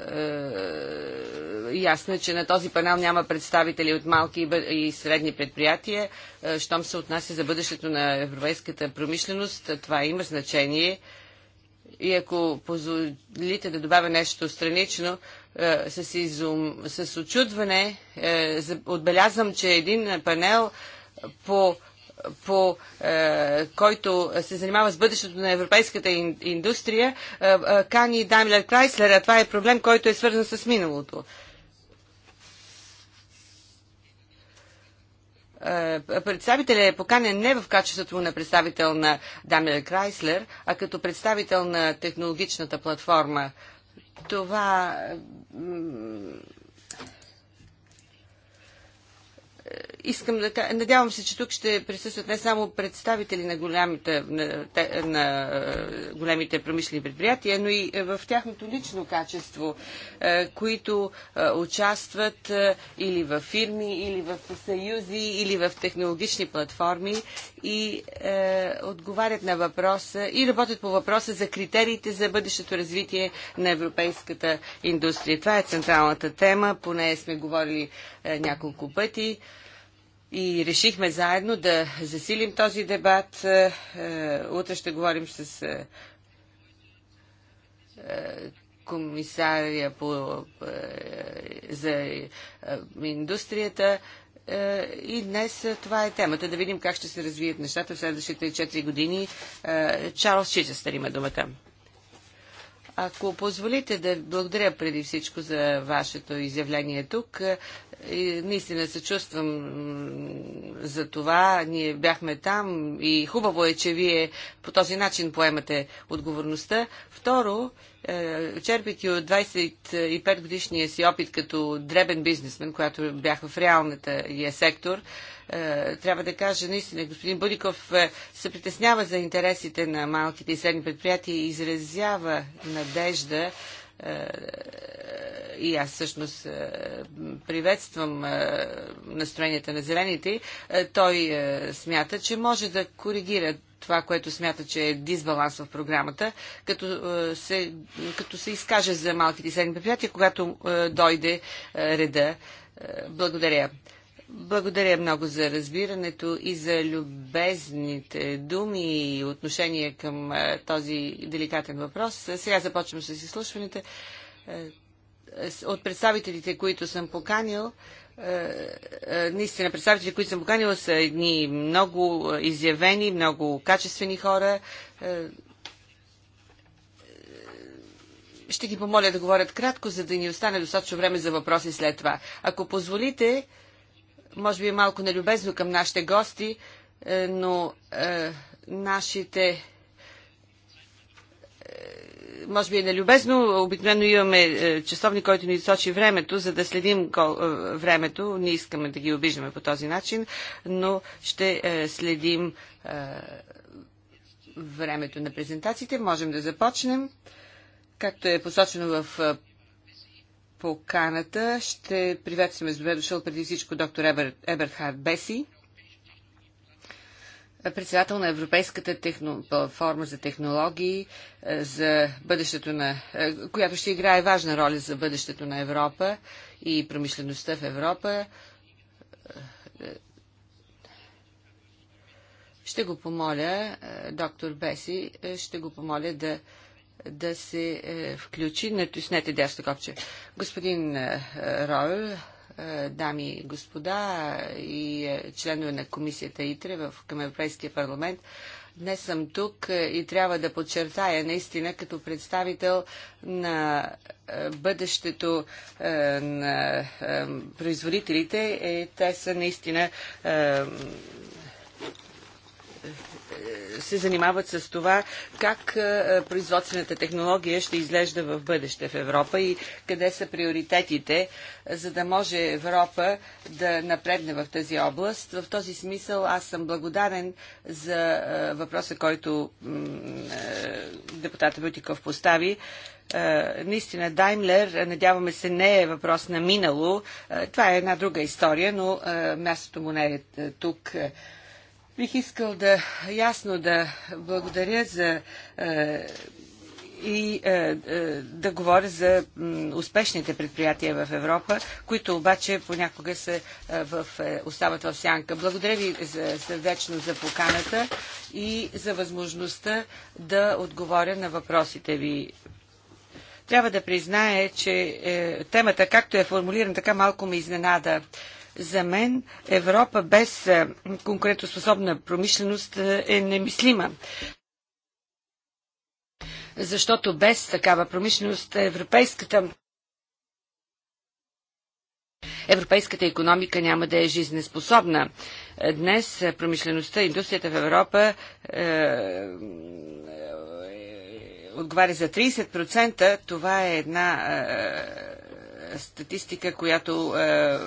Е, ясно е, че на този панел няма представители от малки и средни предприятия. Е, щом се отнася за бъдещето на европейската промишленост, това има значение. И ако позволите да добавя нещо странично, е, с, изум, с очудване отбелязвам, че един панел по по, е, който се занимава с бъдещето на европейската ин, индустрия, е, е, кани Даймлер Крайслер, а това е проблем, който е свързан с миналото. Е, представителя е поканен не в качеството на представител на Daimler Крайслер, а като представител на технологичната платформа. Това искам да надявам се, че тук ще присъстват не само представители на голямите, на, на е, големите промишлени предприятия, но и е, в тяхното лично качество, е, които участват или в фирми, или в съюзи, или в технологични платформи и е, отговарят на въпроса и работят по въпроса за критериите за бъдещето развитие на европейската индустрия. Това е централната тема, поне сме говорили е, няколко пъти и решихме заедно да засилим този дебат. Е, е, утре ще говорим с е, комисария по, за индустрията. И днес това е темата. Да видим как ще се развият нещата в следващите 4 години. Чарлз Чичестър има думата. Ако позволите да благодаря преди всичко за вашето изявление тук, е, наистина се чувствам за това. Ние бяхме там и хубаво е, че вие по този начин поемате отговорността. Второ, е, черпите от 25 годишния си опит като дребен бизнесмен, която бях в реалната е сектор, е, трябва да кажа наистина, господин Бодиков е, се притеснява за интересите на малките и средни предприятия и изразява надежда е, и аз всъщност приветствам настроенията на зелените, той смята, че може да коригира това, което смята, че е дисбаланс в програмата, като се, като се изкаже за малките и средни предприятия, когато дойде реда. Благодаря. Благодаря много за разбирането и за любезните думи и отношение към този деликатен въпрос. Сега започвам с изслушването. От представителите, които съм поканил, е, е, наистина представителите, които съм поканила, са едни много изявени, много качествени хора. Е, ще ги помоля да говорят кратко, за да ни остане достатъчно време за въпроси след това. Ако позволите, може би е малко нелюбезно към нашите гости, е, но е, нашите е, може би е нелюбезно. Обикновено имаме е, часовник, който ни сочи времето, за да следим времето. Не искаме да ги обиждаме по този начин, но ще следим времето на презентациите. Можем да започнем. Както е посочено в поканата. Ще приветстваме с добре дошъл преди всичко доктор Ебер, Еберхард Беси, председател на Европейската техно... платформа за технологии е, за бъдещето на... Е, която ще играе важна роля за бъдещето на Европа и промишлеността в Европа. Е, ще го помоля, доктор Беси, ще го помоля да да се е, включи. Натиснете дясно копче. Господин е, Ройл, е, дами и господа и членове на комисията ИТРЕ в, към Европейския парламент, Днес съм тук и трябва да подчертая наистина като представител на бъдещето на производителите. Те са наистина е, се занимават с това как е, производствената технология ще изглежда в бъдеще в Европа и къде са приоритетите, за да може Европа да напредне в тази област. В този смисъл аз съм благодарен за е, въпроса, който депутата Бютиков постави наистина Даймлер, надяваме се, не е въпрос на минало. Това е една друга история, но мястото му не е тук. Бих искал да ясно да благодаря за е, и е, е, да говоря за м, успешните предприятия в Европа, които обаче понякога се, е, в, е, остават в сянка. Благодаря ви за, сърдечно за поканата и за възможността да отговоря на въпросите ви. Трябва да призная, че е, темата, както е формулирана, така малко ме изненада. Е, за мен Европа без е, конкурентоспособна промишленост е, е немислима защото без такава промишленост европейската Европейската економика няма да е жизнеспособна. Днес промишлеността, индустрията в Европа е, е, отговаря за 30%. Това е една е, статистика, която е,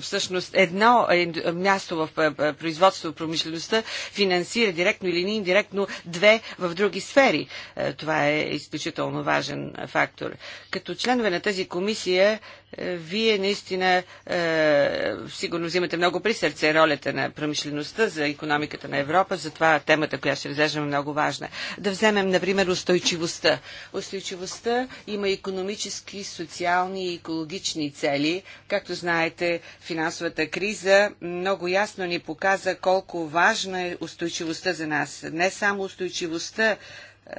всъщност едно място в е, е, производство в промишлеността финансира директно или индиректно две в други сфери. Е, това е изключително важен фактор. Като членове на тази комисия вие наистина е, сигурно взимате много при сърце ролята на промишлеността за економиката на Европа, затова темата, която ще разглеждаме, е много важна. Да вземем, например, устойчивостта. Устойчивостта има економически, социални и екологични цели. Както знаете, финансовата криза много ясно ни показа колко важна е устойчивостта за нас. Не само устойчивостта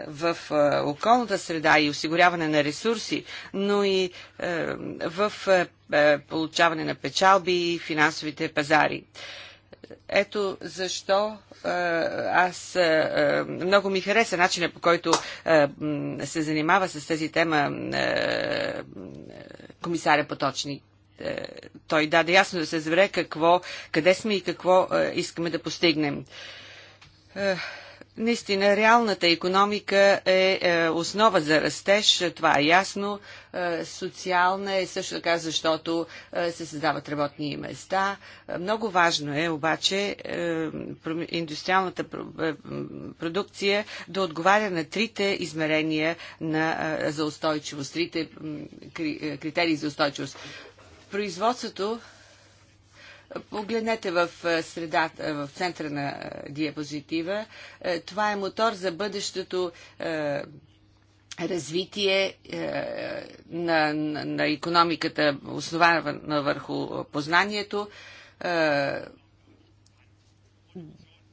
в е, околната среда и осигуряване на ресурси, но и е, в е, получаване на печалби и финансовите пазари. Ето защо аз много ми хареса начина по който се занимава с тази тема комисаря Поточник той даде ясно да се разбере какво, къде сме и какво искаме да постигнем. Наистина, реалната економика е, е основа за растеж, това е ясно. Е, социална е също така, защото е, се създават работни места. Много важно е обаче индустриалната продукция да отговаря на трите измерения на, за устойчивост, трите критерии за устойчивост. Производството Погледнете в е, средата, е, в центъра на е, диапозитива. Това е мотор за бъдещето развитие на, на, на економиката, основана върху познанието.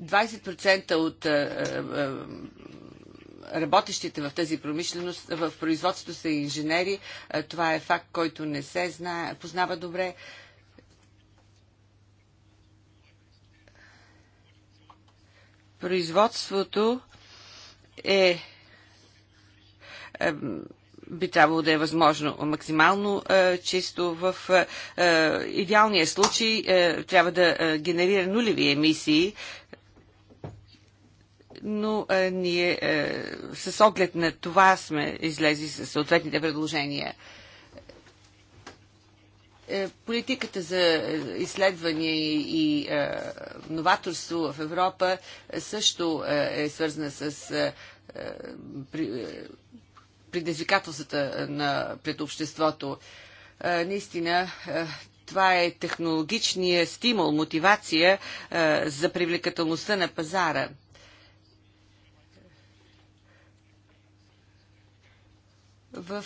20% от работещите в тази промишленост, в производството са инженери. Това е факт, който не се знае, познава добре. производството е, е би трябвало да е възможно максимално е, чисто. В е, е, идеалния случай е, трябва да е, генерира нулеви емисии, но е, ние е, с оглед на това сме излезли с съответните предложения. Е, политиката за изследвания и е, новаторство в Европа е, също е свързана с предизвикателствата на предобществото. Наистина, това е технологичния стимул, мотивация за привлекателността на пазара. В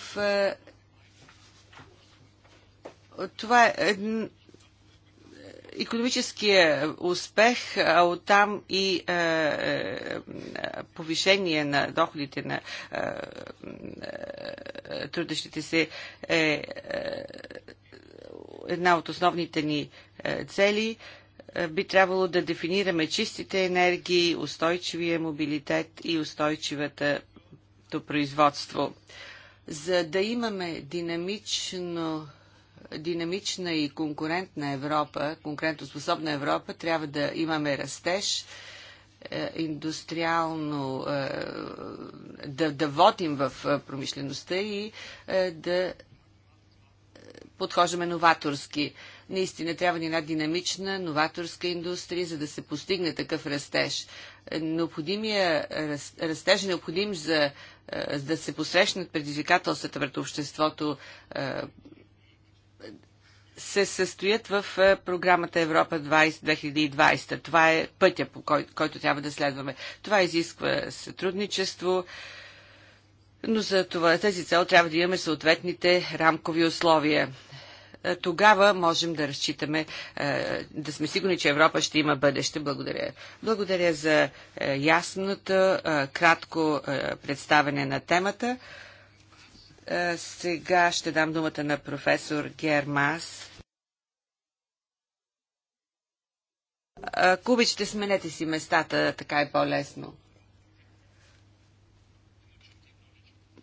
това е един економическия успех, а оттам и е, е, повишение на доходите на е, е, трудещите се е, е една от основните ни е, цели. Е, би трябвало да дефинираме чистите енергии, устойчивия мобилитет и устойчивата производство. За да имаме динамично динамична и конкурентна Европа, конкурентоспособна Европа, трябва да имаме растеж, е, индустриално е, да, да водим в е, промишлеността и да подхождаме новаторски. Наистина трябва ни една динамична, новаторска индустрия, за да се постигне такъв растеж. Необходимия растеж е необходим за да се посрещнат предизвикателствата пред обществото, се състоят в е, програмата Европа 20, 2020. Това е пътя, по кой, който трябва да следваме. Това изисква сътрудничество, но за това, тези цел трябва да имаме съответните рамкови условия. Е, тогава можем да разчитаме, е, да сме сигурни, че Европа ще има бъдеще. Благодаря. Благодаря за ясното, кратко представяне на темата. Е, сега ще дам думата на професор Гермас. Ако е, сменете си местата, така е по-лесно.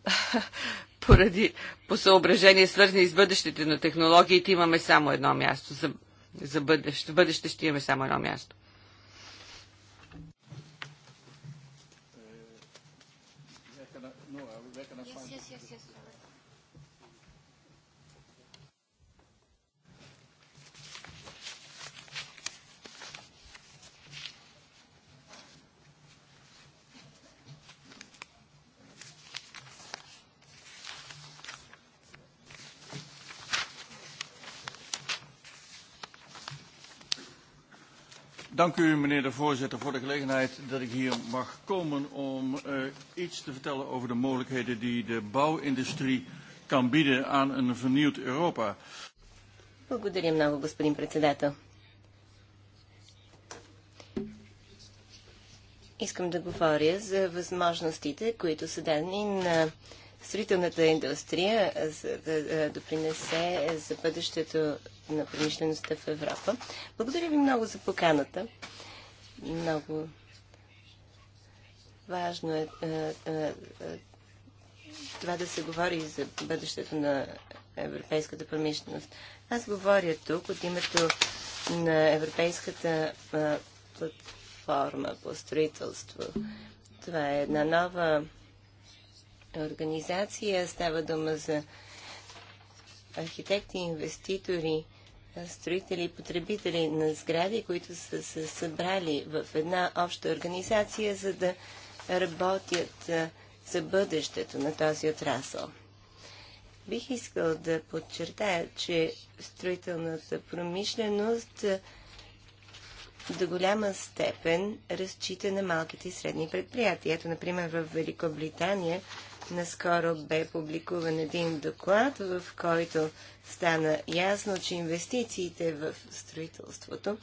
Поради по съображение, свързани с бъдещето на технологиите, имаме само едно място. За, за бъдеще, бъдеще ще имаме само едно място. Yes, yes, yes, yes. Dank u, meneer de voorzitter, voor de gelegenheid dat ik hier mag komen om uh, iets te vertellen over de mogelijkheden die de bouwindustrie kan bieden aan een vernieuwd Europa. Искам да говоря за възможностите, които са дадени на строителната индустрия, за да е, допринесе за бъдещето на промишлеността в Европа. Благодаря ви много за поканата. Много важно е, е, е, това да се говори за бъдещето на европейската промишленост. Аз говоря тук от името на Европейската платформа по строителство. Това е една нова организация. Става дума за архитекти, инвеститори, строители и потребители на сгради, които са се събрали в една обща организация, за да работят за бъдещето на този отрасъл. Бих искал да подчертая, че строителната промишленост до голяма степен разчита на малките и средни предприятия. Ето, например, в Великобритания Наскоро бе публикуван един доклад, в който стана ясно, че инвестициите в строителството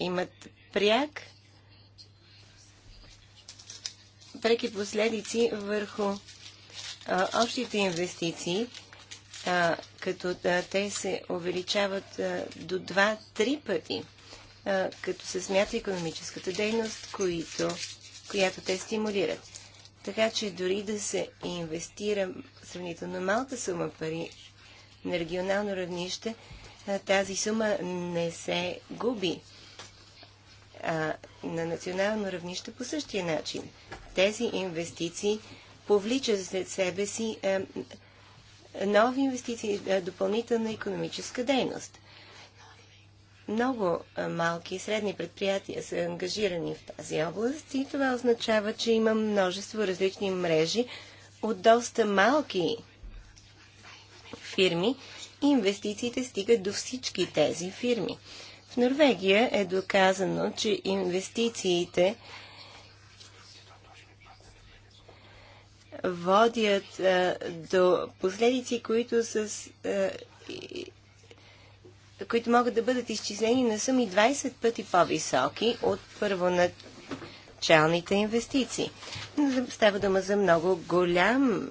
имат пряк преки последици върху а, общите инвестиции, а, като а, те се увеличават а, до 2-3 пъти, а, като се смята економическата дейност, които, която те стимулират. Така че дори да се инвестира сравнително малка сума пари на регионално равнище, тази сума не се губи. А на национално равнище по същия начин. Тези инвестиции повличат след себе си нови инвестиции, допълнителна економическа дейност. Много е, малки и средни предприятия са ангажирани в тази област и това означава, че има множество различни мрежи от доста малки фирми и инвестициите стигат до всички тези фирми. В Норвегия е доказано, че инвестициите водят а, е, до последици, които с е, които могат да бъдат изчислени на суми 20 пъти по-високи от първоначалните инвестиции. Става дума за много голям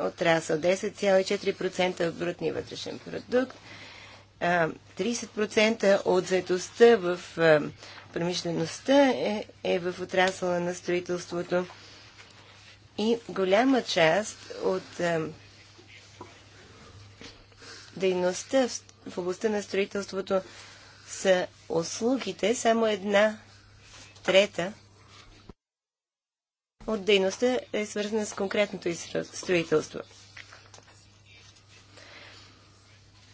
отрасъл 10,4% от брутния вътрешен продукт, 30% от заедостта в промишлеността е, е, в отрасъла на строителството и голяма част от дейността в в областта на строителството са услугите, само една трета от дейността е свързана с конкретното строителство.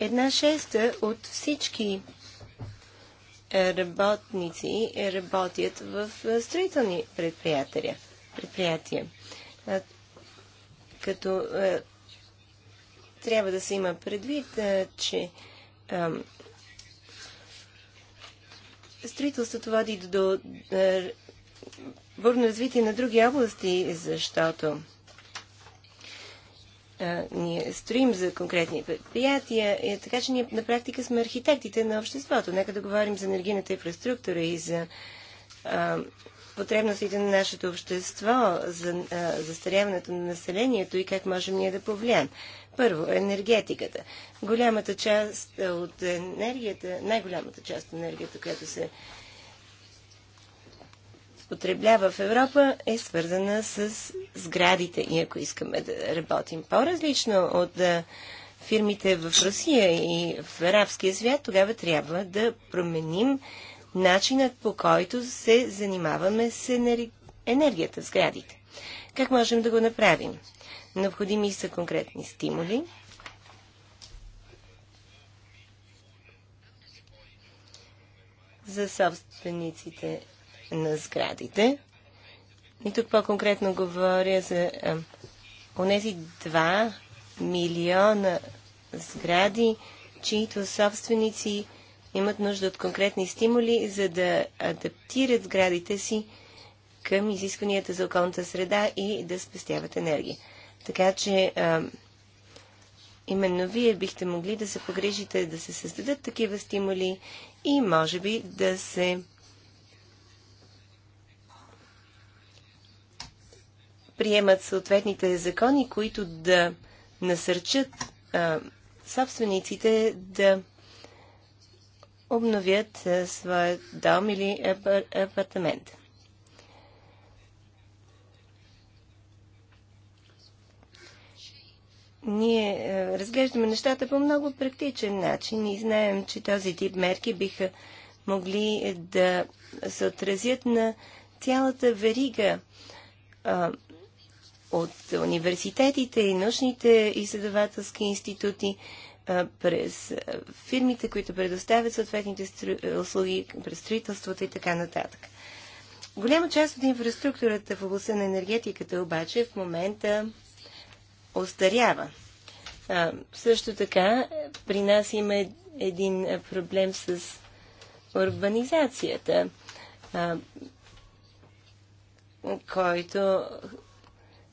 Една шеста от всички е, работници работят в е, строителни предприятия. предприятия. Като е, трябва да се има предвид, че строителството води до е, бурно развитие на други области, защото ние строим за конкретни предприятия, е, така че ние на практика сме архитектите на обществото. Нека да говорим за енергийната инфраструктура и за потребностите на нашето общество, за застаряването на населението и как можем ние да повлияем. Първо, енергетиката. Голямата част от енергията, най-голямата част от енергията, която се потреблява в Европа, е свързана с сградите. И ако искаме да работим по-различно от фирмите в Русия и в арабския свят, тогава трябва да променим начинът по който се занимаваме с енергията в сградите. Как можем да го направим? Необходими са конкретни стимули. за собствениците на сградите. И тук по-конкретно говоря за онези 2 милиона сгради, чието собственици имат нужда от конкретни стимули, за да адаптират сградите си към изискванията за околната среда и да спестяват енергия. Така че а, именно вие бихте могли да се погрижите да се създадат такива стимули и може би да се приемат съответните закони, които да насърчат а, собствениците да обновят а, своят дом или апартамент. Ние е, разглеждаме нещата по много практичен начин и знаем, че този тип мерки биха могли е, да се отразят на цялата верига а, е, от университетите и научните изследователски институти а, през фирмите, които предоставят съответните услуги, през строителството и така нататък. Голяма част от инфраструктурата в областта на енергетиката обаче в момента остарява. А, също така, при нас има един проблем с урбанизацията, а, който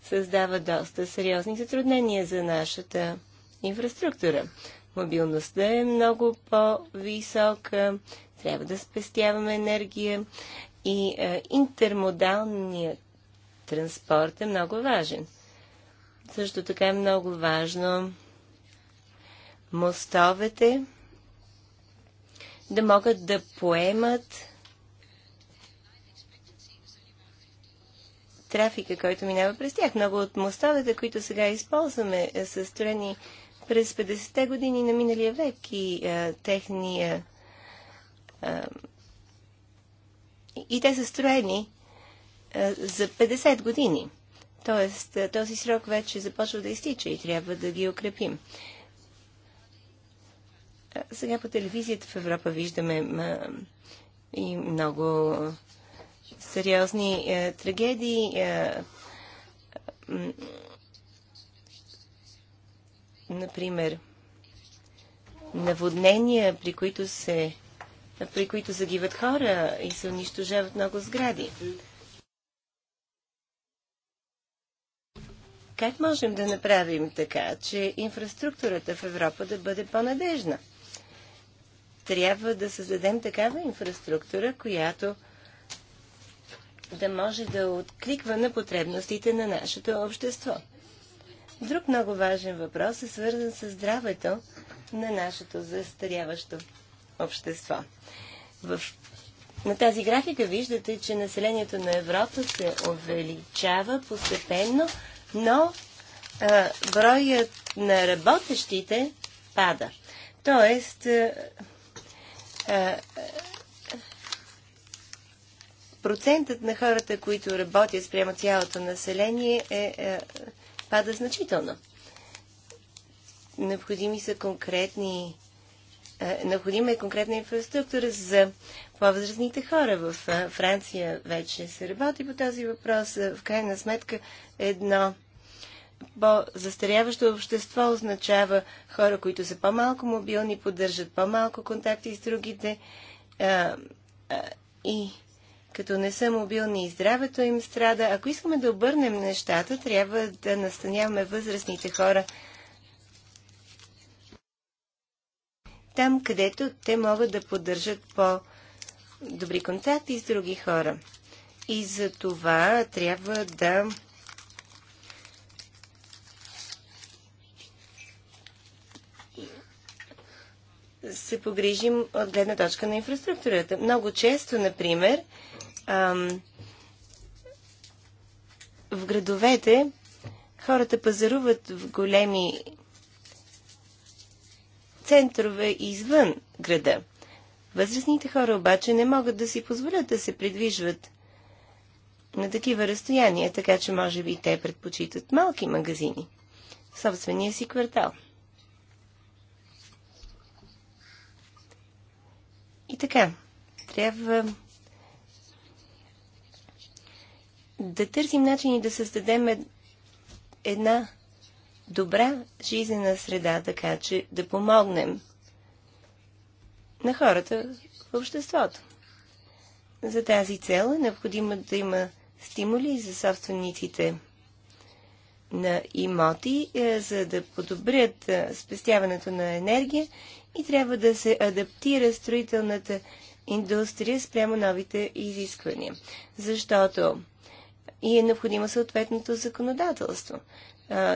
създава доста сериозни затруднения за нашата инфраструктура. Мобилността е много по-висока, трябва да спестяваме енергия и а, интермодалният транспорт е много важен. Също така е много важно мостовете да могат да поемат трафика, който минава през тях. Много от мостовете, които сега използваме, е, са строени през 50-те години на миналия век и а, е, техния. А, е, и те са строени а, за 50 години. Тоест, е, този срок вече започва да изтича и трябва да ги укрепим. Сега по телевизията в Европа виждаме и много сериозни е, трагедии. Е, например, наводнения, при които се при които загиват хора и се унищожават много сгради. Как можем да направим така, че инфраструктурата в Европа да бъде по-надежна? Трябва да създадем такава инфраструктура, която да може да откликва на потребностите на нашето общество. Друг много важен въпрос е свързан с здравето на нашето застаряващо общество. В... На тази графика виждате, че населението на Европа се увеличава постепенно, но а, броят на работещите пада. Тоест, а, а, процентът на хората, които работят спрямо цялото население, е, а, е, пада значително. Необходими са конкретни. необходима е конкретна инфраструктура за по-възрастните хора. В Франция вече се работи по този въпрос. В крайна сметка едно по-застаряващо общество означава хора, които са по-малко мобилни, поддържат по-малко контакти с другите а, а, и като не са мобилни и здравето им страда. Ако искаме да обърнем нещата, трябва да настаняваме възрастните хора там, където те могат да поддържат по-добри контакти с други хора. И за това трябва да се погрижим от гледна точка на инфраструктурата. Много често, например, ам, в градовете хората пазаруват в големи центрове извън града. Възрастните хора обаче не могат да си позволят да се придвижват на такива разстояния, така че може би те предпочитат малки магазини в собствения си квартал. И така, трябва да търсим начини да създадем е- една добра жизнена среда, така че да помогнем на хората в обществото. За тази цел е необходимо да има стимули за собствениците на имоти, е, за да подобрят е, спестяването на енергия и трябва да се адаптира строителната индустрия спрямо новите изисквания. Защото и е необходимо съответното законодателство.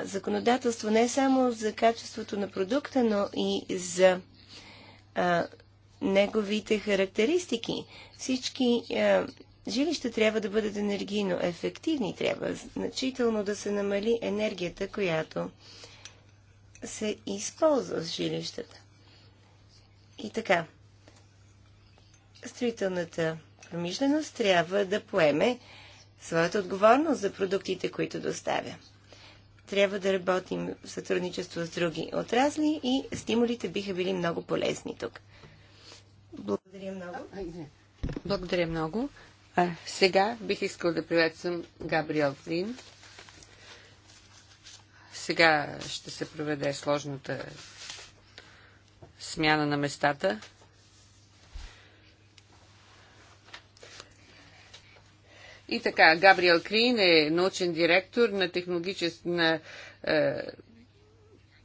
законодателство не само за качеството на продукта, но и за неговите характеристики. Всички жилища трябва да бъдат енергийно ефективни. Трябва значително да се намали енергията, която се използва с жилищата. И така, строителната промишленост трябва да поеме своята отговорност за продуктите, които доставя. Трябва да работим в сътрудничество с други отрасли и стимулите биха били много полезни тук. Благодаря много. Благодаря много. А, сега бих искал да приветствам Габриел Флин. Сега ще се проведе сложната смяна на местата. И така, Габриел Крин е научен директор на технологичес... на е,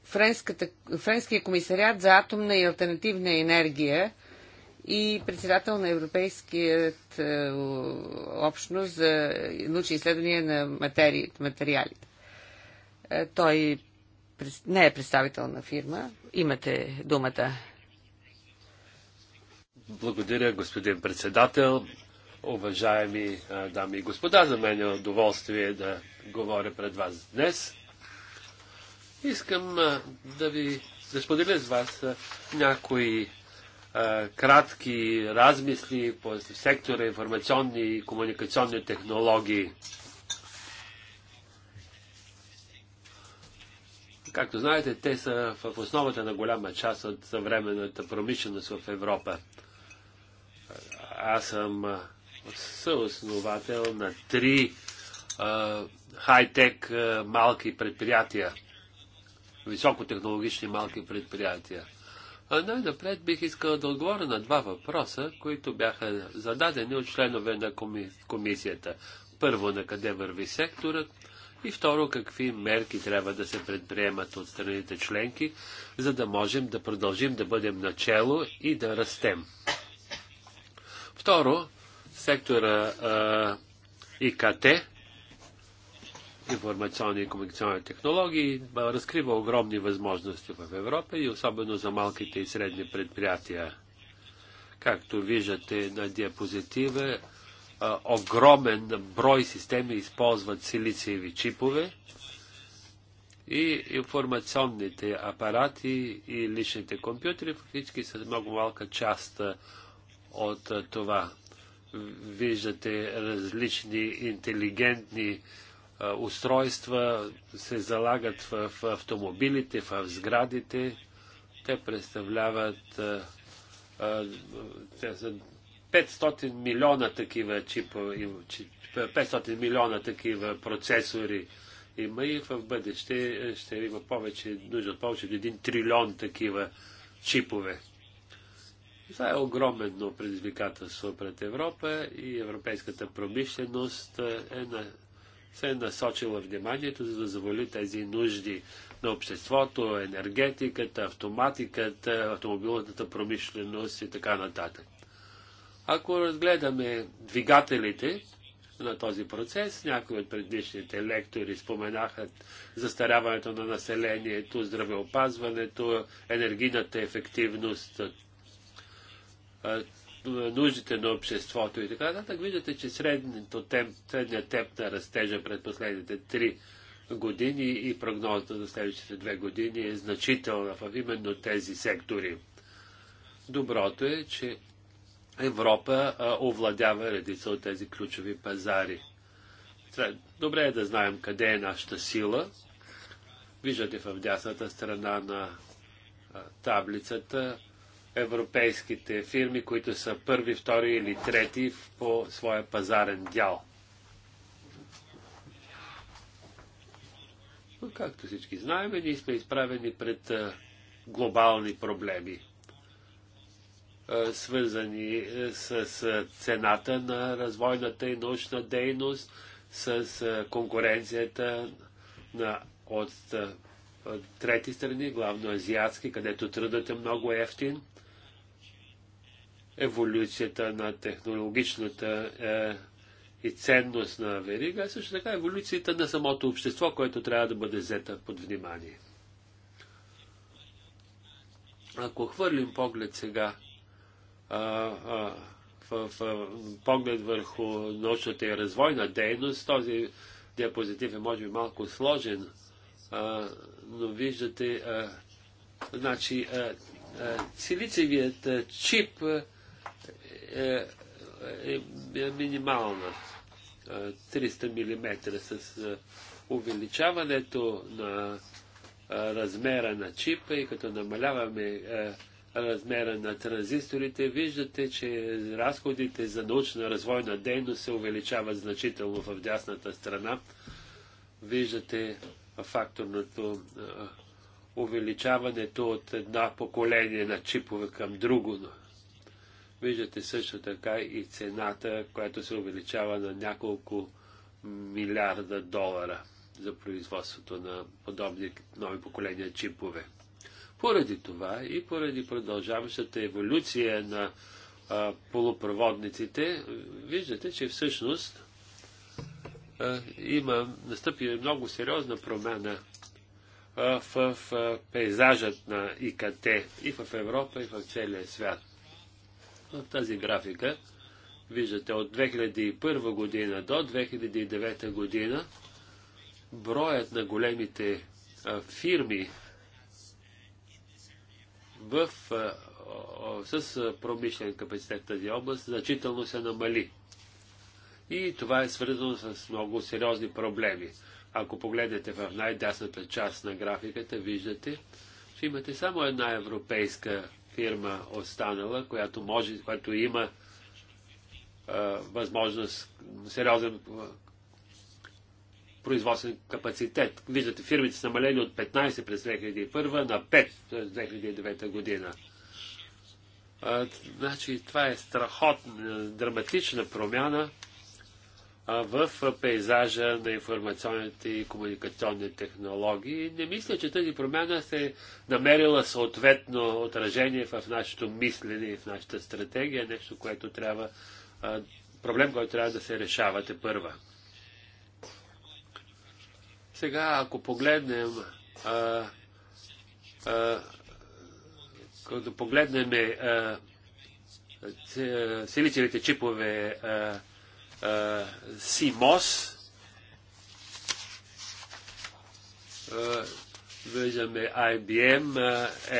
Френската... Френския комисариат за атомна и альтернативна енергия и председател на Европейският е, общност за научни изследвания на матери... материалите. Е, той не е представителна фирма. Имате думата. Благодаря, господин председател. Уважаеми дами и господа, за мен е удоволствие да говоря пред вас днес. Искам да ви да споделя с вас някои кратки размисли по сектора информационни и комуникационни технологии. Както знаете, те са в основата на голяма част от съвременната промишленост в Европа. Аз съм съосновател на три хай-тек малки предприятия, високотехнологични малки предприятия. А най-напред бих искал да отговоря на два въпроса, които бяха зададени от членове на комисията. Първо, на къде върви секторът и второ, какви мерки трябва да се предприемат от страните членки, за да можем да продължим да бъдем начало и да растем. Второ, сектора а, ИКТ, информационни и комуникационни технологии, разкрива огромни възможности в Европа и особено за малките и средни предприятия. Както виждате на диапозитива, огромен брой системи използват силициеви чипове и информационните апарати и личните компютри фактически са много малка част от това. Виждате различни интелигентни устройства се залагат в, в автомобилите, в сградите. Те представляват те са 500 милиона такива чипа, 500 милиона такива процесори има и в бъдеще ще има повече, нужда повече от 1 трилион такива чипове. Това е огромно предизвикателство пред Европа и европейската промишленост е, е на, се е насочила вниманието, за да заволи тези нужди на обществото, енергетиката, автоматиката, автомобилната промишленост и така нататък. Ако разгледаме двигателите на този процес, някои от предишните лектори споменаха застаряването на населението, здравеопазването, енергийната ефективност, нуждите на обществото и така нататък, виждате, че средното темп, средният темп на растежа пред последните три години и прогнозата за следващите две години е значителна в именно тези сектори. Доброто е, че Европа а, овладява редица от тези ключови пазари. Добре е да знаем къде е нашата сила. Виждате в дясната страна на таблицата европейските фирми, които са първи, втори или трети по своя пазарен дял. Но, както всички знаем, ние сме изправени пред глобални проблеми свързани е, с цената на развойната и научна дейност, с конкуренцията на, от, от трети страни, главно азиатски, където трудът е много ефтин, еволюцията на технологичната е, и ценност на верига, а също така еволюцията на самото общество, което трябва да бъде взета под внимание. Ако хвърлим поглед сега в, в поглед върху научната и развойна дейност, този диапозитив е може би малко сложен, а, но виждате, а, значи, а, а, силициевият а, чип е, е, е минимална. 300 мм с а, увеличаването на а, размера на чипа и като намаляваме а, размера на транзисторите, виждате, че разходите за научна развойна дейност се увеличават значително в дясната страна. Виждате факторното увеличаването от една поколение на чипове към друго. Виждате също така и цената, която се увеличава на няколко милиарда долара за производството на подобни нови поколения чипове. Поради това и поради продължаващата еволюция на а, полупроводниците, виждате, че всъщност а, има настъпи много сериозна промена а, в, в пейзажът на ИКТ и в Европа, и в целия свят. В тази графика виждате от 2001 година до 2009 година броят на големите а, фирми, в, с промишлен капацитет в тази област значително се намали. И това е свързано с много сериозни проблеми. Ако погледнете в най-дясната част на графиката, виждате, че имате само една европейска фирма останала, която, може, която има а, възможност, сериозен производствен капацитет. Виждате, фирмите са намалени от 15 през 2001 на 5 през 2009 година. А, значи, това е страхотна, драматична промяна а, в пейзажа на информационните и комуникационни технологии. Не мисля, че тази промяна се е намерила съответно отражение в нашето мислене и в нашата стратегия, нещо, което трябва, а, проблем, който трябва да се решавате първа. Сега, ако погледнем, като погледнем а, чипове а, а, CMOS, виждаме IBM,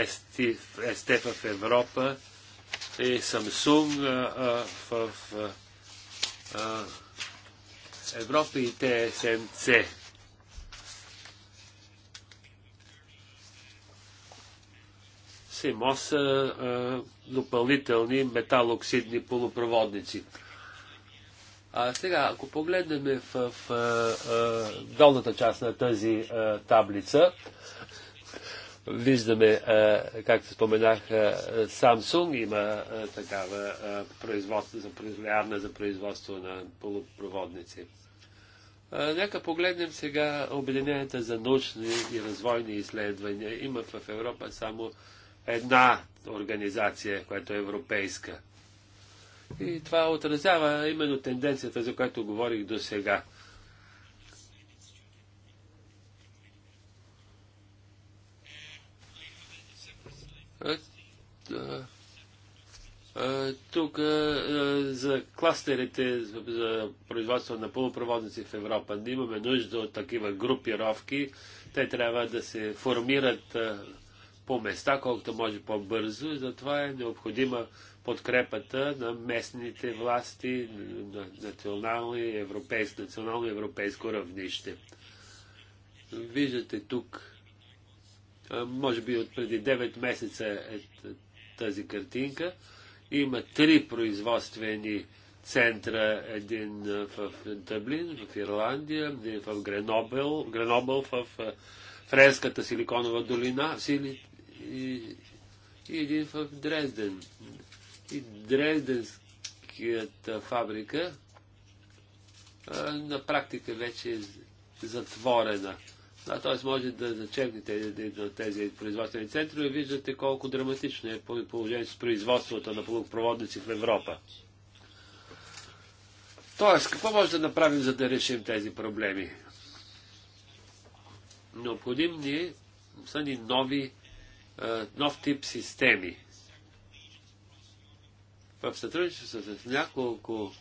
ST, в Европа и Samsung а, в а, Европа и ТСМЦ. се а, допълнителни металоксидни полупроводници. А сега, ако погледнем в, в в долната част на тази таблица, виждаме, както споменах, Samsung има такава производство, за, производство, за производство на полупроводници. Нека погледнем сега Обединенията за научни и развойни изследвания. Има в Европа само една организация, която е европейска. И това отразява именно тенденцията, за която говорих до сега. Тук за кластерите за производство на полупроводници в Европа не имаме нужда от такива групировки. Те трябва да се формират по места, колкото може по-бързо и затова е необходима подкрепата на местните власти на национално и европейско, национално европейско равнище. Виждате тук, може би от преди 9 месеца е тази картинка. Има три производствени центра, един в Дъблин, в Ирландия, един в Гренобъл, Гренобел в Френската силиконова долина, сили, и, и един в Дрезден. И Дрезденската фабрика а, на практика вече е затворена. А, т.е. може да зачепнете един от тези производствени центрове и виждате колко драматично е положението с производството на полупроводници в Европа. Тоест, какво може да направим, за да решим тези проблеми? Необходим ни са ни нови нов тип системи. В сътрудничество с няколко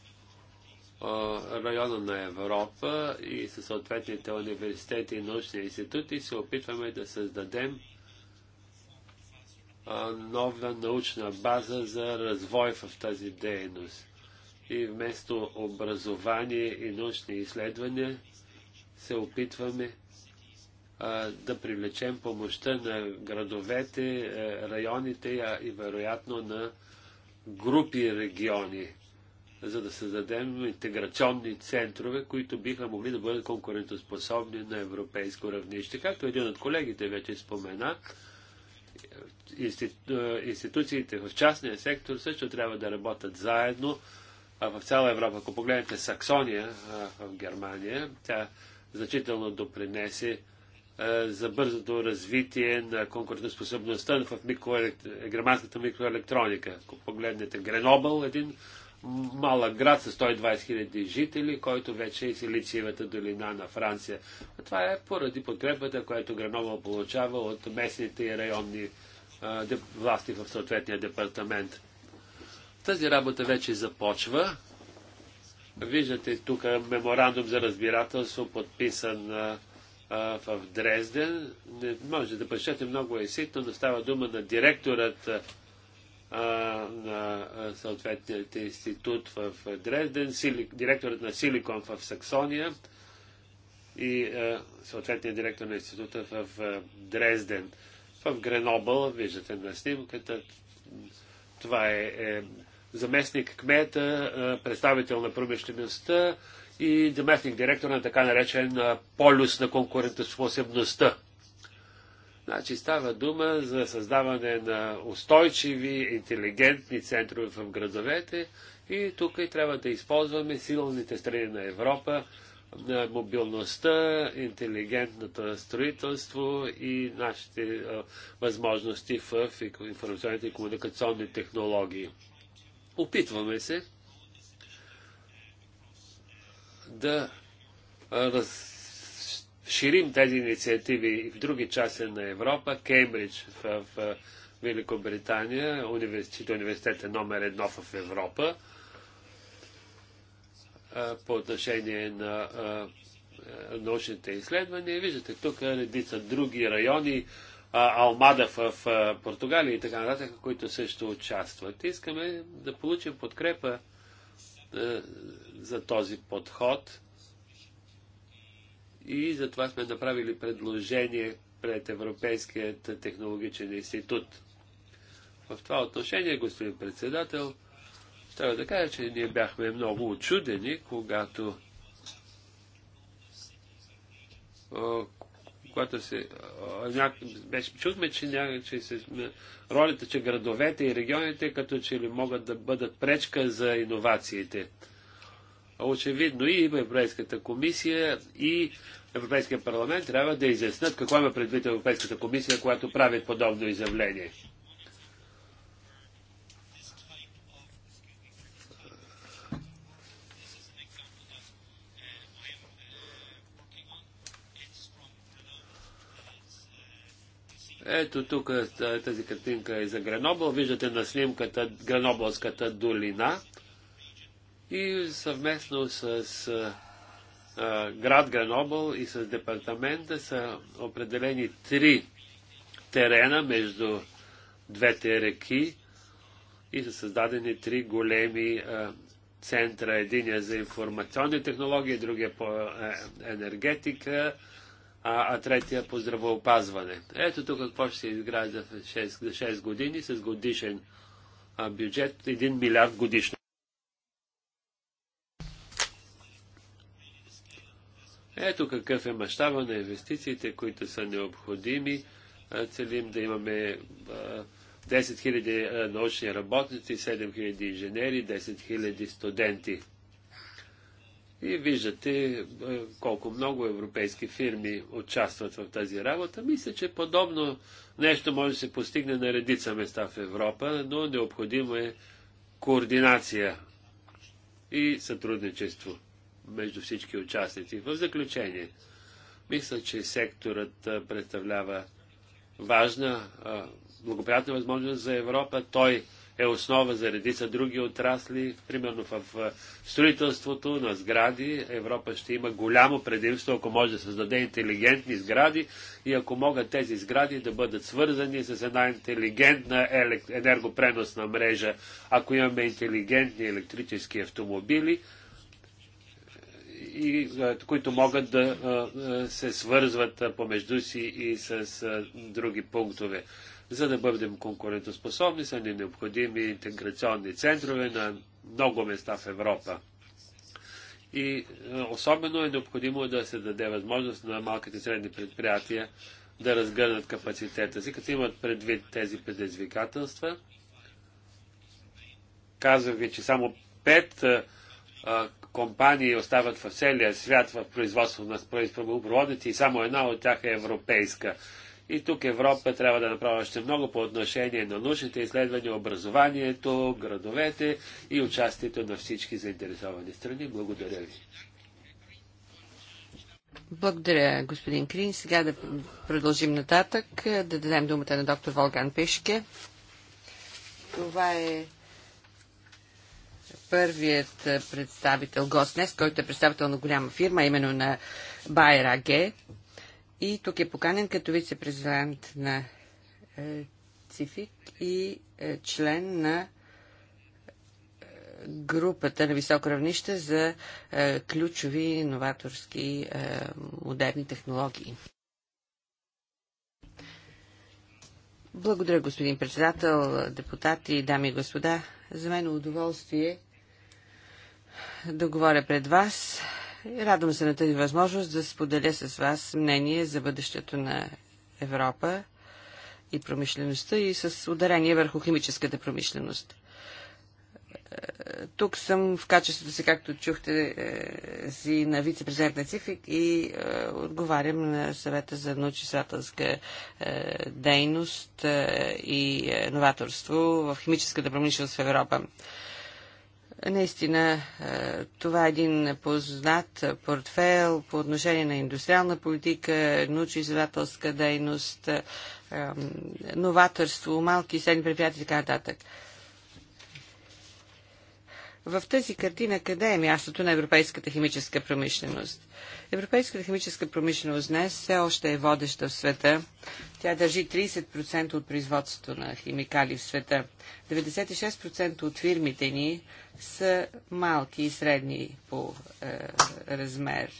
района на Европа и със съответните университети и научни институти се опитваме да създадем нова научна база за развой в тази дейност. И вместо образование и научни изследвания се опитваме да привлечем помощта на градовете, районите и вероятно на групи региони, за да създадем интеграционни центрове, които биха могли да бъдат конкурентоспособни на европейско равнище. Както един от колегите вече спомена, институциите в частния сектор също трябва да работят заедно. А в цяла Европа, ако погледнете Саксония в Германия, тя значително допринесе е, за бързото развитие на конкурентоспособността в микроелект... грамадската микроелектроника. Ако погледнете Гренобъл, един малък град с 120 000 жители, който вече е Силициевата долина на Франция. А това е поради подкрепата, която Гренобъл получава от местните и районни а, е, власти в съответния департамент. Тази работа вече започва. Виждате тук меморандум за разбирателство, подписан а, е, в Дрезден. Не може да прочете много еситно, но става дума на директорът а, на съответният институт в Дрезден, сили, директорът на Силикон в Саксония и а, съответният директор на института в Дрезден. В Гренобъл, виждате на снимката, това е, е заместник кмета, представител на промишлеността, и доместник директор на така наречен полюс на конкурентоспособността. Значи става дума за създаване на устойчиви, интелигентни центрове в градовете и тук и трябва да използваме силните страни на Европа, на мобилността, интелигентното строителство и нашите възможности в информационните и комуникационни технологии. Опитваме се да разширим тези инициативи и в други части на Европа, Кембридж в, в Великобритания, университет, университет е номер едно в Европа по отношение на научните изследвания. Виждате тук е редица други райони, Алмада в Португалия и така нататък, които също участват. Искаме да получим подкрепа е, за този подход и затова сме направили предложение пред Европейският технологичен институт. В това отношение, господин председател, трябва да кажа, че ние бяхме много очудени, когато когато се, няк... беше, чухме, че, ня... че се, ролята, че градовете и регионите като че ли могат да бъдат пречка за иновациите. Очевидно и Европейската комисия, и Европейския парламент трябва да изяснат какво има предвид Европейската комисия, която прави подобно изявление. Ето тук е, тази картинка е за Гренобъл. Виждате на снимката Гренобълската долина и съвместно с а, е, е, град Гренобъл и с департамента са определени три терена между двете реки и са създадени три големи а, центра. Единия за информационни технологии, другия по а, енергетика, а, а третия по здравоопазване. Ето тук какво ще се изгражда за 6, 6 години с годишен а, бюджет 1 милиард годишно. Ето какъв е мащаба на инвестициите, които са необходими. Целим да имаме 10 000 научни работници, 7 000 инженери, 10 000 студенти. И виждате е, колко много европейски фирми участват в тази работа. Мисля, че подобно нещо може да се постигне на редица места в Европа, но необходимо е координация и сътрудничество между всички участници. В заключение, мисля, че секторът е, представлява важна, е, благоприятна възможност за Европа. Той е основа за редица други отрасли. Примерно в строителството на сгради Европа ще има голямо предимство, ако може да създаде интелигентни сгради и ако могат тези сгради да бъдат свързани с една интелигентна енергопреносна мрежа, ако имаме интелигентни електрически автомобили, и, които могат да се свързват помежду си и с други пунктове. За да бъдем конкурентоспособни са ни необходими интеграционни центрове на много места в Европа. И е, особено е необходимо да се даде възможност на малките и средни предприятия да разгърнат капацитета си, като имат предвид тези предизвикателства. Казах ви, че само пет а, е, е, компании остават в целия свят в производство на проводници и само една от тях е европейска. И тук Европа трябва да направи още много по отношение на научните изследвания, образованието, градовете и участието на всички заинтересовани страни. Благодаря ви. Благодаря, господин Крин. Сега да продължим нататък, да дадем думата на доктор Волган Пешке. Това е първият представител гост днес, който е представител на голяма фирма, именно на Байер АГ. И тук е поканен като вице-президент на е, ЦИФИК и е, член на е, групата на високо равнище за ключови новаторски модерни технологии. Благодаря, господин председател, депутати, дами и господа. За мен е удоволствие да говоря пред вас Радвам се на тази възможност да споделя с вас мнение за бъдещето на Европа и промишлеността и с ударение върху химическата промишленост. Е, тук съм в качеството си, както чухте, е, си на вице-президент на ЦИФИК и е, отговарям на съвета за научно-изследователска дейност и новаторство в химическата промишленост в Европа. Наистина, е, това е един познат портфел по отношение на индустриална политика, научно-изследователска дейност, е, новаторство, малки и средни предприятия и така нататък. В тази картина къде е мястото на европейската химическа промишленост? Европейската химическа промишленост днес все още е водеща в света. Тя държи 30% от производството на химикали в света. 96% от фирмите ни са малки и средни по е, размер.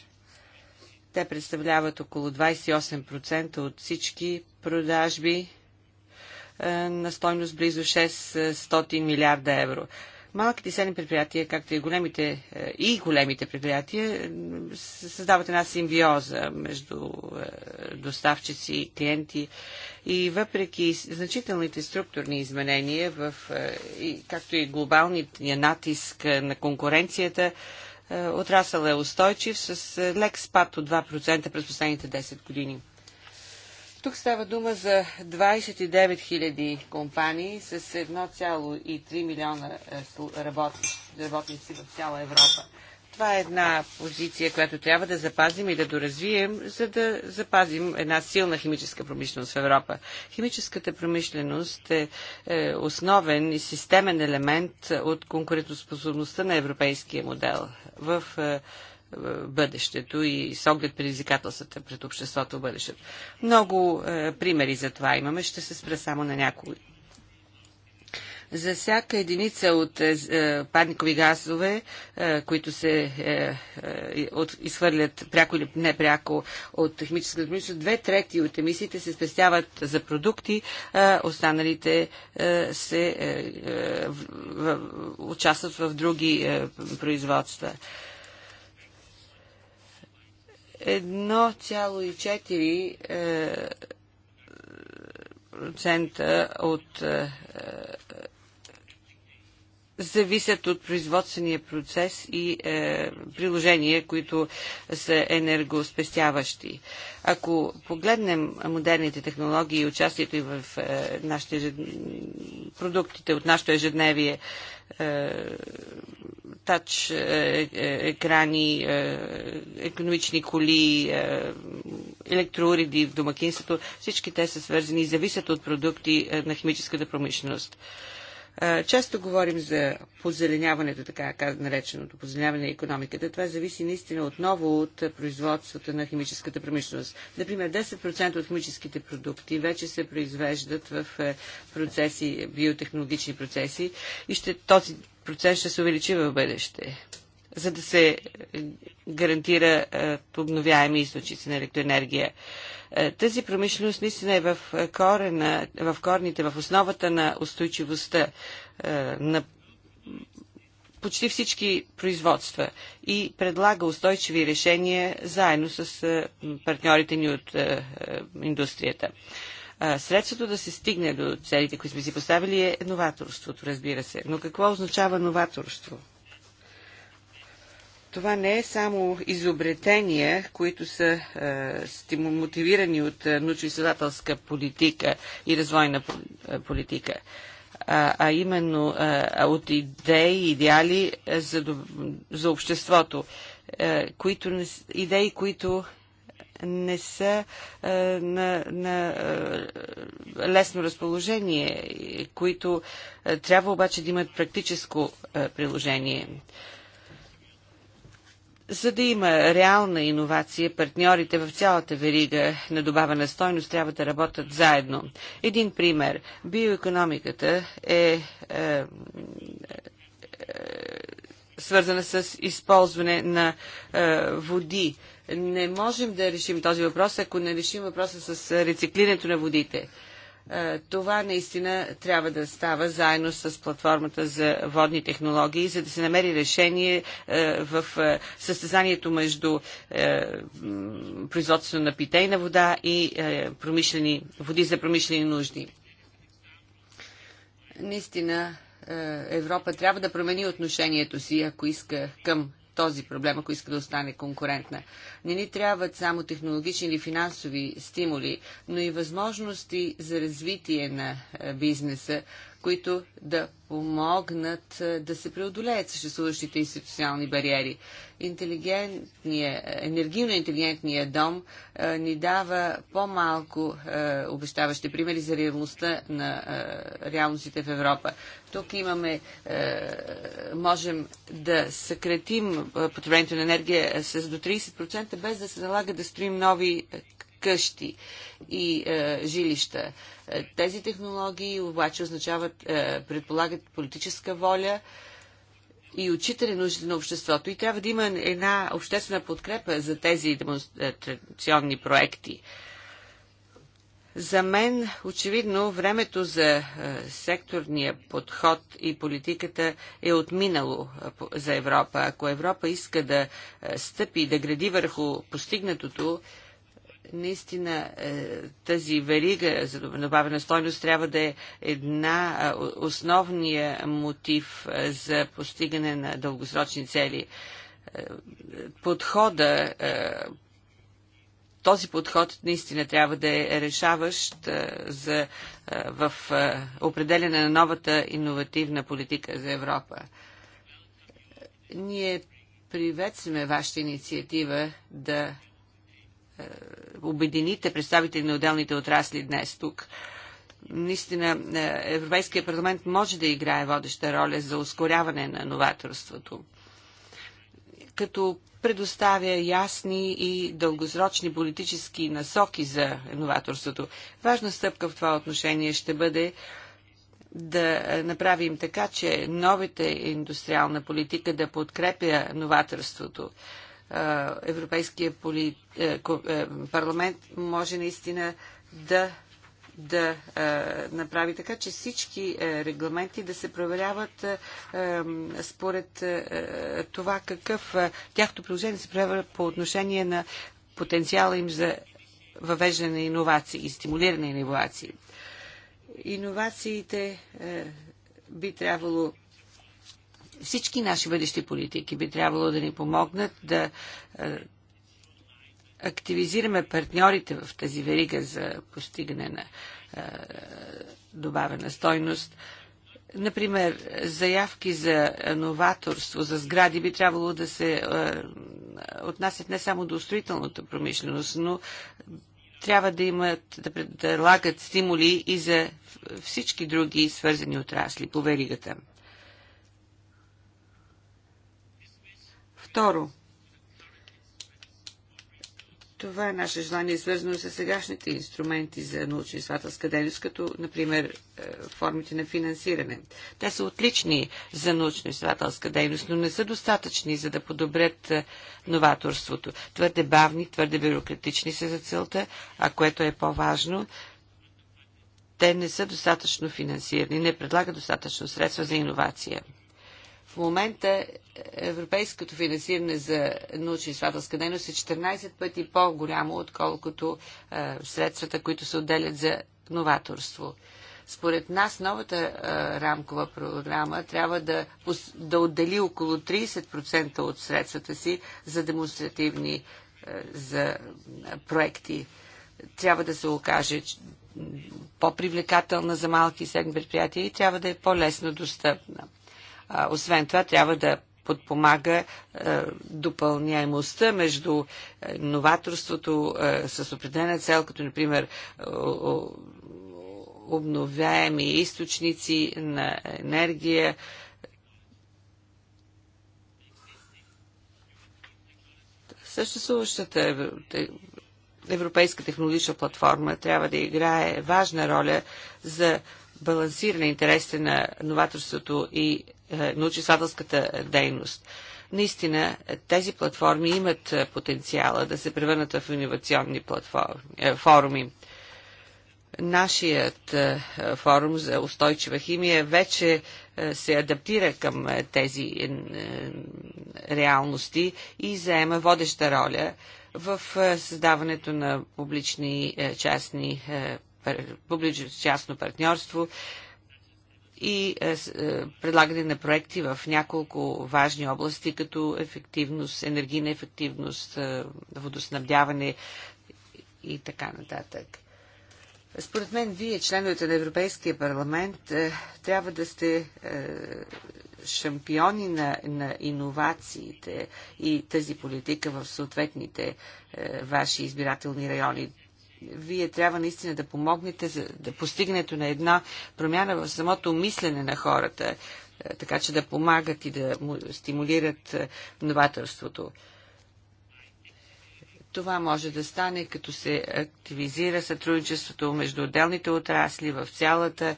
Те представляват около 28% от всички продажби е, на стойност близо 600 милиарда евро. Малките и средни предприятия, както и големите, е, и големите предприятия, създават една симбиоза между е, доставчици и клиенти. И въпреки значителните структурни изменения, в, е, както и глобалния натиск на конкуренцията, отрасъл е устойчив с лек спад от 2% през последните 10 години. Тук става дума за 29 000 компании с 1,3 милиона е, работници в цяла Европа. Това е една позиция, която трябва да запазим и да доразвием, за да запазим една силна химическа промишленост в Европа. Химическата промишленост е, е основен и системен елемент от конкурентоспособността на европейския модел. В е, бъдещето и с оглед предизвикателствата пред обществото в бъдещето. Много е, примери за това имаме, ще се спра само на някои. За всяка единица от е, е парникови газове, е, които се е, е, от, изхвърлят пряко или непряко от химическата промишленост, две трети от емисиите се спестяват за продукти, е, останалите се в, в, участват в други производства. 1,4% е, от е, е, зависят от производствения процес и е, приложения, които са енергоспестяващи. Ако погледнем модерните технологии и участието и в е, нашите, продуктите от нашето ежедневие, е, тач е, е, екрани, економични коли, електроуреди в домакинството, всички те са свързани и зависят от продукти на химическата промишленост. Често говорим за позеленяването, така нареченото позеленяване на економиката. Това зависи наистина отново от производството на химическата промишленост. Например, 10% от химическите продукти вече се произвеждат в е, процеси, биотехнологични процеси и ще, този процес ще се увеличи в бъдеще за да се гарантира е, обновяеми източници на електроенергия. Е, тази промишленост наистина е в, е, корена, в корните, в основата на устойчивостта е, на почти всички производства и предлага устойчиви решения заедно с партньорите ни от индустрията. Средството да се стигне до целите, които сме си поставили, е новаторството, разбира се. Но какво означава новаторство? това не е само изобретения, които са е, мотивирани от е, научно-изследователска политика и развойна е, политика, а, а именно е, от идеи, идеали е, за, за обществото, е, които не, идеи, които не са е, на, на е, лесно разположение, които е, трябва обаче да имат практическо е, приложение. Е, за да има реална иновация, партньорите в цялата верига на добавена стойност трябва да работят заедно. Един пример. Биоекономиката е, е, е свързана с използване на е, води. Не можем да решим този въпрос, ако не решим въпроса с рециклирането на водите. Е, е, това наистина трябва да става заедно с платформата за водни технологии, за да се намери решение е, в е, състезанието между производство на питейна вода и промишлени, води за промишлени нужди. Наистина Европа трябва да промени отношението си, ако иска към този проблем, ако иска да остане конкурентна. Не ни трябват само технологични или финансови стимули, но и възможности за развитие на е, бизнеса, които да помогнат е, да се преодолеят съществуващите институционални бариери. енергийно интелигентния дом е, ни дава по-малко е, обещаващи примери за реалността на реалностите в Европа. Тук имаме, можем да съкратим потреблението на енергия с до 30%, без да се налага да строим нови къщи и е, жилища. Е, тези технологии обаче означават, е, предполагат политическа воля и отчитане нуждите на обществото. И трябва да има една обществена подкрепа за тези демонстрационни проекти. За мен, очевидно, времето за е, секторния подход и политиката е отминало е, за Европа. Ако Европа иска да стъпи, да гради върху постигнатото наистина е, тази верига за добавена стойност трябва да е една е, основния мотив е, за постигане на дългосрочни цели. Подхода, този подход наистина трябва да е решаващ за, в определене на новата иновативна политика за Европа. Ние приветстваме вашата инициатива да е, обедините представители на отделните отрасли днес тук. Наистина, е, Европейския парламент може да играе водеща роля за ускоряване на новаторството, като предоставя ясни и дългосрочни политически насоки за новаторството. Важна стъпка в това отношение ще бъде да направим така, че новите индустриална политика да подкрепя новаторството Европейския поли... Е, е, парламент може наистина да да направи така, че всички е, регламенти да се проверяват според това какъв тяхто приложение се проверява по отношение на потенциала им за въвеждане на иновации и стимулиране на иновации. Иновациите би трябвало всички наши бъдещи политики би трябвало да ни помогнат да е, активизираме партньорите в тази верига за постигане на е, добавена стойност. Например, заявки за новаторство, за сгради би трябвало да се е, отнасят не само до строителната промишленост, но трябва да имат, да предлагат стимули и за всички други свързани отрасли по веригата. Второ, това е наше желание, свързано с сегашните инструменти за научно-изследователска дейност, като, например, е, формите на финансиране. Те са отлични за научно-изследователска дейност, но не са достатъчни, за да подобрят е, новаторството. Твърде бавни, твърде бюрократични са за целта, а което е по-важно, те не са достатъчно финансирани, не предлагат достатъчно средства за иновация. В момента европейското финансиране за научно-изследователска дейност е 14 пъти по-голямо, отколкото е, средствата, които се отделят за новаторство. Според нас новата е, рамкова програма трябва да, да отдели около 30% от средствата си за демонстративни е, за е, проекти. Трябва да се окаже по-привлекателна за малки и средни предприятия и трябва да е по-лесно достъпна освен това, трябва да подпомага допълняемостта между новаторството с определена цел, като например обновяеми източници на енергия. Съществуващата Европейска технологична платформа трябва да играе важна роля за балансира на интересите на новаторството и е, научествателската дейност. Наистина, тези платформи имат е, потенциала да се превърнат в инновационни платформи, е, форуми. Нашият е, форум за устойчива химия вече е, се адаптира към е, тези реалности и заема водеща роля в създаването на публични частни публично-частно партньорство и е, е, предлагане на проекти в няколко важни области, като ефективност, енергийна ефективност, е, водоснабдяване и така нататък. Според мен, вие, членовете на Европейския парламент, трябва да сте шампиони на, на иновациите и тази политика в съответните ваши избирателни райони вие трябва наистина да помогнете за да постигнете на една промяна в самото мислене на хората, е, така че да помагат и да стимулират е, новаторството. Това може да стане, като се активизира сътрудничеството между отделните отрасли в цялата,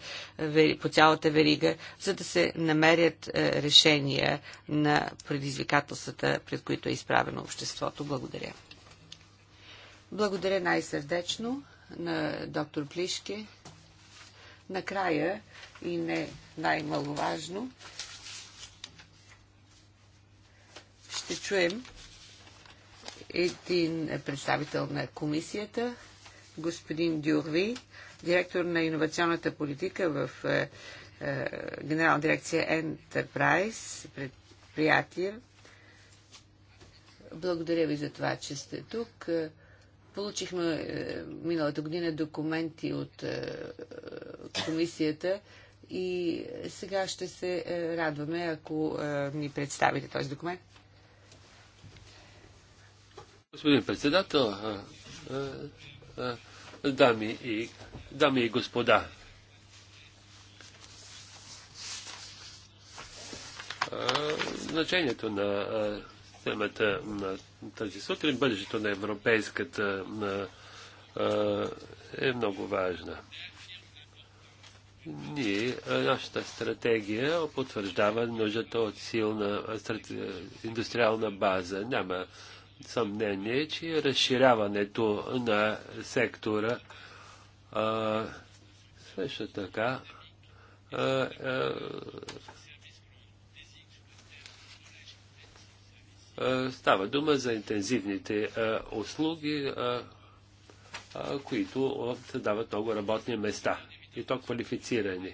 по цялата верига, за да се намерят е, решения на предизвикателствата, пред които е изправено обществото. Благодаря. Благодаря най-сърдечно на доктор Плишки. Накрая и не най-маловажно, ще чуем един представител на комисията, господин Дюрви, директор на инновационната политика в е, е, Генерална дирекция Enterprise, предприятие. Благодаря ви за това, че сте тук. Получихме е, миналата година документи от е, комисията и сега ще се е, радваме, ако е, ни представите този документ. Господин председател, е, е, дами и, дами и господа, значението на темата на тази сутрин, бъдещето на европейската на, а, е много важна. Ние, нашата стратегия потвърждава нуждата от силна индустриална база. Няма съмнение, че разширяването на сектора а, също така а, а, Е, става дума за интензивните е, услуги, е, които дават много работни места и то квалифицирани.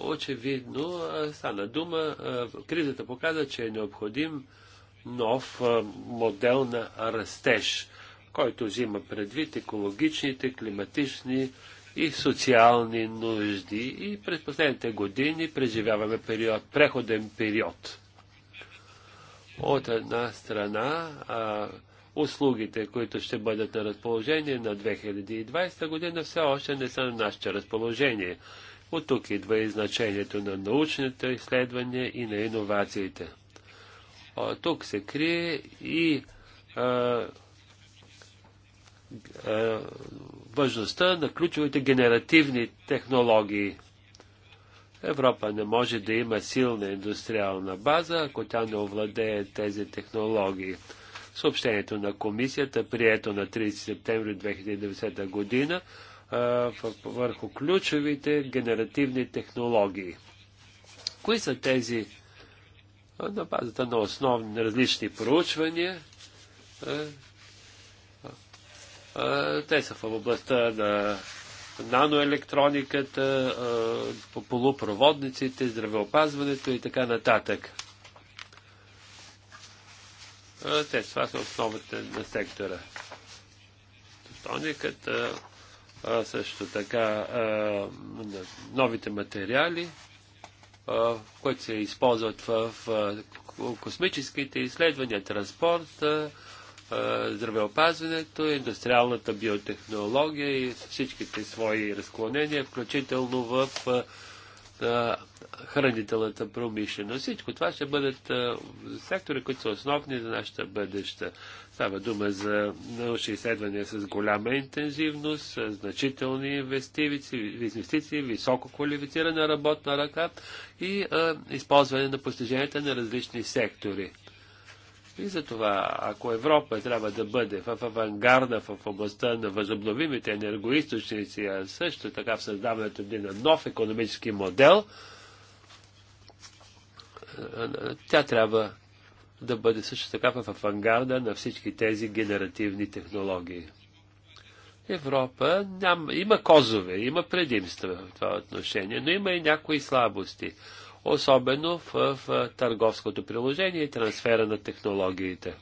Очевидно стана дума, кризата показа, че е необходим нов модел на растеж, който взима предвид екологичните, климатични и социални нужди. И през последните години преживяваме период, преходен период. От една страна, а, услугите, които ще бъдат на разположение на 2020 година, все още не са на нашето разположение. От тук идва и значението на научните изследвания и на иновациите. тук се крие и а, а, важността на ключовите генеративни технологии. Европа не може да има силна индустриална база, ако тя не овладее тези технологии. Съобщението на комисията, прието на 30 септември 2010 година, върху ключовите генеративни технологии. Кои са тези на базата на основни различни проучвания? Те са в областта на наноелектрониката, полупроводниците, здравеопазването и така нататък. Те, това са основите на сектора. Тониката, също така новите материали, които се използват в космическите изследвания, транспорт, здравеопазването, индустриалната биотехнология и всичките свои разклонения, включително в хранителната промишленост. Всичко това ще бъдат сектори, които са основни за нашата бъдеща. Става дума за научни изследвания с голяма интензивност, значителни инвестиции, високо квалифицирана работна ръка и а, използване на постиженията на различни сектори. И затова, ако Европа трябва да бъде в авангарда в областта на възобновимите енергоисточници, а също така в създаването на нов економически модел, тя трябва да бъде също така в авангарда на всички тези генеративни технологии. Европа няма, има козове, има предимства в това отношение, но има и някои слабости особено в, в търговското приложение и трансфера на технологиите.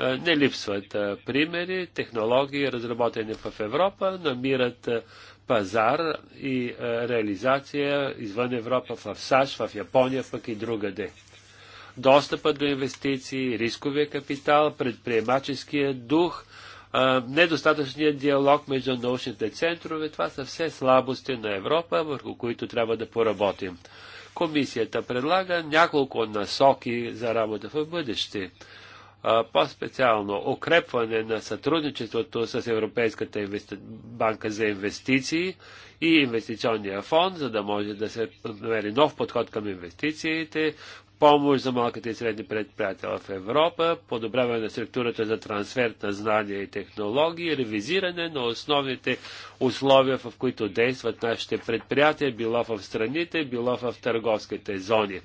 Не липсват примери, технологии, разработени в Европа, намират пазар и реализация извън Европа, в САЩ, в Япония, пък и другаде. Достъпът до инвестиции, рисковия капитал, предприемаческия дух, недостатъчният диалог между научните центрове, това са все слабости на Европа, върху които трябва да поработим. Комисията предлага няколко насоки за работа в бъдеще. По-специално укрепване на сътрудничеството с Европейската инвести... банка за инвестиции и инвестиционния фонд, за да може да се намери нов подход към инвестициите, помощ за малките и средни предприятия в Европа, подобряване на структурата за трансфер на знания и технологии, ревизиране на основните условия, в които действат нашите предприятия, било в страните, било в търговските зони,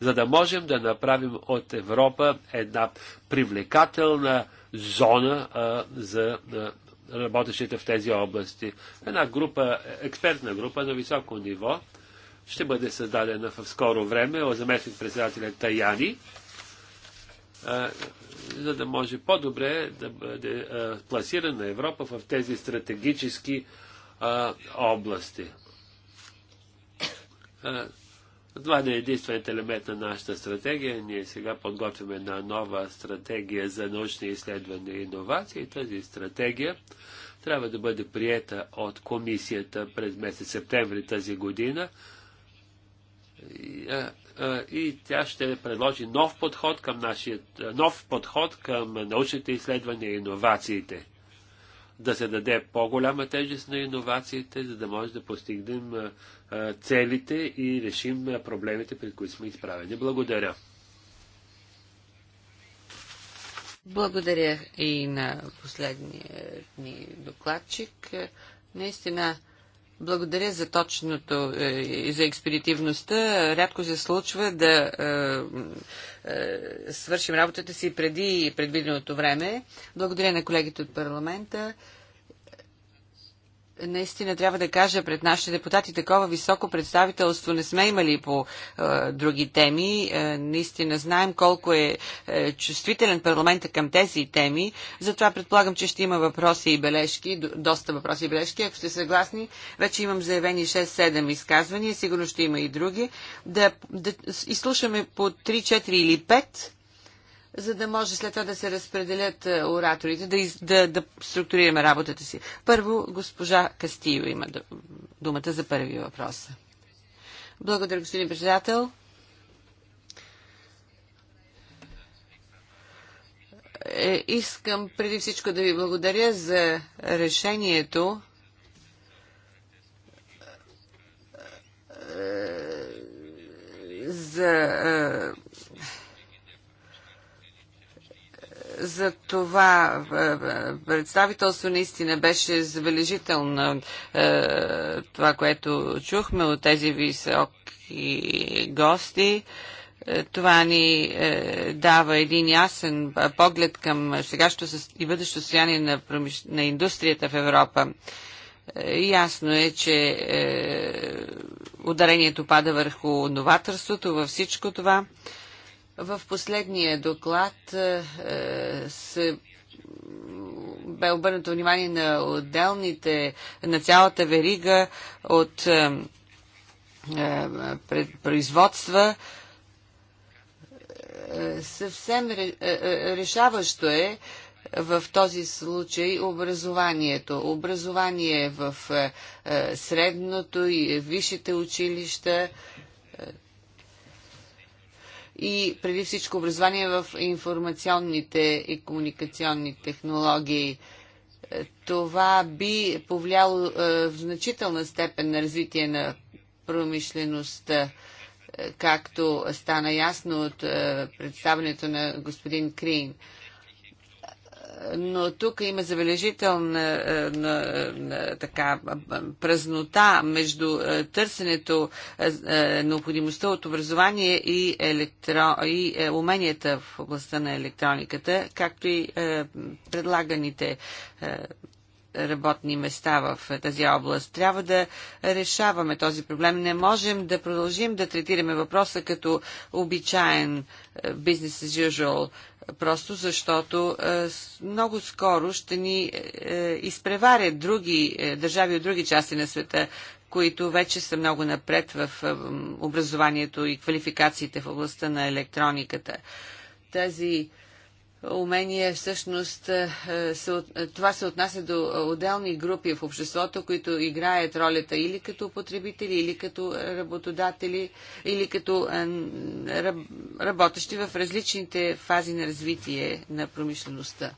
за да можем да направим от Европа една привлекателна зона а, за а, работещите в тези области. Една група, експертна група на високо ниво, ще бъде създадена в скоро време от заместник председателя Таяни, е, за да може по-добре да бъде е, пласирана Европа в тези стратегически е, области. Това не е единственият елемент на нашата стратегия. Ние сега подготвяме една нова стратегия за научни изследвания и иновации. Тази стратегия трябва да бъде приета от комисията през месец септември тази година и тя ще предложи нов подход към, нашия, нов подход към научните изследвания и иновациите. Да се даде по-голяма тежест на иновациите, за да може да постигнем целите и решим проблемите, пред които сме изправени. Благодаря. Благодаря и на последния ни докладчик. Наистина, благодаря за точното е, и за експедитивността. Рядко се случва да е, е, свършим работата си преди предвиденото време. Благодаря на колегите от парламента наистина трябва да кажа пред нашите депутати, такова високо представителство не сме имали по е, други теми. Е, наистина знаем колко е, е чувствителен парламента към тези теми. Затова предполагам, че ще има въпроси и бележки, до, доста въпроси и бележки. Ако сте съгласни, вече имам заявени 6-7 изказвания, сигурно ще има и други. Да, да изслушаме по 3, 4 или 5 за да може след това да се разпределят е, ораторите, да, из, да, да структурираме работата си. Първо, госпожа Кастио има думата за първи въпрос. Благодаря, господин председател. Е, искам преди всичко да ви благодаря за решението е, за За това е, е, представителство наистина беше забележително е, това, което чухме от тези високи гости. Това ни дава един ясен поглед към сегашното и бъдещо състояние на, промиш... на индустрията в Европа. Ясно е, че ударението пада върху новаторството във всичко това. В последния доклад е, е, се бе обърнато внимание на отделните, на цялата верига от е, е производства. Съвсем решаващо е в този случай образованието. Образование в средното и висшите училища и преди всичко образование в информационните и комуникационни технологии. Е, това би повлияло е, в значителна степен на развитие на промишлеността, е, както стана ясно от представането на господин Крин но тук има забележителна е, на, на, така, празнота между е, търсенето, е, необходимостта от образование и, електро, и уменията в областта на електрониката, както и предлаганите работни места в тази област. Трябва да решаваме този проблем. Не можем да продължим да третираме въпроса като обичаен бизнес as usual, просто защото е, много скоро ще ни е, е, изпреварят други държави от други части на света, които вече са много напред в образованието и квалификациите в областта на електрониката. Тази умения всъщност е, се, е, това се отнася до отделни групи в обществото, които играят ролята или като потребители, или като работодатели, или като е, работещи в различните фази на развитие на промишлеността.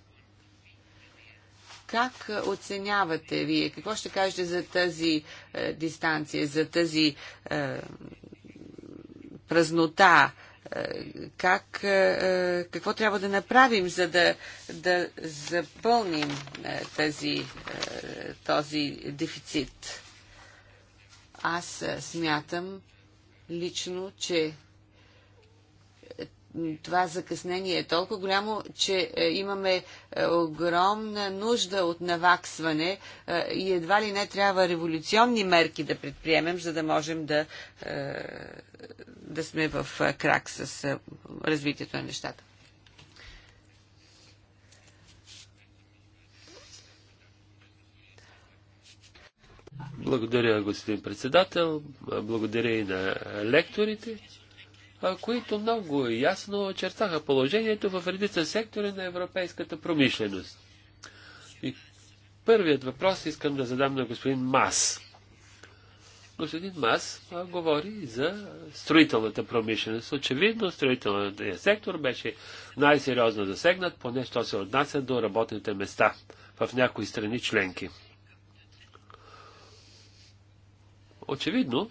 Как оценявате вие? Какво ще кажете за тази дистанция, за тази празнота, как, е, какво трябва да направим, за да, да запълним е, тази, е, този дефицит. Аз смятам лично, че това закъснение е толкова голямо, че е, имаме е, огромна нужда от наваксване е, и едва ли не трябва революционни мерки да предприемем, за да можем да, да сме в крак с развитието на нещата. Благодаря, господин председател. Благодаря и на лекторите които много ясно очертаха положението в редица сектори на европейската промишленост. И първият въпрос искам да задам на господин Мас. Господин Мас говори за строителната промишленост. Очевидно, строителният сектор беше най-сериозно засегнат, поне що се отнася до работните места в някои страни членки. Очевидно,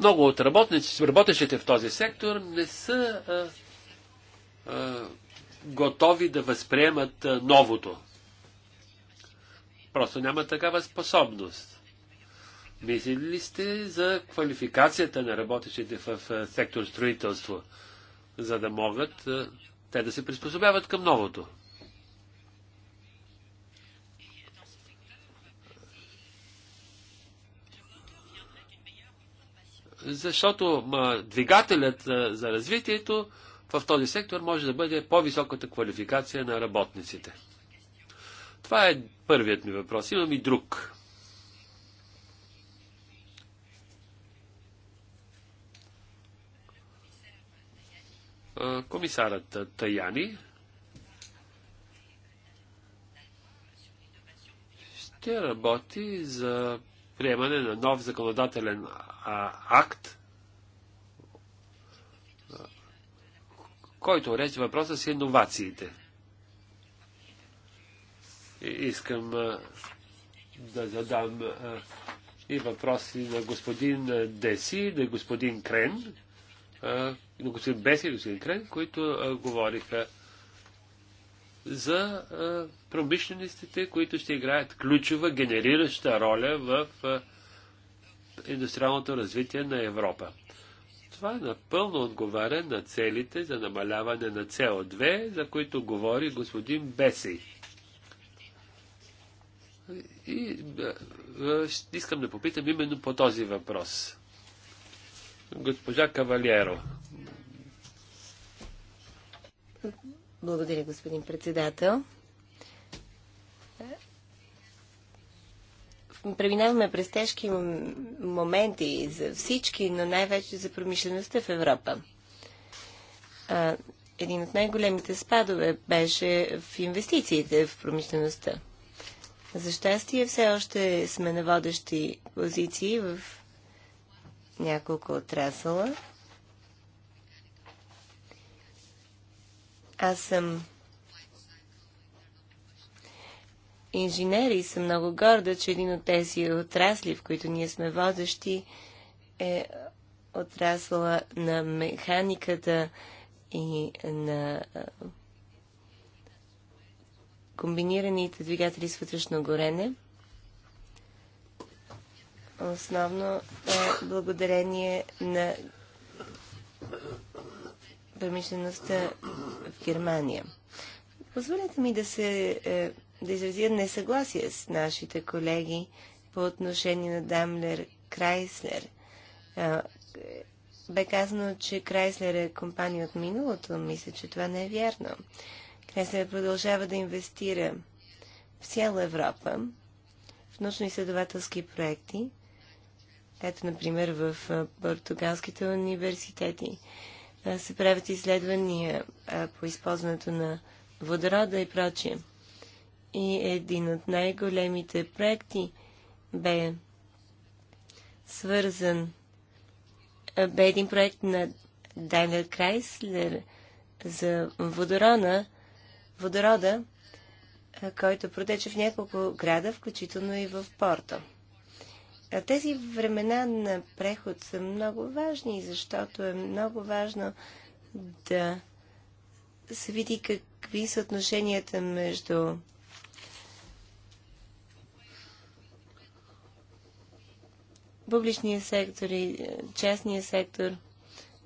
много от работещите в този сектор не са а, а, готови да възприемат новото. Просто няма такава способност. Мислили ли сте за квалификацията на работещите в сектор строителство, за да могат те да се приспособяват към новото? защото двигателят за развитието в този сектор може да бъде по-високата квалификация на работниците. Това е първият ми въпрос. Имам и друг. Комисарът Таяни ще работи за приемане на нов законодателен а, акт, който урежда въпроса с иновациите. И искам а, да задам а, и въпроси на господин Деси, на господин Крен, на господин Беси и господин Крен, които говориха за промишлениците, които ще играят ключова, генерираща роля в индустриалното развитие на Европа. Това напълно отговаря на целите за намаляване на СО2, за които говори господин Беси. И искам да попитам именно по този въпрос. Госпожа Кавалеро, Благодаря, господин председател. Преминаваме през тежки моменти за всички, но най-вече за промишлеността в Европа. Един от най-големите спадове беше в инвестициите в промишлеността. За щастие все още сме на водещи позиции в няколко отрасъла. Аз съм инженер и съм много горда, че един от тези отрасли, в които ние сме водещи, е отрасла на механиката и на комбинираните двигатели с вътрешно горене. Основно е благодарение на промишлеността в Германия. Позволете ми да се е, да изразя несъгласие с нашите колеги по отношение на Дамлер Крайслер. Бе казано, че Крайслер е компания от миналото. Мисля, че това не е вярно. Крайслер продължава да инвестира в цяла Европа в научно-изследователски проекти. Ето, например, в португалските университети. Е, се правят изследвания е, по използването на водорода и прочие. И един от най-големите проекти бе свързан е, бе един проект на Дайлер Крайслер за водорона, водорода, който протече в няколко града, включително и в Порто. А тези времена на преход са много важни, защото е много важно да се види какви са отношенията между публичния сектор и частния сектор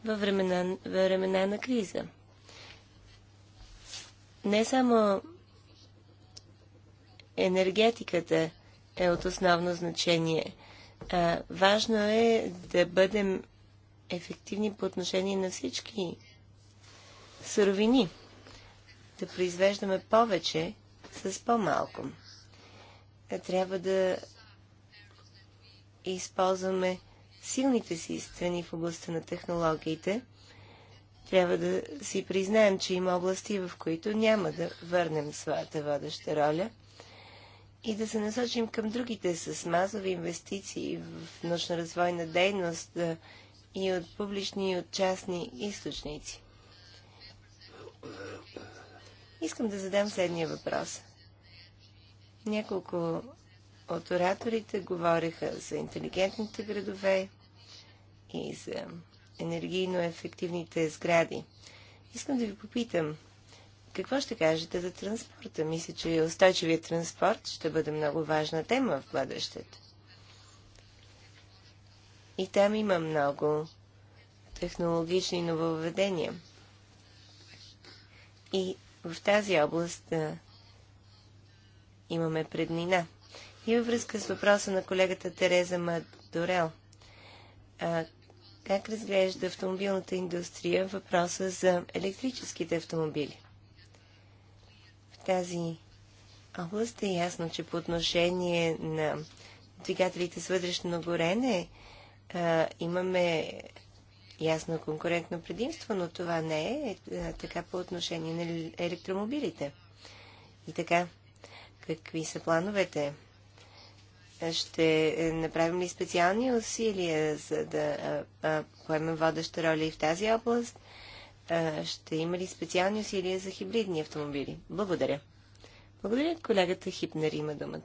във времена, във времена на криза. Не само енергетиката е от основно значение а, важно е да бъдем ефективни по отношение на всички суровини. Да произвеждаме повече с по-малко. Трябва да използваме силните си страни в областта на технологиите. Трябва да си признаем, че има области, в които няма да върнем своята водеща роля – и да се насочим към другите с мазови инвестиции в научно-развойна дейност и от публични и от частни източници. Искам да задам следния въпрос. Няколко от ораторите говориха за интелигентните градове и за енергийно ефективните сгради. Искам да ви попитам – какво ще кажете за транспорта? Мисля, че устойчивият транспорт ще бъде много важна тема в бъдещето. И там има много технологични нововведения. И в тази област а, имаме преднина. И във връзка с въпроса на колегата Тереза Мадорел, а, как разглежда автомобилната индустрия въпроса за електрическите автомобили? тази област е ясно, че по отношение на двигателите с вътрешно горене а, имаме ясно конкурентно предимство, но това не е а, е, така по отношение на електромобилите. И така, какви са плановете? Ще направим ли специални усилия, за да а, а, поемем водеща роля и в тази област? Е, ще има ли специални усилия за хибридни автомобили? Благодаря. Благодаря. Колегата Хипнер има думата.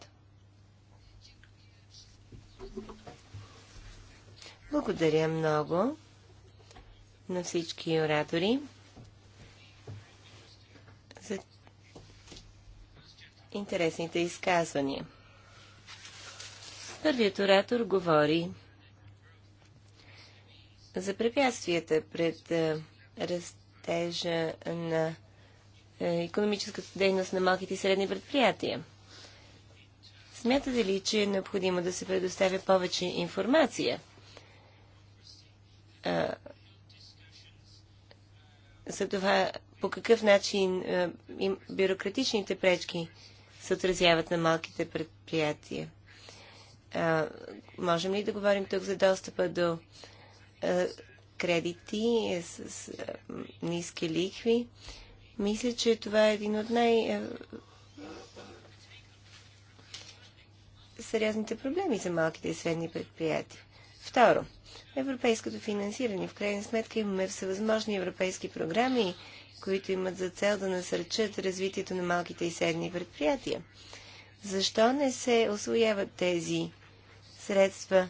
Благодаря много на всички оратори за интересните изказвания. Първият оратор говори за препятствията пред е, растежа на економическата дейност на малките и средни предприятия. Смятате ли, че е необходимо да се предоставя повече информация? за това по какъв начин е, бюрократичните пречки се отразяват на малките предприятия? можем ли да говорим тук за достъпа до е, кредити е, с, с е, ниски лихви. Мисля, че това е един от най- е, сериозните проблеми за малките и средни предприятия. Второ, европейското финансиране. В крайна сметка имаме всевъзможни европейски програми, които имат за цел да насърчат развитието на малките и средни предприятия. Защо не се освояват тези средства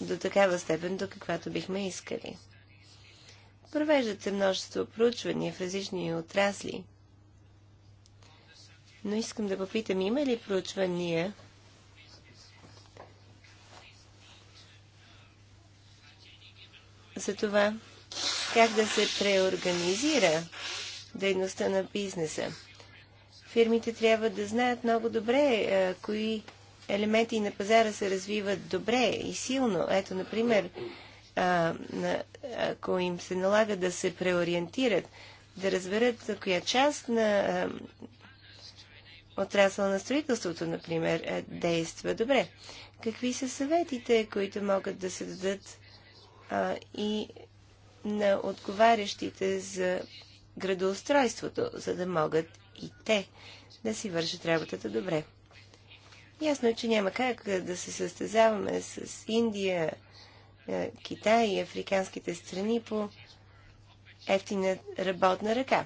до такава степен, до каквато бихме искали. Провеждат се множество проучвания в различни отрасли. Но искам да попитам, има ли проучвания, за това как да се преорганизира дейността на бизнеса. Фирмите трябва да знаят много добре кои елементи на пазара се развиват добре и силно. Ето, например, а, на, ако им се налага да се преориентират, да разберат коя част на отрасъл на строителството, например, действа добре. Какви са съветите, които могат да се дадат а, и на отговарящите за градоустройството, за да могат и те да си вършат работата добре? Ясно е, че няма как да се състезаваме с Индия, е, Китай и африканските страни по ефтина работна ръка.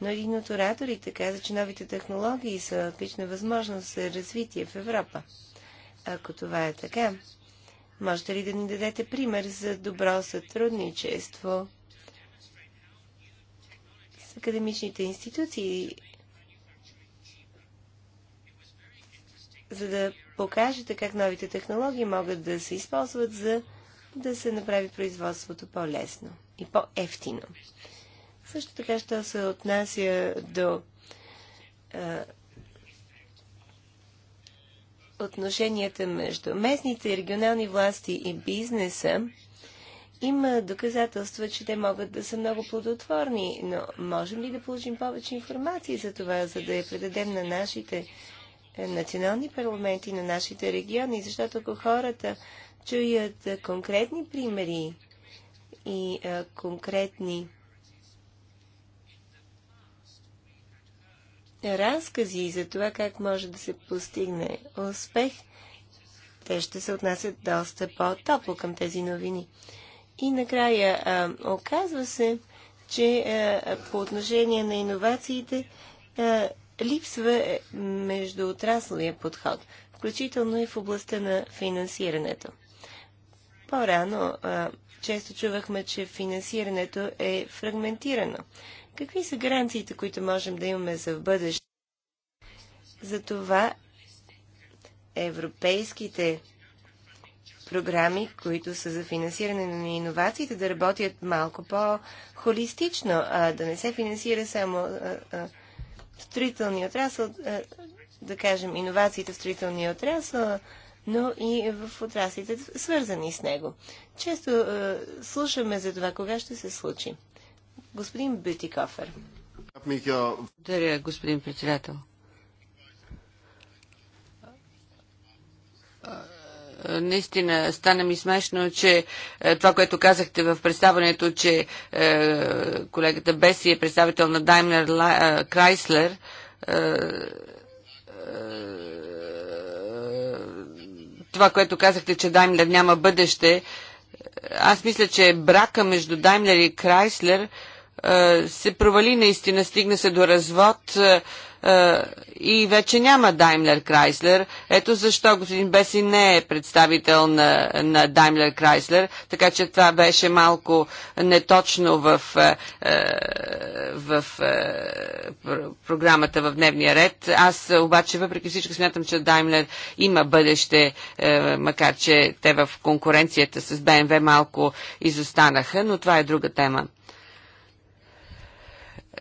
Но един от ораторите каза, че новите технологии са отлична възможност за развитие в Европа. Ако това е така, можете ли да ни дадете пример за добро сътрудничество с академичните институции за да покажете как новите технологии могат да се използват за да се направи производството по-лесно и по-ефтино. Също така, що се отнася до а, отношенията между местните регионални власти и бизнеса, има доказателства, че те могат да са много плодотворни, но можем ли да получим повече информация за това, за да я предадем на нашите е, национални парламенти на нашите региони, защото ако хората чуят конкретни примери и конкретни разкази за това как може да се постигне успех, те ще се отнасят доста по-топло към тези новини. И накрая, а, оказва се, че а, по отношение на иновациите липсва е междуотрасловия подход, включително и в областта на финансирането. По-рано често чувахме, че финансирането е фрагментирано. Какви са гаранциите, които можем да имаме за в бъдеще? това, европейските програми, които са за финансиране на иновациите, да работят малко по-холистично, а да не се финансира само а, а, строителния отрасъл, е, да кажем, иновациите в строителния отрасъл, но и в отраслите, свързани с него. Често е, слушаме за това кога ще се случи. Господин Бютикофер. Благодаря, господин председател наистина стана ми смешно, че е, това, което казахте в представането, че е, колегата Беси е представител на Даймлер е, Крайслер, това, което казахте, че Даймлер няма бъдеще, аз мисля, че брака между Даймлер и Крайслер се провали наистина, стигна се до развод. Е, и вече няма Даймлер Крайслер. Ето защо господин Беси не е представител на, на Daimler така че това беше малко неточно в, е, е, в, в програмата в дневния ред. Аз обаче въпреки всичко смятам, че Даймлер има бъдеще, макар че те в конкуренцията с БМВ малко изостанаха, но това е друга тема.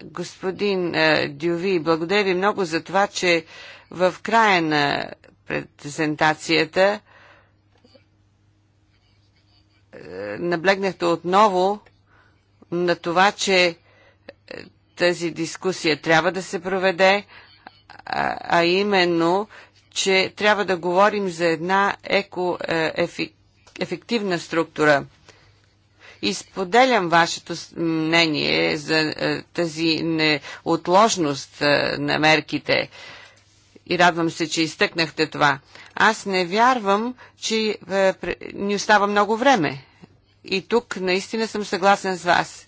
Господин е, Дюви, благодаря ви много за това, че в края на презентацията е, наблегнахте отново на това, че е, тази дискусия трябва да се проведе, а именно, че трябва да говорим за една еко, ефективна структура – Изподелям вашето мнение за е, тази неотложност е, на мерките и радвам се, че изтъкнахте това. Аз не вярвам, че е, ни остава много време. И тук наистина съм съгласен с вас.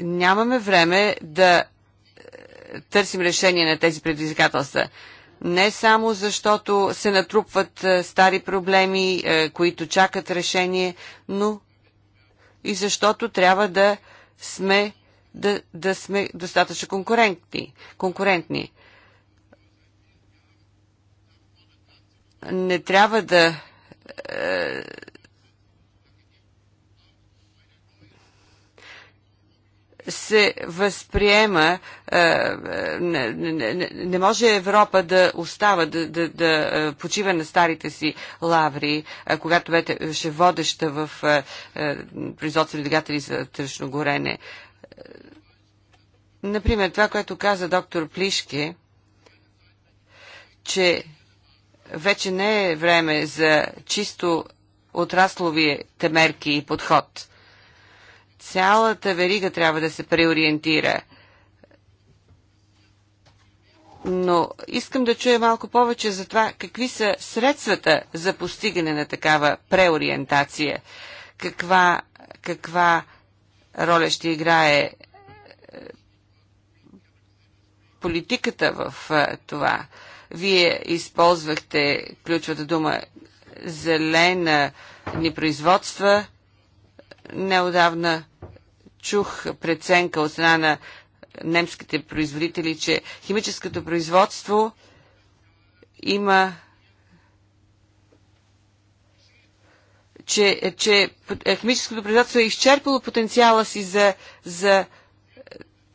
Нямаме време да търсим решение на тези предизвикателства не само защото се натрупват е, стари проблеми, е, които чакат решение, но и защото трябва да сме, да, да сме достатъчно конкурентни. конкурентни. Не трябва да е, се възприема, е, е, не, може Европа да остава, да, да, да е, почива на старите си лаври, когато беше водеща в производство на двигатели за тръчно горене. Например, това, което каза доктор Плишке, че вече не е време за чисто отраслови мерки и подход – Цялата верига трябва да се преориентира. Но искам да чуя малко повече за това какви са средствата за постигане на такава преориентация. Каква, каква роля ще играе е, политиката в е, това. Вие използвахте ключовата дума зелена ни производства. Неодавна чух преценка от страна на немските производители, че химическото производство има че, че химическото производство е изчерпало потенциала си за, за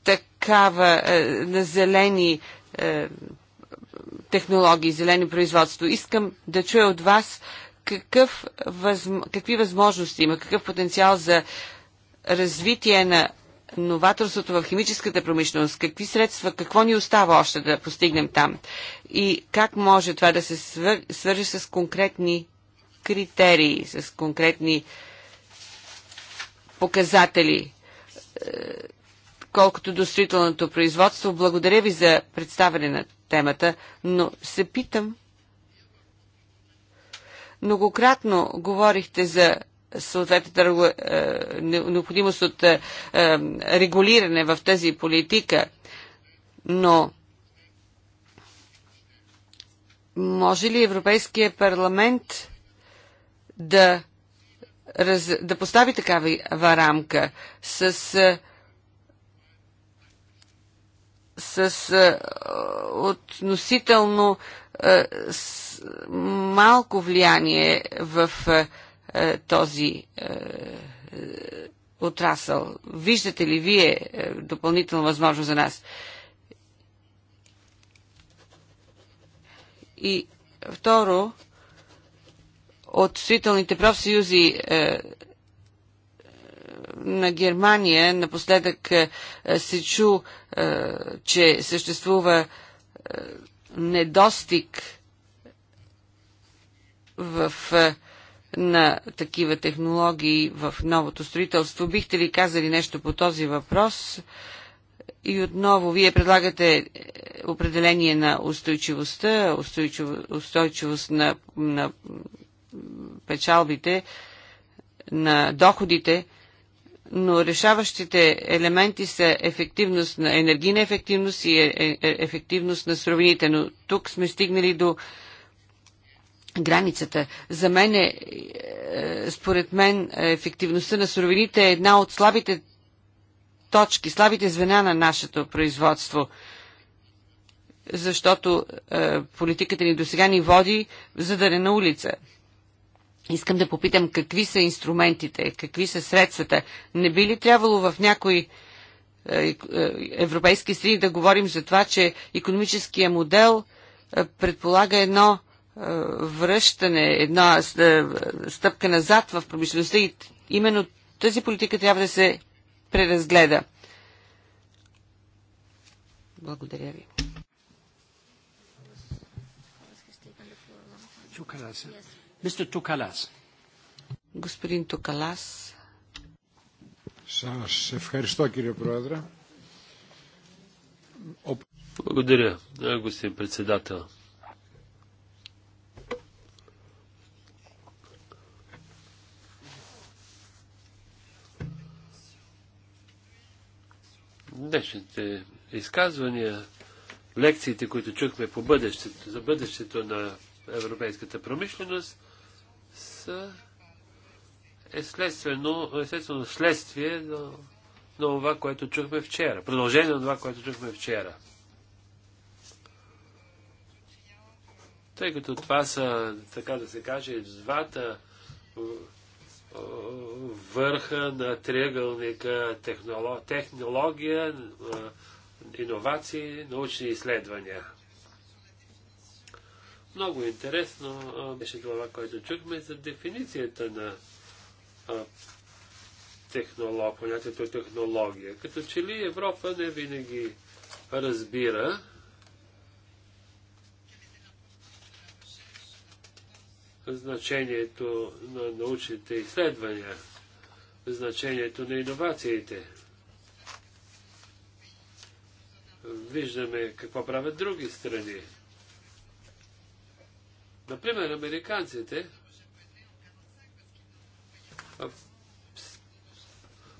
такава е, на зелени е, технологии, зелени производство. Искам да чуя от вас какъв, възм... какви възможности има, какъв потенциал за развитие на новаторството в химическата промишленост, какви средства, какво ни остава още да постигнем там и как може това да се свър... свържи с конкретни критерии, с конкретни показатели, е, колкото до строителното производство. Благодаря ви за представяне на темата, но се питам Многократно говорихте за съответната е, необходимост от е, е, регулиране в тази политика, но може ли Европейския парламент да, раз, да постави такава рамка с, с относително с малко влияние в е, е, този е, отрасъл. Виждате ли вие е, допълнителна възможност за нас? И второ, от строителните профсъюзи е, е, на Германия напоследък е, е, се чу, е, че съществува недостиг в, е, на такива технологии в новото строителство. Бихте ли казали нещо по този въпрос? И отново, вие предлагате е, определение на устойчивостта, устойчив, устойчивост на, на печалбите, на доходите, но решаващите елементи са ефективност на енергийна ефективност и е, ефективност на суровините. Но тук сме стигнали до границата. За мен, е, е, според мен, ефективността на суровините е една от слабите точки, слабите звена на нашето производство защото е, политиката ни до сега ни води не на улица. Искам да попитам какви са инструментите, какви са средствата. Не би ли трябвало в някои е, е, европейски страни да говорим за това, че економическия модел предполага едно връщане, една стъпка назад в промишлеността и именно тази политика трябва да се преразгледа. Благодаря ви. Господин Токалас. Благодаря, господин председател. днешните изказвания, лекциите, които чухме по бъдещето, за бъдещето на европейската промишленост, са е следствено, естествено следствие на, на това, което чухме вчера. Продължение на това, което чухме вчера. Тъй като това са, така да се каже, двата върха на триъгълника технология, иновации, научни изследвания. Много интересно беше това, което чухме за дефиницията на технолог, понятието технология. Като че ли Европа не винаги разбира значението на научните изследвания, значението на иновациите. Виждаме какво правят други страни. Например, американците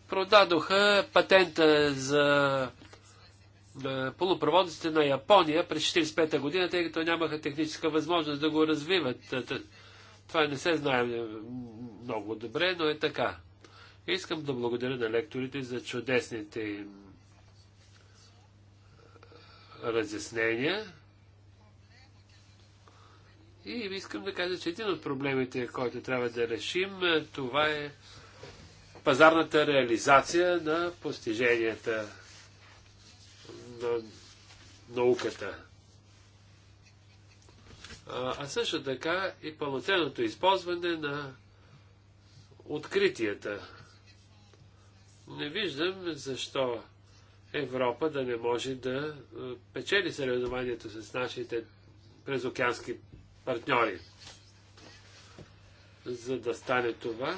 продадоха патента за е, полупроводците на Япония през 1945 година, тъй като нямаха техническа възможност да го развиват е, това не се знае е, много добре, но е така. Искам да благодаря на лекторите за чудесните им е, разяснения. И искам да кажа, че един от проблемите, който трябва да решим, е, това е пазарната реализация на постиженията на науката а също така и пълноценното използване на откритията. Не виждам защо Европа да не може да печели съревнованието с нашите презокеански партньори. За да стане това,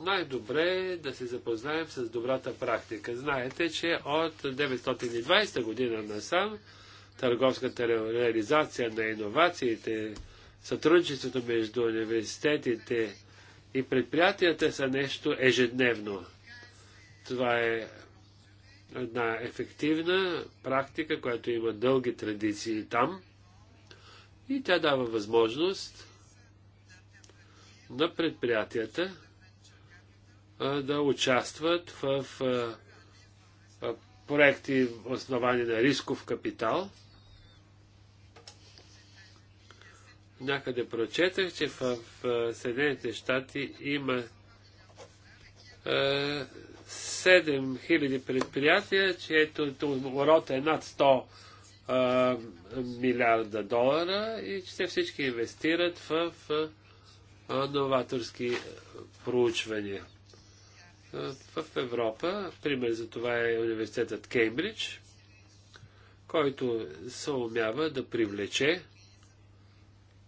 най-добре е да се запознаем с добрата практика. Знаете, че от 920 година насам търговската реализация на иновациите, сътрудничеството между университетите и предприятията са нещо ежедневно. Това е една ефективна практика, която има дълги традиции там и тя дава възможност на предприятията да участват в проекти, основани на рисков капитал. Някъде прочетах, че в, в Съединените щати има е, 7000 предприятия, чието оборот е над 100 е, милиарда долара и че те всички инвестират в, в новаторски проучвания. Е, в Европа. Пример за това е университетът Кембридж, който се умява да привлече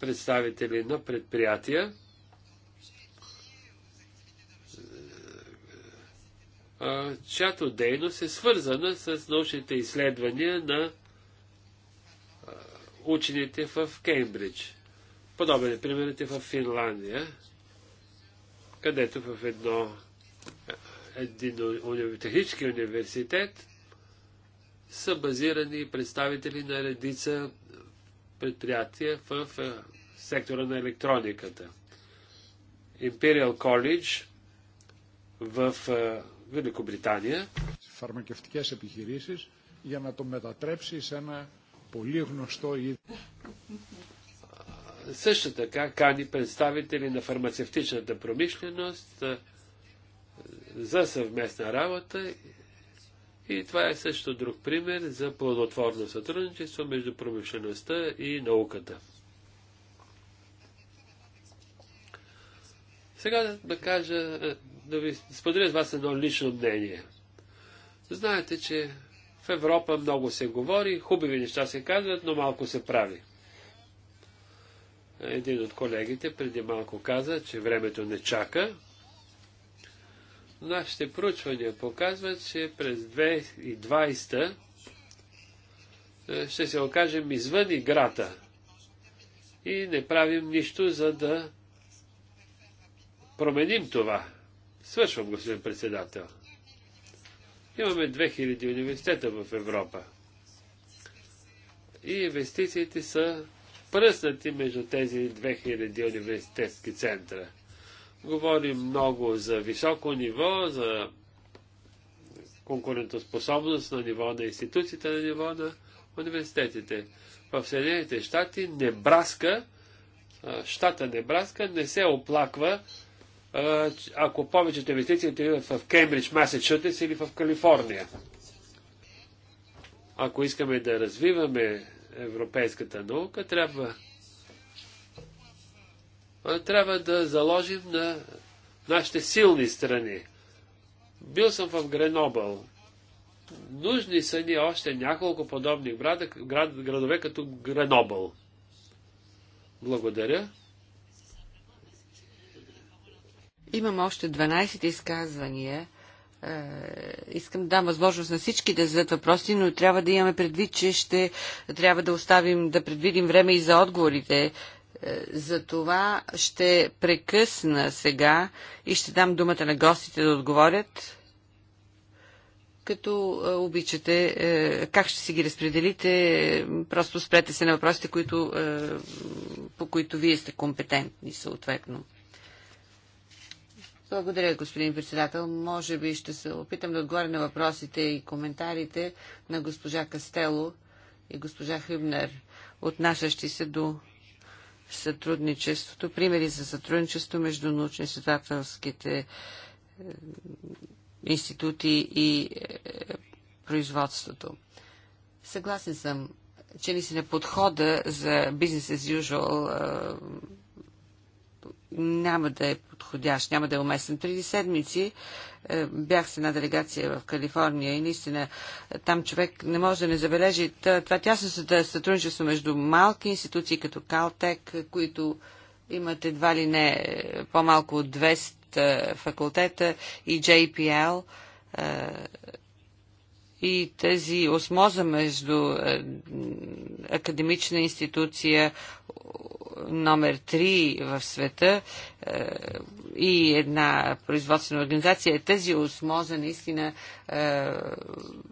представители на предприятия, чиято дейност е свързана с научните изследвания на учените в Кембридж. Подобен е примерът в Финландия, където в едно един технически университет са базирани представители на редица предприятия в сектора на електрониката. Imperial College в Великобритания. Фармакевтικές επιχειρήσεις για να το μετατρέψει σε ένα πολύ γνωστό είδο. Също така кани представители на фармацевтичната промишленост, за съвместна работа и това е също друг пример за плодотворно сътрудничество между промишлеността и науката. Сега да кажа, е, да ви споделя с вас едно лично мнение. Знаете, че в Европа много се говори, хубави неща се казват, но малко се прави. Един от колегите преди малко каза, че времето не чака, Нашите проучвания показват, че през 2020 е, ще се окажем извън играта и не правим нищо, за да променим това. Свършвам, господин председател. Имаме 2000 университета в Европа. И инвестициите са пръснати между тези 2000 университетски центра. Говорим много за високо ниво, за конкурентоспособност на ниво на институциите, на ниво на университетите. В Съединените щати Небраска, щата Небраска не се оплаква, ако повечето инвестиции отиват в Кембридж, Масачусетс или в Калифорния. Ако искаме да развиваме европейската наука, трябва е, трябва да заложим на нашите силни страни. Бил съм в Гренобъл. Нужни са ни още няколко подобни града, град, градове като Гренобъл. Благодаря. Имам още 12 изказвания. Е, искам да дам възможност на всички да зададат въпроси, но трябва да имаме предвид, че ще трябва да оставим, да предвидим време и за отговорите, е, за това ще прекъсна сега и ще дам думата на гостите да отговорят. Като е, обичате, е, как ще си ги разпределите, просто спрете се на въпросите, които, по които вие сте компетентни съответно. Благодаря, господин председател. Може би ще се опитам да отговоря на въпросите и коментарите на госпожа Кастело и госпожа Хюбнер, отнасящи се до сътрудничеството, примери за сътрудничество между научно-изследователските е, институти и е, производството. Съгласен съм, че ни се на подхода за бизнес as usual е, няма да е подходящ, няма да е уместен. Преди седмици е, бях с една делегация в Калифорния и наистина е, там човек не може да не забележи това тясно сътрудничество между малки институции като Калтек, които имат едва ли не е, по-малко от 200 факултета и JPL и тази осмоза между академична институция, номер 3 в света е, и една производствена организация, тази осмоза наистина е,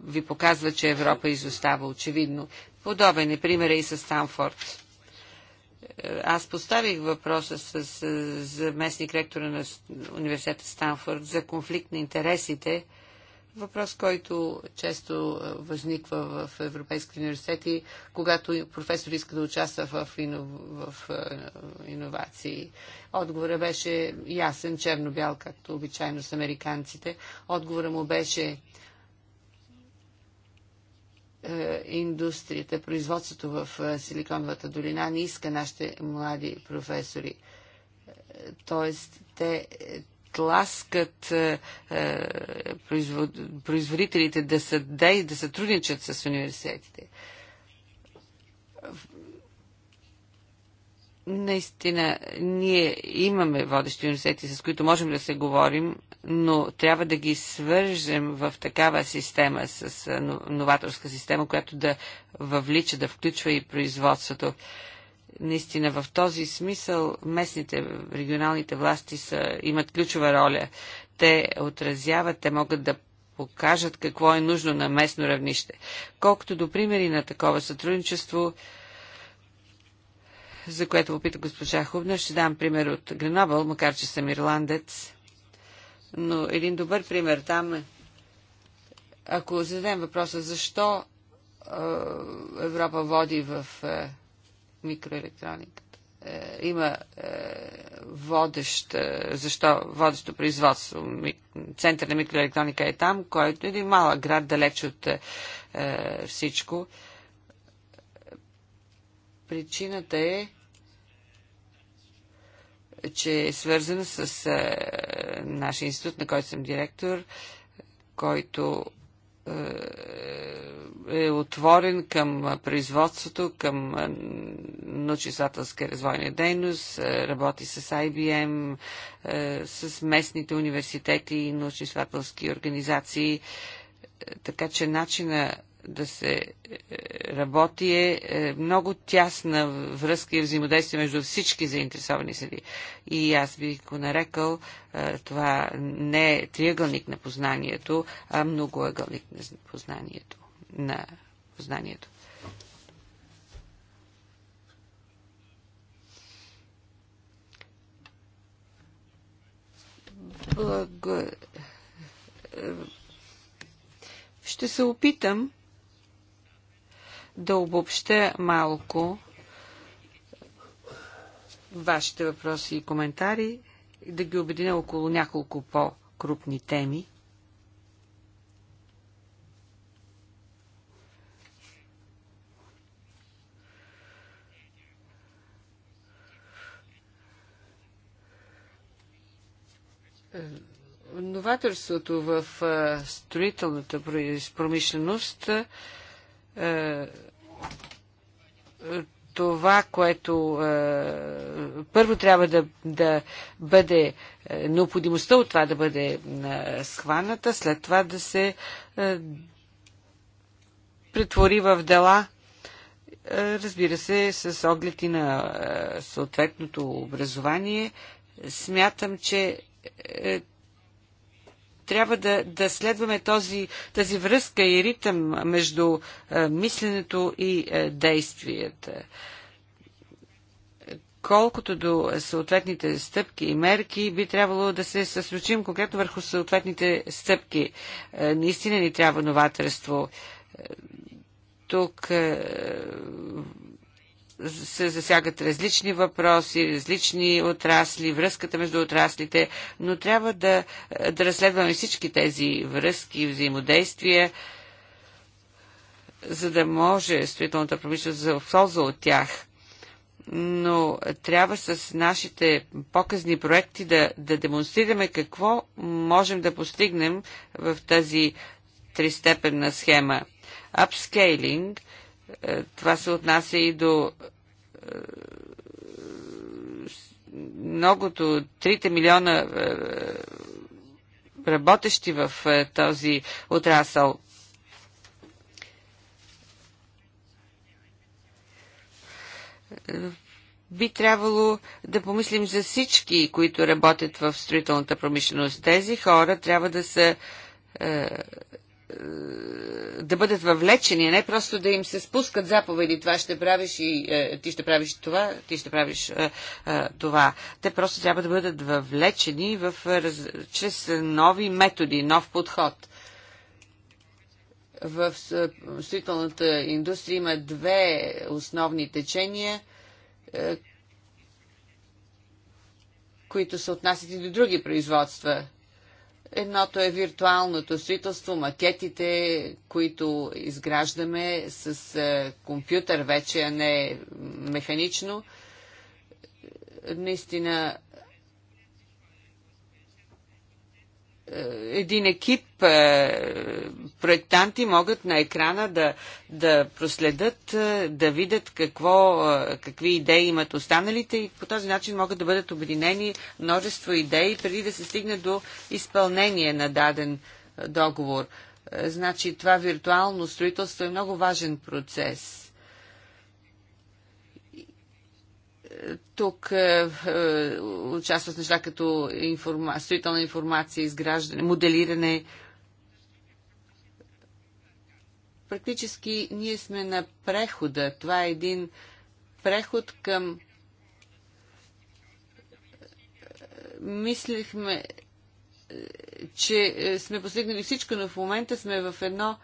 ви показва, че Европа изостава очевидно. Подобен е пример и с Станфорд. Е, аз поставих въпроса с, с местник ректора на университета Станфорд за конфликт на интересите Въпрос, който често възниква в европейски университети, когато професор иска да участва в, инов... в иновации. отговорът беше ясен, черно-бял, както обичайно с американците. Отговорът му беше индустрията, производството в Силиконовата долина не иска нашите млади професори. Тоест, те тласкат е, е да производителите да и да сътрудничат с университетите. Наистина, ние имаме водещи университети, с които можем да се говорим, но трябва да ги свържем в такава система, с е, новаторска система, която да въвлича, да включва и производството. Е, Наистина в този смисъл местните регионалните власти са, имат ключова роля. Те отразяват, те могат да покажат какво е нужно на местно равнище. Колкото до примери на такова сътрудничество, за което попита госпожа Хубна, ще дам пример от Гренобъл, макар че съм ирландец. Но един добър пример там е, ако зададем въпроса защо Европа води в микроелектрониката. Е, има е, водеща, е, защо водещо производство. Център на микроелектроника е там, който е един малък град, далеч от всичко. Причината е, че е свързано с нашия институт, на който съм директор, който е, е отворен към производството, към е, научно-изследователска развойна дейност, е, работи с IBM, с местните университети и научно-изследователски организации. Така че начина да се е, работи е, е много тясна връзка и взаимодействие между всички заинтересовани среди. И аз би го нарекал, е, това не е триъгълник на познанието, а многоъгълник на познанието. На познанието. Благ... Ще се опитам да обобща малко вашите въпроси и коментари, да ги обединя около няколко по-крупни теми. Новаторството в строителната промишленост е, това, което е, първо трябва да, да бъде е, необходимостта от това да бъде е, схваната, след това да се е, претвори в дела, е, разбира се, с оглед и на е, съответното образование. Смятам, че е, трябва да, да следваме този, тази връзка и ритъм между е, мисленето и е, действията. Колкото до съответните стъпки и мерки, би трябвало да се съсочим конкретно върху съответните стъпки. Е, наистина ни трябва новаторство. Е, тук е, се засягат различни въпроси, различни отрасли, връзката между отраслите, но трябва да, да разследваме всички тези връзки, и взаимодействия, за да може строителната промишленост да ползва от тях. Но трябва с нашите показни проекти да, да демонстрираме какво можем да постигнем в тази тристепенна схема. Апскейлинг – е, това се отнася и до е, многото, 3 милиона е, работещи в този отрасъл. Би трябвало да помислим за всички, които работят в строителната промишленост. Тези хора трябва да са е, да бъдат въвлечени, не просто да им се спускат заповеди, това ще правиш и е, ти ще правиш това, ти ще правиш е, е, това. Те просто трябва да бъдат въвлечени в, е, раз, чрез нови методи, нов подход. В е, строителната индустрия има две основни течения, които се отнасят и до други производства – Едното е виртуалното строителство, макетите, които изграждаме с е, компютър вече, а не механично. Наистина Е, един екип е, проектанти могат на екрана да, да проследят, е, да видят какво, какви идеи имат останалите и по този начин могат да бъдат обединени множество идеи преди да се стигне до изпълнение на даден договор. Значи това виртуално строителство е много важен процес тук е, е, участват неща като информа, строителна информация, изграждане, моделиране. Практически ние сме на прехода. Това е един преход към Мислихме, че е, сме постигнали всичко, но в момента сме в едно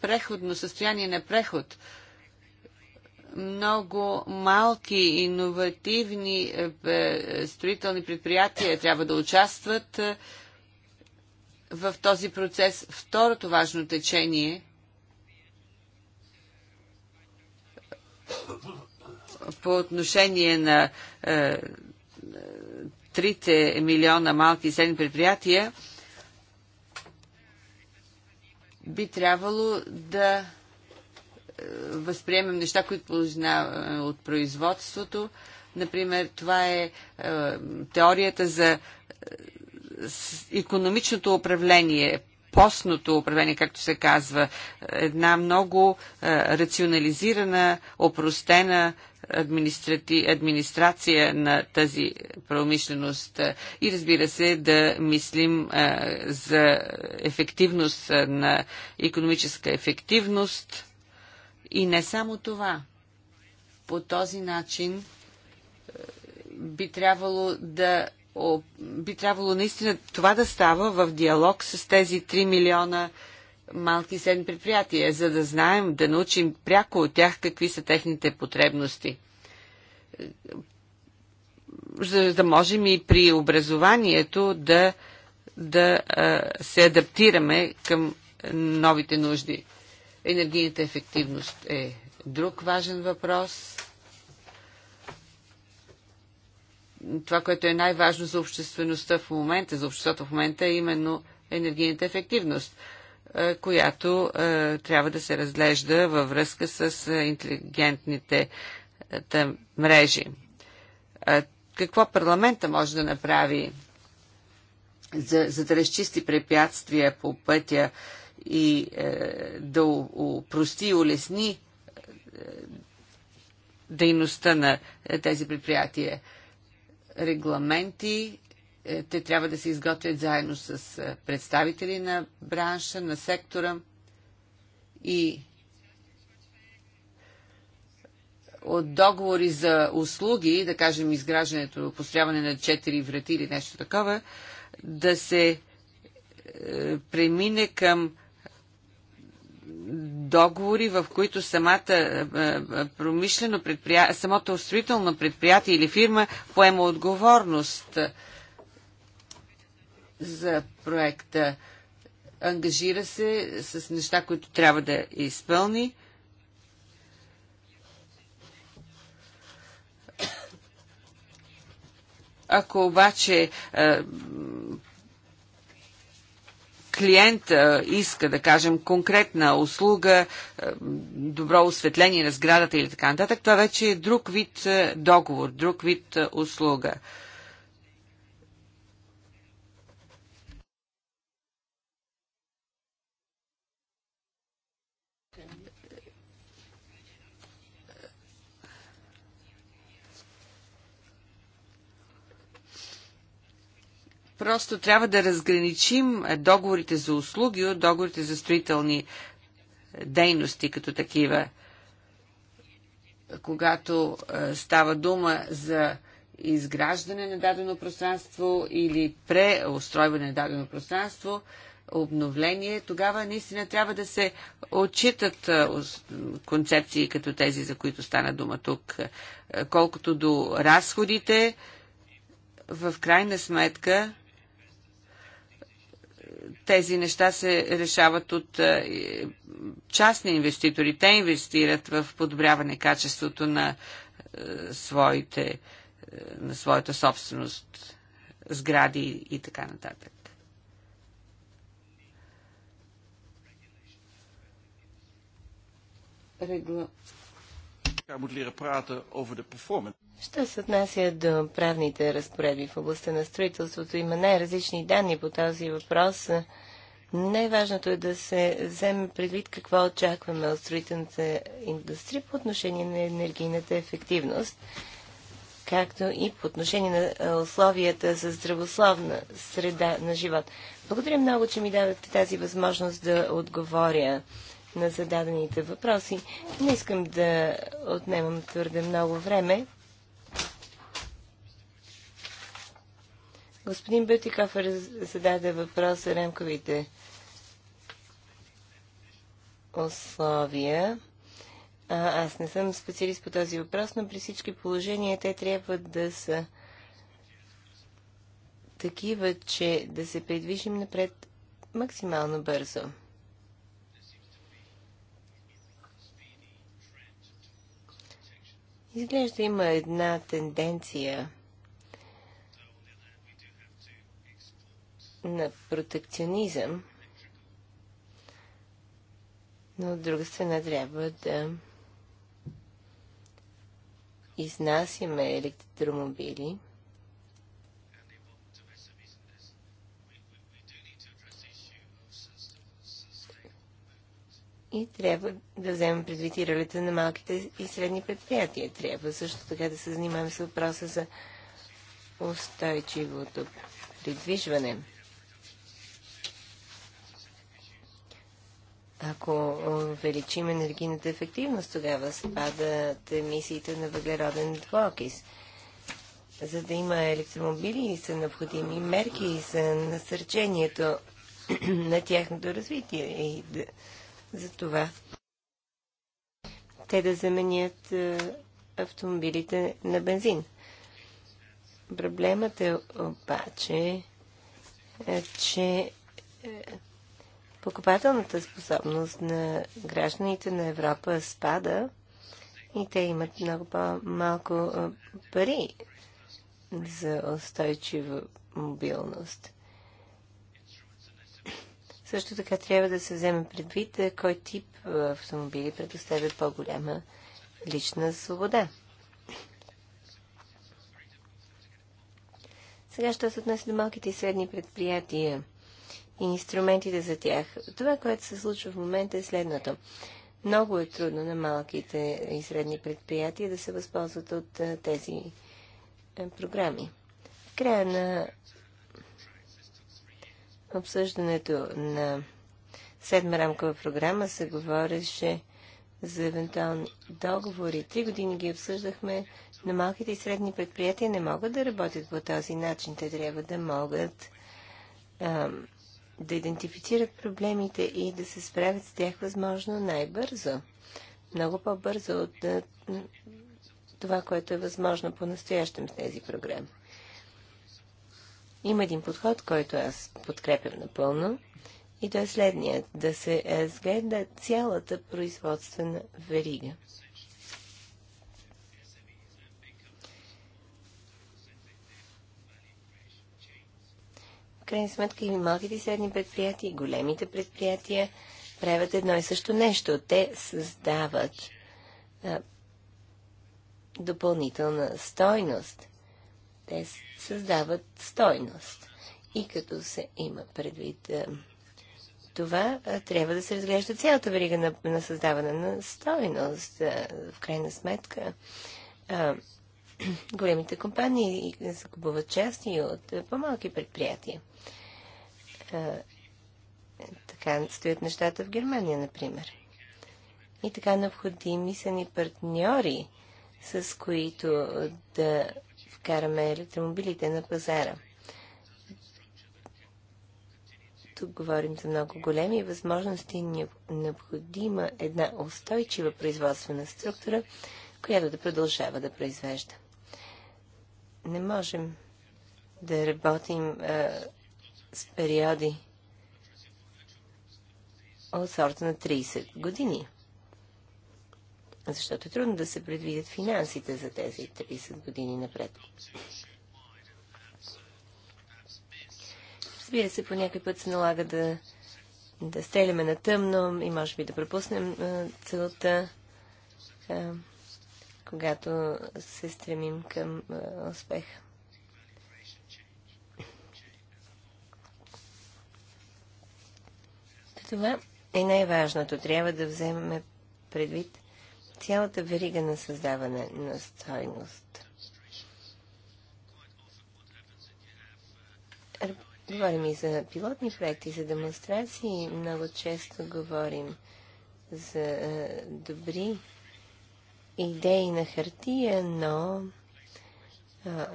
преходно състояние на преход много малки иновативни е, е, строителни предприятия трябва да участват е, в този процес. Второто важно течение по отношение на трите милиона малки и средни предприятия би трябвало да възприемем неща, които познаваме от производството. Например, това е, е теорията за економичното управление, постното управление, както се казва, една много е, рационализирана, опростена администрация на тази промишленост и разбира се да мислим е, за ефективност на економическа ефективност и не само това. По този начин е, би трябвало да би трябвало наистина това да става в диалог с тези 3 милиона малки и средни предприятия, за да знаем, да научим пряко от тях какви са техните потребности. Е, за да можем и при образованието да, да е, се адаптираме към новите нужди. Енергийната ефективност е друг важен въпрос. Това, което е най-важно за обществеността в момента, за обществото в момента, е именно енергийната ефективност, е, която е, трябва да се разглежда във връзка с е, интелигентните мрежи. какво парламента може да направи, за, за да разчисти препятствия по пътя? и е, да упрости и улесни е, дейността на е, тези предприятия. Регламенти те трябва да се изготвят заедно с представители на бранша, на сектора и от договори за услуги, да кажем изграждането, построяване на четири врати или нещо такова, да се премине към договори, в които самата е, е, промишлено предприятие, самото строително предприятие или фирма поема отговорност за проекта. Ангажира се с неща, които трябва да изпълни. Ако обаче е, клиент иска, да кажем, конкретна услуга, е, добро осветление на сградата или така нататък, това вече е друг вид е, договор, друг вид е, услуга. Просто трябва да разграничим е, договорите за услуги от договорите за строителни е, дейности като такива. Когато е, става дума за изграждане на дадено пространство или преустройване на дадено пространство, обновление, тогава наистина трябва да се отчитат концепции като тези, за които стана дума тук. Колкото до разходите, в крайна сметка тези неща се решават от е, частни инвеститори. Те инвестират в подобряване качеството на, е, своите, е, на своята собственост, сгради и така нататък. Регла... Moet leren praten over de performance. Що се отнася до правните разпоредби в областта на строителството, има най-различни данни по този въпрос. Най-важното е да се вземе предвид какво очакваме от строителната индустрия по отношение на енергийната ефективност, както и по отношение на условията за здравословна среда на живот. Благодаря много, че ми давате тази възможност да отговоря на зададените въпроси. Не искам да отнемам твърде много време. Господин Бютиков зададе въпрос за рамковите условия. А, аз не съм специалист по този въпрос, но при всички положения те трябва да са такива, че да се придвижим напред максимално бързо. Изглежда има една тенденция – на протекционизъм, но от друга страна трябва да изнасяме електромобили. И трябва да вземем предвид и ролята на малките и средни предприятия. Трябва също така да се занимаваме с въпроса за устойчивото придвижване. Ако увеличим енергийната ефективност, тогава спадат емисиите на въглероден двокис. За да има електромобили са необходими мерки за насърчението на тяхното развитие и да, за това те да заменят автомобилите на бензин. Проблемът е обаче, че покупателната способност на гражданите на Европа спада и те имат много по-малко пари за устойчива мобилност. Също така трябва да се вземе предвид кой тип автомобили предоставя по-голяма лична свобода. Сега ще се отнася до малките и средни предприятия и инструментите за тях. Това, което се случва в момента е следното. Много е трудно на малките и средни предприятия да се възползват от тези програми. В края на обсъждането на седма рамкова програма се говореше за евентуални договори. Три години ги обсъждахме, но малките и средни предприятия не могат да работят по този начин. Те трябва да могат ам, да идентифицират проблемите и да се справят с тях възможно най-бързо. Много по-бързо от това, което е възможно по-настоящем с тези програми. Има един подход, който аз подкрепям напълно, и то е следният – да се разгледа цялата производствена верига. крайна сметка и малките и средни предприятия, и големите предприятия правят едно и също нещо. Те създават а, допълнителна стойност. Те създават стойност. И като се има предвид а, това, а, трябва да се разглежда цялата верига на, на създаване на стойност. А, в крайна сметка, а, големите компании закупуват части от е, по-малки предприятия. Е, така стоят нещата в Германия, например. И така необходими са ни партньори, с които да вкараме електромобилите на пазара. Тук говорим за много големи възможности. Необходима една устойчива производствена структура, която да продължава да произвежда. Не можем да работим а, е, с периоди от сорта на 30 години. Защото е трудно да се предвидят финансите за тези 30 години напред. Разбира се, по някой път се налага да, да стреляме на тъмно и може би да пропуснем а, е, целта. А, е, когато се стремим към успеха. Това е най-важното. Трябва да вземем предвид цялата верига на създаване на стойност. Говорим и за пилотни проекти, за демонстрации. Много често говорим за добри идеи на хартия, но а,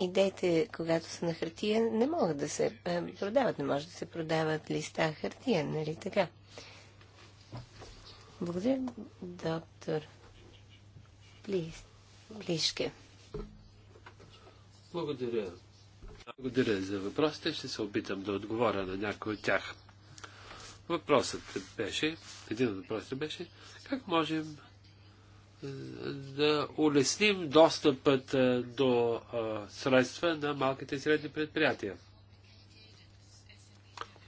идеите, когато са на хартия, не могат да се продават. Не може да се продават листа хартия, нали така? Благодаря, доктор Плис, Плишке. Благодаря. Благодаря за въпросите. Ще се опитам да отговоря на някой от тях. Въпросът беше, един от въпросите беше, как можем да улесним достъпът е, до е, средства на малките и средни предприятия.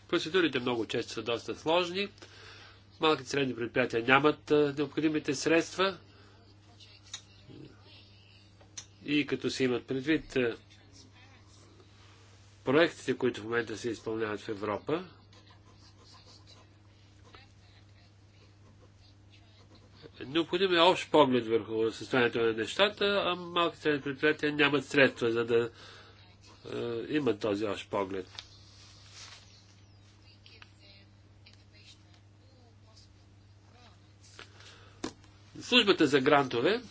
Процедурите много често са доста сложни. Малките и средни предприятия нямат е, необходимите средства. И като се имат предвид проектите, които в момента се изпълняват в Европа, Необходим е общ поглед върху състоянието на нещата, а малките предприятия нямат средства, за да е, имат този общ поглед. Службата за грантове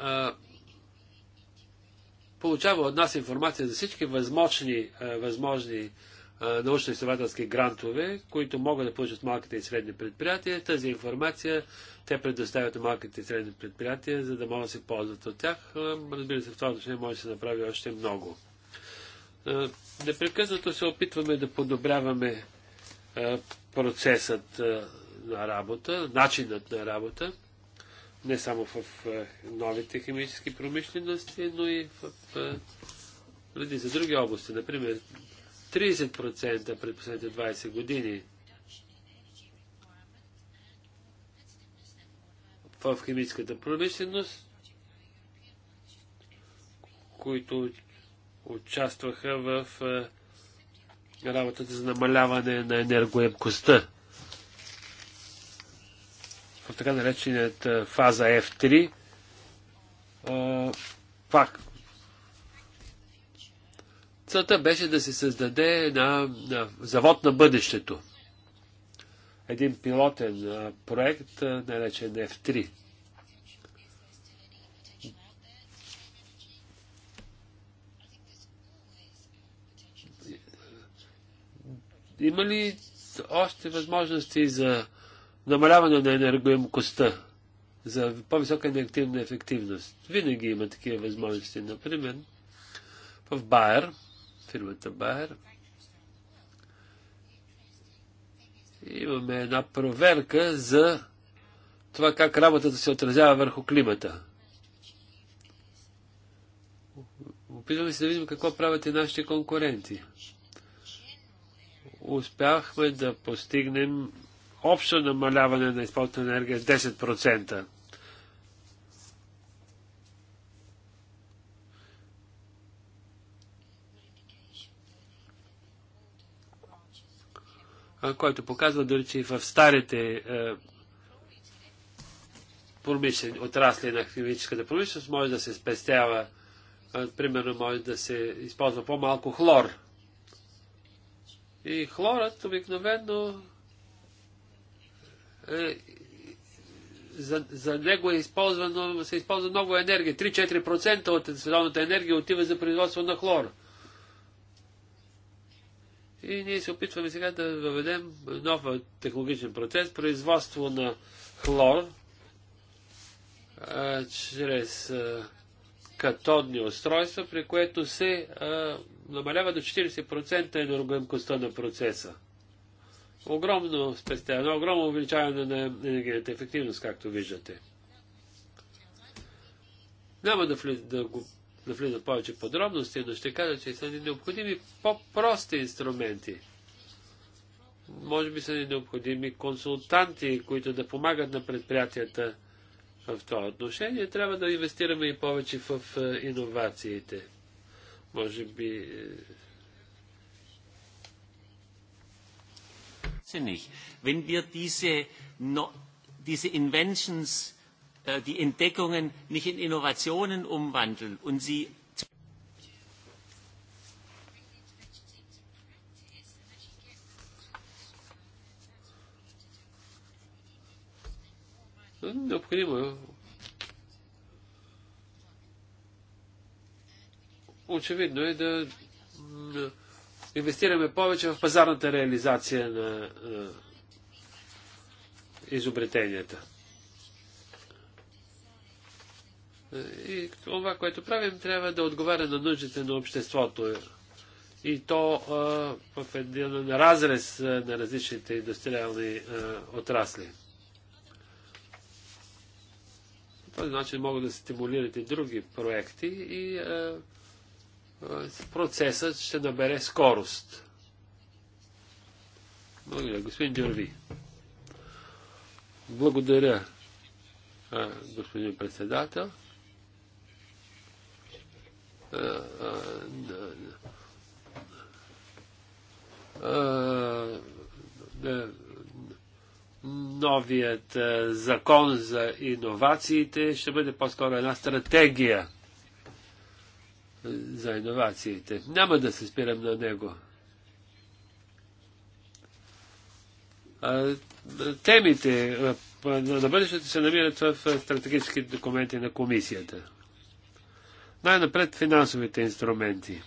а, е, получава от нас информация за всички възможни, а, е, възможни научно-изследователски грантове, които могат да получат малките и средни предприятия. Тази информация те предоставят на малките и средни предприятия, за да могат да се ползват от тях. Разбира се, в това отношение може да се направи още много. Непрекъснато се опитваме да подобряваме процесът на работа, начинът на работа, не само в новите химически промишлености, но и в редица други области. Например, 30% пред последните 20 години. в химическата промишленост, които участваха в работата за намаляване на енергоемкостта. В така наречената фаза F3, пак Целта беше да се създаде на, на завод на бъдещето. Един пилотен а, проект, а, наречен F3. Има ли още възможности за намаляване на енергоемкостта, за по-висока енергетична ефективност? Винаги има такива възможности. Например, в Байер – фирмата Байер. Имаме една проверка за това как работата се отразява върху климата. Опитваме се да видим какво правят и нашите конкуренти. Успяхме да постигнем общо намаляване на използването на енергия с 10%. който показва дори, че и в старите е, промишлени, отрасли на химическата промишленост може да се спестява, примерно може да се използва по-малко хлор. И хлорът обикновено е, за, за него е използвано, се използва много енергия. 3-4% от световната енергия отива за производство на хлор. И ние се опитваме сега да въведем нов технологичен процес, производство на хлор а, чрез а, катодни устройства, при което се а, намалява до 40% енергоемкостта на процеса. Огромно спестяване, огромно увеличаване на енергийната ефективност, както виждате. Няма да, да го да влиза повече подробности, но ще кажа, че са ни необходими по-прости инструменти. Може би са ни необходими консултанти, които да помагат на предприятията в това отношение. Трябва да инвестираме и повече в е, иновациите. Може би е, Wenn wir diese, no, diese Inventions Äh, die Entdeckungen nicht in Innovationen umwandeln und sie Необходимо очевидно е да инвестираме повече в пазарната реализация на е, изобретенията. И това, което правим, трябва да отговаря на нуждите на обществото. И то а, в един разрез на различните индустриални а, отрасли. По този начин могат да стимулират и други проекти и а, процесът ще набере скорост. Благодаря, господин Дюрви. Благодаря, господин председател. Е, е, е, новият закон за иновациите ще бъде по-скоро една стратегия за иновациите. Няма да се спирам на него. Темите на бъдещето се намират в стратегическите документи на комисията. Най-напред финансовите инструменти.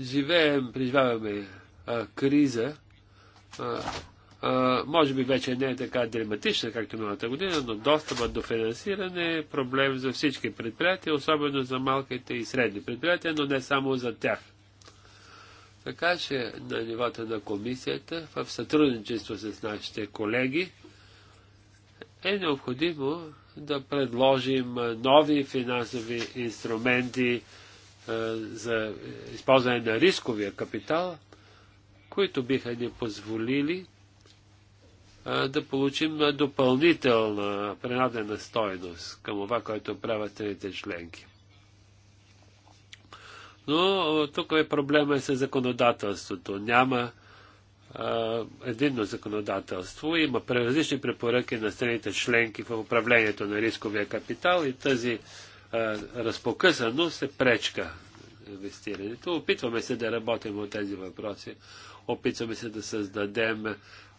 Живеем, преживяваме криза. Може би вече не е така драматична, както миналата година, но достъпа до финансиране е проблем за всички предприятия, особено за малките и средни предприятия, но не само за тях. Така че на нивата на комисията, в сътрудничество с нашите колеги, е необходимо да предложим нови финансови инструменти за използване на рисковия капитал, които биха ни позволили да получим допълнителна принадена стойност към това, което правят трите членки. Но тук е проблема с законодателството. Няма единно законодателство. Има различни препоръки на страните членки в управлението на рисковия капитал и тази разпокъсаност се пречка инвестирането. Опитваме се да работим от тези въпроси. Опитваме се да създадем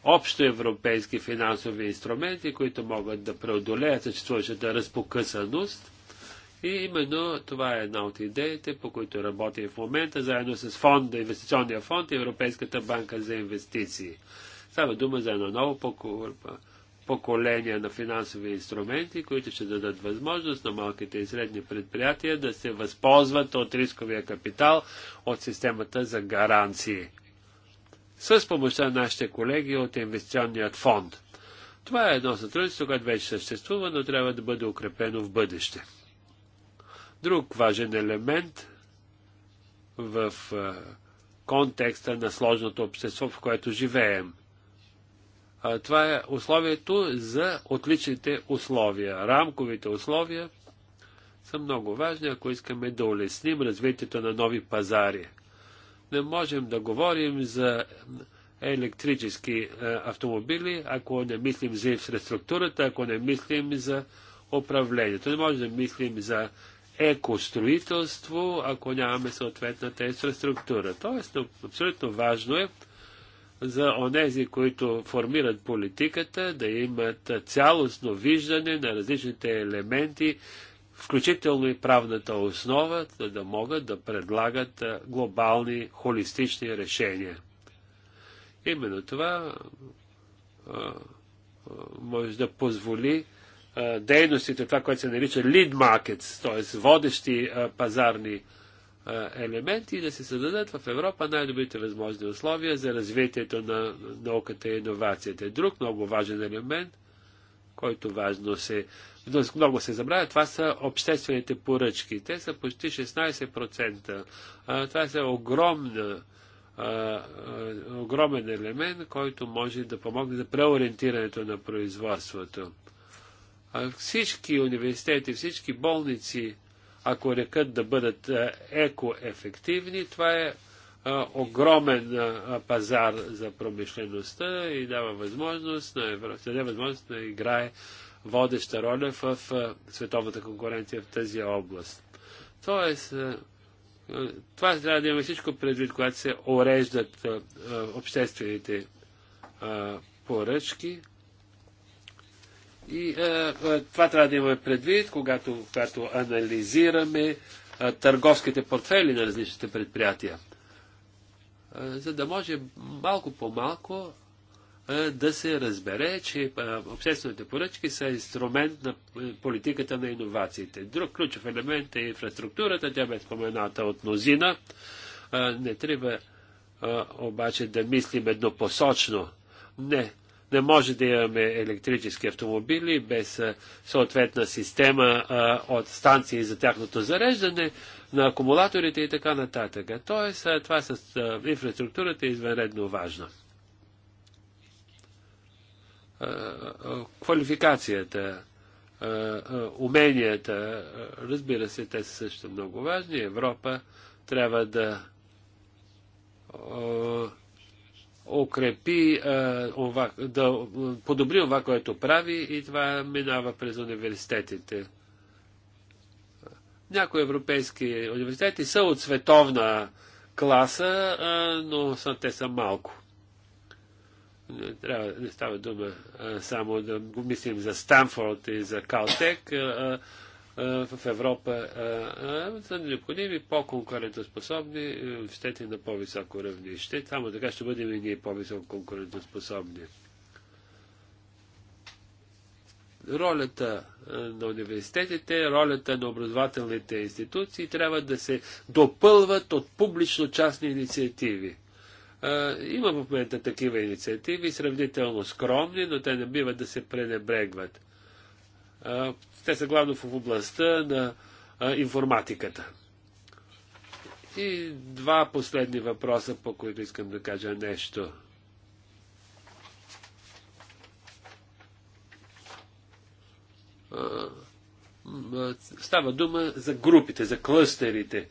общо европейски финансови инструменти, които могат да преодолеят съществуващата разпокъсаност и именно това е една от идеите, по които работи в момента, заедно с фонда, инвестиционния фонд и Европейската банка за инвестиции. Става дума за едно ново поколение на финансови инструменти, които ще дадат възможност на малките и средни предприятия да се възползват от рисковия капитал от системата за гаранции. С помощта на нашите колеги от инвестиционният фонд. Това е едно сътрудничество, което вече съществува, но трябва да бъде укрепено в бъдеще. Друг важен елемент в контекста на сложното общество, в което живеем. Това е условието за отличните условия. Рамковите условия са много важни, ако искаме да улесним развитието на нови пазари. Не можем да говорим за електрически автомобили, ако не мислим за инфраструктурата, ако не мислим за управлението. Не можем да мислим за екостроителство, ако нямаме съответната инфраструктура. Тоест, абсолютно важно е за онези, които формират политиката, да имат цялостно виждане на различните елементи, включително и правната основа, за да могат да предлагат глобални, холистични решения. Именно това може да позволи дейностите, това, което се нарича lead markets, т.е. водещи пазарни елементи и да се създадат в Европа най-добрите възможни условия за развитието на науката и иновацията. Друг много важен елемент, който важно се, много се забравя, това са обществените поръчки. Те са почти 16%. Това е огромна огромен елемент, който може да помогне за преориентирането на производството всички университети, всички болници, ако рекат да бъдат екоефективни, това е огромен пазар за промишлеността и дава възможност на Европа, даде възможност да играе водеща роля в световната конкуренция в тази област. Тоест, това трябва да има всичко предвид, когато се ореждат обществените поръчки. И е, е, това трябва да имаме предвид, когато, когато анализираме е, търговските портфели на различните предприятия. За да може малко по малко да се разбере, че обществените поръчки са инструмент на политиката на иновациите. Друг ключов елемент е инфраструктурата, тя бе спомената от мнозина. Не трябва обаче да мислим еднопосочно. Не, не може да имаме електрически автомобили без съответна система от станции за тяхното зареждане, на акумулаторите и така нататък. Тоест, това с инфраструктурата е извънредно важна. Квалификацията, уменията, разбира се, те са също много важни. Европа трябва да укрепи, е, ова, да подобри това, което прави и това минава през университетите. Някои европейски университети са от световна класа, е, но са, те са малко. Не, трябва, не става дума е, само да го мислим за Станфорд и за Калтек в Европа са необходими по-конкурентоспособни щети на по-високо равнище. Само така ще бъдем и ние по-високо конкурентоспособни. Ролята на университетите, ролята на образователните институции трябва да се допълват от публично-частни инициативи. Има в момента такива инициативи, сравнително скромни, но те не биват да се пренебрегват те са главно в областта на информатиката. И два последни въпроса, по които искам да кажа нещо. Става дума за групите, за клъстерите.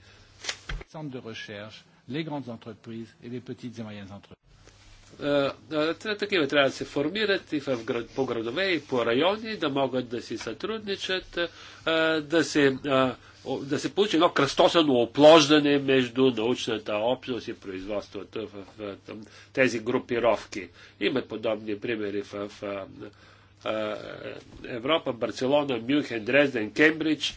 Е, е, такива трябва да се формират и в град, по градове, и по райони, да могат да си сътрудничат, е, да се, да се получи едно кръстосано оплождане между научната общност и производството в, в, в тези групировки. Има подобни примери в, в, в Европа, Барселона, Мюнхен, Дрезден, Кембридж.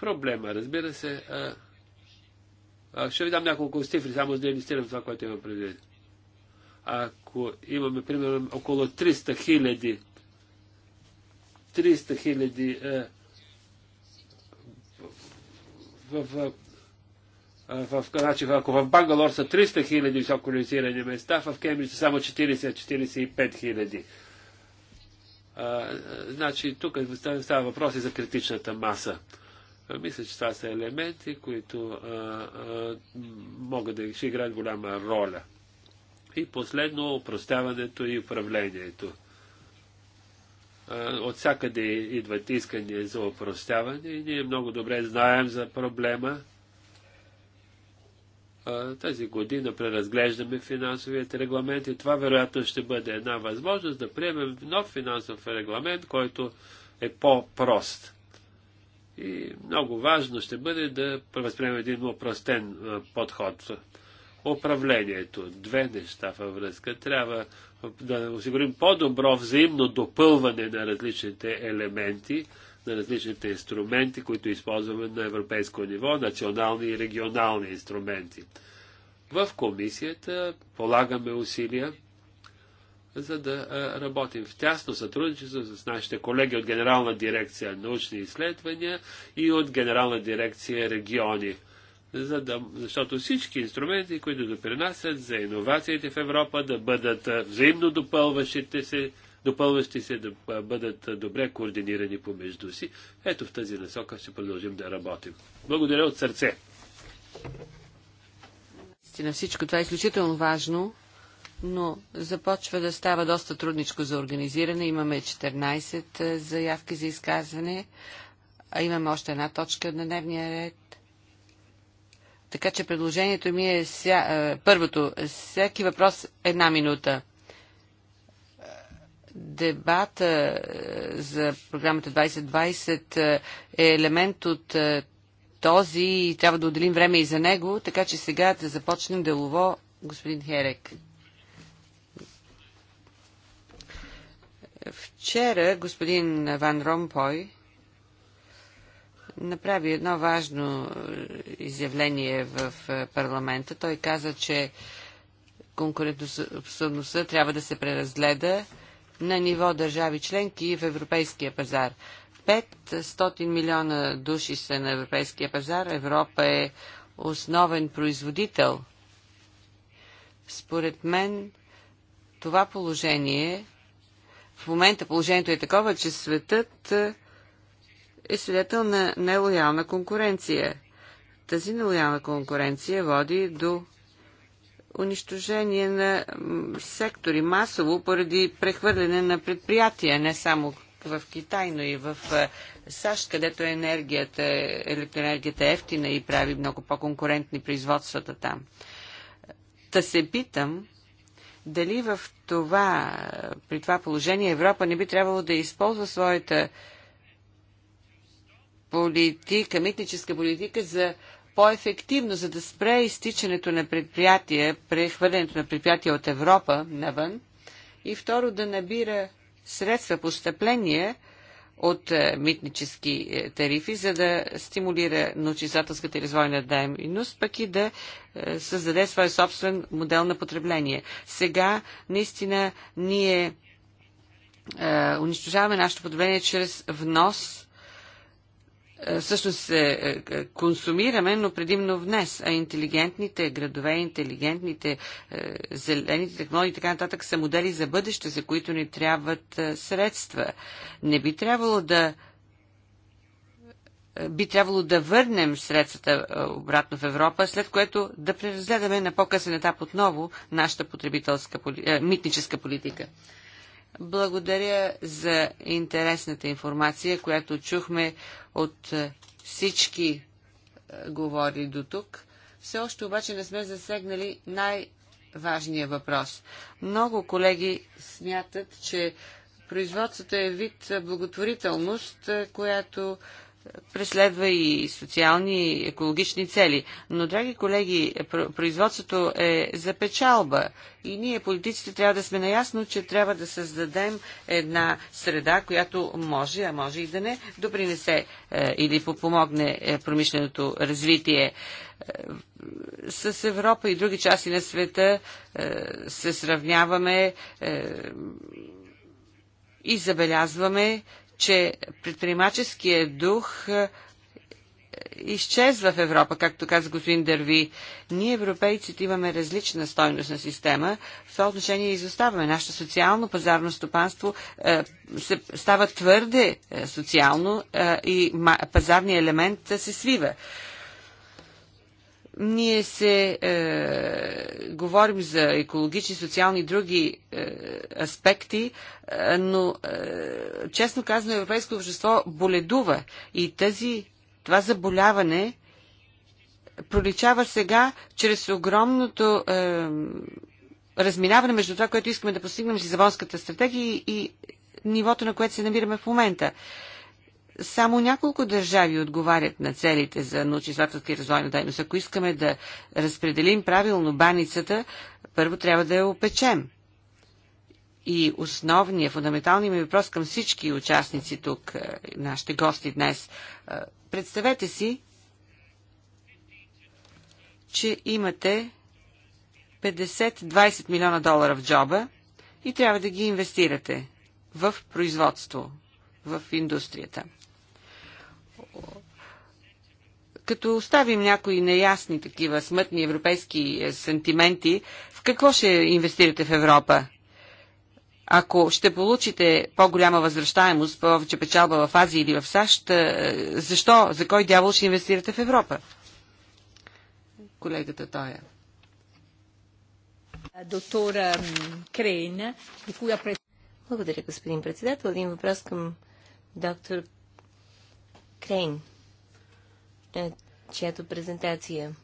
Проблема, разбира се, ще ви дам няколко цифри, само за да инвестирам това, което имам предвид. Ако имаме, примерно, около 300 хиляди 300 хиляди е, в, в, е, в, значи, ако в Бангалор са 300 хиляди високолизирани места, в Кембридж са само 40-45 хиляди. Е, е, значи, тук става въпрос и за критичната маса. Мисля, че това са елементи, които а, а, могат да ще играят голяма роля. И последно, упростяването и управлението. от всякъде идват искания за упростяване и ние много добре знаем за проблема. тази година преразглеждаме финансовият регламент и това вероятно ще бъде една възможност да приемем нов финансов регламент, който е по-прост и много важно ще бъде да възприемем един упростен подход. Управлението. Две неща във връзка. Трябва да осигурим по-добро взаимно допълване на различните елементи, на различните инструменти, които използваме на европейско ниво, национални и регионални инструменти. В комисията полагаме усилия за да работим в тясно сътрудничество с нашите колеги от Генерална дирекция научни изследвания и от Генерална дирекция региони. За да, защото всички инструменти, които допринасят за иновациите в Европа, да бъдат взаимно допълващите се, допълващи се, да бъдат добре координирани помежду си. Ето в тази насока ще продължим да работим. Благодаря от сърце. Наистина всичко това е изключително важно но започва да става доста трудничко за организиране. Имаме 14 е, заявки за изказване, а имаме още една точка на дневния ред. Така че предложението ми е ся... Е, първото. Всеки въпрос една минута. Е, дебата за програмата 2020 е елемент от този и трябва да отделим време и за него, така че сега да започнем делово господин Херек. Вчера господин Ван Ромпой направи едно важно е, изявление в е, парламента. Той каза, че конкурентоспособността трябва да се преразгледа на ниво държави членки и в европейския пазар. 500 милиона души са на европейския пазар. Европа е основен производител. Според мен това положение в момента положението е такова, че светът е свидетел на нелоялна конкуренция. Тази нелоялна конкуренция води до унищожение на сектори масово поради прехвърляне на предприятия, не само в Китай, но и в е, САЩ, където енергията, електроенергията е ефтина и прави много по-конкурентни производствата там. Та се питам, дали в това, при това положение Европа не би трябвало да използва своята политика, митническа политика за по-ефективно, за да спре изтичането на предприятия, прехвърлянето на предприятия от Европа навън и второ да набира средства, постъпления, от е, митнически е, тарифи, за да стимулира научизателската и развойна дейност, пък и да е, създаде свой собствен модел на потребление. Сега наистина ние унищожаваме нашето потребление чрез внос е, също се е, е, консумираме, но предимно внес. днес. А интелигентните градове, интелигентните зелените технологии и така нататък са модели за бъдеще, за които ни трябват средства. Не би трябвало да би трябвало да върнем средствата обратно в Европа, след което да преразгледаме на по-късен етап отново нашата потребителска, митническа политика. Благодаря за интересната информация, която чухме от е, всички е, говори до тук. Все още обаче не сме засегнали най-важния въпрос. Много колеги смятат, че производството е вид благотворителност, е, която преследва и социални и екологични цели. Но, драги колеги, производството е за печалба и ние, политиците, трябва да сме наясно, че трябва да създадем една среда, която може, а може и да не, допринесе е, или помогне е, промишленото развитие. Е, с Европа и други части на света е, се сравняваме е, и забелязваме, че предприемаческият дух е, изчезва в Европа, както каза господин Дърви. Ние, европейците, имаме различна стойностна система. В това отношение изоставаме. Нашето социално пазарно стопанство е, се, става твърде е, социално е, и пазарният елемент се свива. Е, ние се е, говорим за екологични, социални и други е, аспекти, е, но е, честно казано европейското общество боледува и тази, това заболяване проличава сега чрез огромното е, разминаване между това, което искаме да постигнем с Лизабонската стратегия и, и нивото, на което се намираме в момента. Е, само няколко държави отговарят на целите за научно-изследователска и развойна дейност. Ако искаме да разпределим правилно баницата, първо трябва да я опечем. И основният, фундаменталният ми въпрос към всички участници тук, е, нашите гости днес. Е, представете си, че имате 50-20 милиона долара в джоба и трябва да ги инвестирате в производство, в индустрията. като оставим някои неясни такива смътни европейски е, сантименти, в какво ще инвестирате в Европа? Ако ще получите по-голяма възвръщаемост, повече печалба в Азия или в САЩ, е, защо, за кой дявол ще инвестирате в Европа? Колегата Тоя. Доктор Крейн, Благодаря, господин председател. Един въпрос към доктор Крейн чиято презентация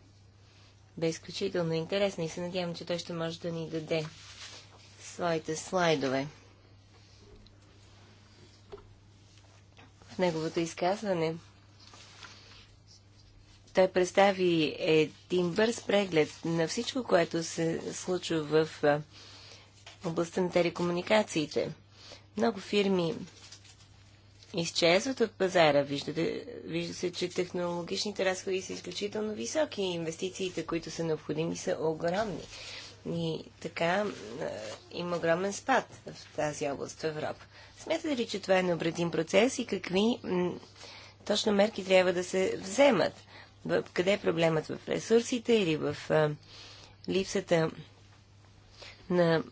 бе изключително интересна и се надявам, че той ще може да ни даде своите слайдове. В неговото изказване той представи един бърз преглед на всичко, което се случва в областта на телекомуникациите. Много фирми изчезват от пазара. Виждате, вижда се, че технологичните разходи са изключително високи и инвестициите, които са необходими, са огромни. И така има огромен спад в тази област в Европа. Смятате ли, че това е необратим процес и какви точно мерки трябва да се вземат? В, къде е проблемът в ресурсите или в а, липсата на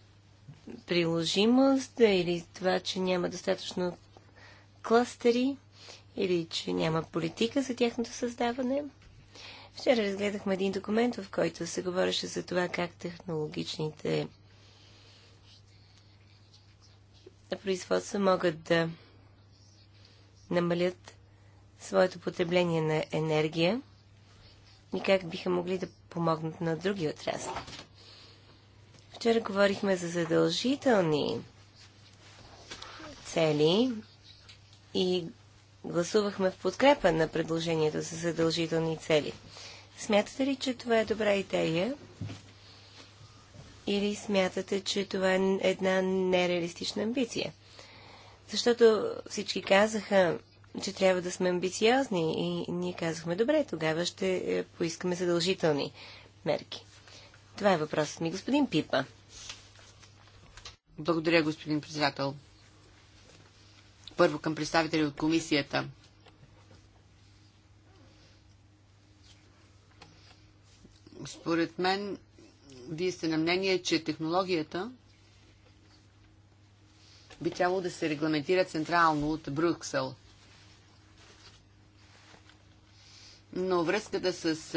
приложимост или това, че няма достатъчно клъстери или че няма политика за тяхното създаване. Вчера разгледахме един документ, в който се говореше за това как технологичните производства могат да намалят своето потребление на енергия и как биха могли да помогнат на други отрасли. Вчера говорихме за задължителни цели и гласувахме в подкрепа на предложението за задължителни цели. Смятате ли, че това е добра идея? Или смятате, че това е една нереалистична амбиция? Защото всички казаха, че трябва да сме амбициозни и ние казахме, добре, тогава ще е, поискаме задължителни мерки. Това е въпросът ми, господин Пипа. Благодаря, господин председател. Първо към представители от комисията. Според мен, вие сте на мнение, че технологията би трябвало да се регламентира централно от Брюксел. Но връзката с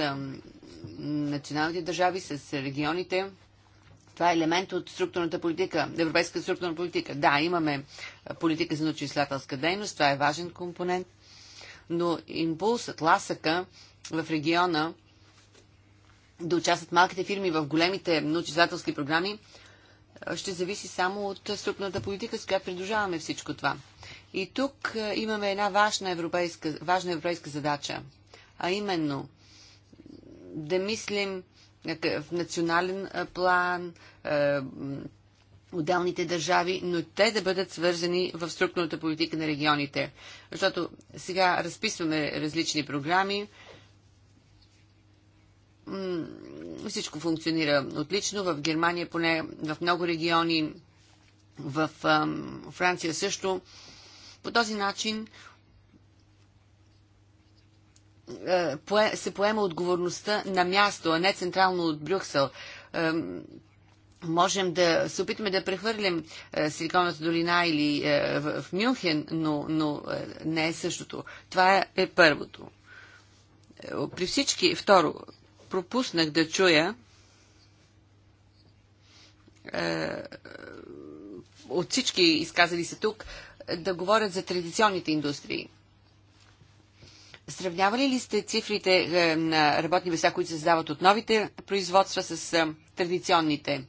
националните държави, с регионите, това е елемент от структурната политика, европейска структурна политика. Да, имаме политика за научно-изследователска дейност, това е важен компонент, но импулсът, ласъка в региона да участват малките фирми в големите научно-изследователски програми, ще зависи само от структурната политика, с която придружаваме всичко това. И тук имаме една важна европейска, важна европейска задача, а именно да мислим в национален план, отделните държави, но те да бъдат свързани в структурната политика на регионите. Защото сега разписваме различни програми, всичко функционира отлично. В Германия, поне в много региони, в Франция също. По този начин е, се поема отговорността на място, а не централно от Брюксел. Е, можем да се опитаме да прехвърлим е, Силиконовата долина или в Мюнхен, но, но не е същото. Това е първото. При всички, второ, пропуснах да чуя от всички изказали се тук да говорят за традиционните индустрии Сравнявали ли сте цифрите е, на работни места, които се създават от новите производства с е, традиционните? Е,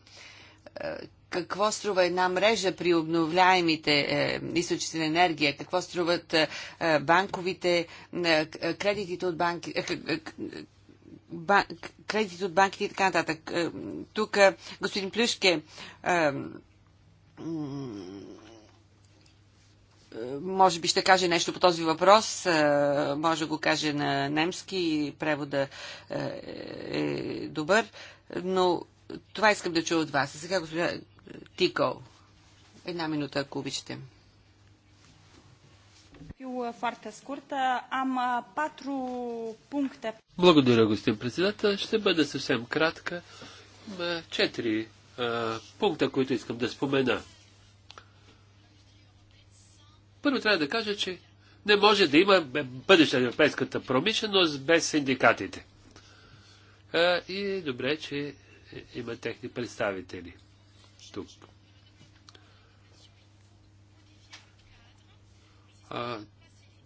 какво струва една мрежа при обновляемите източници на енергия? Какво струват банковите кредитите от банки? кредитите от банките и така нататък. Тук господин Плюшке може би ще каже нещо по този въпрос. Е, може да го каже на немски. Превода е, е, е добър. Но това искам да чуя от вас. сега, госпожа Тико, една минута, ако обичате. Благодаря, господин председател. Ще бъда съвсем кратка. Четири пункта, които искам да спомена. Първо трябва да кажа, че не може да има бъдеща европейската промишленост без синдикатите. А, и добре, че има техни представители тук. А,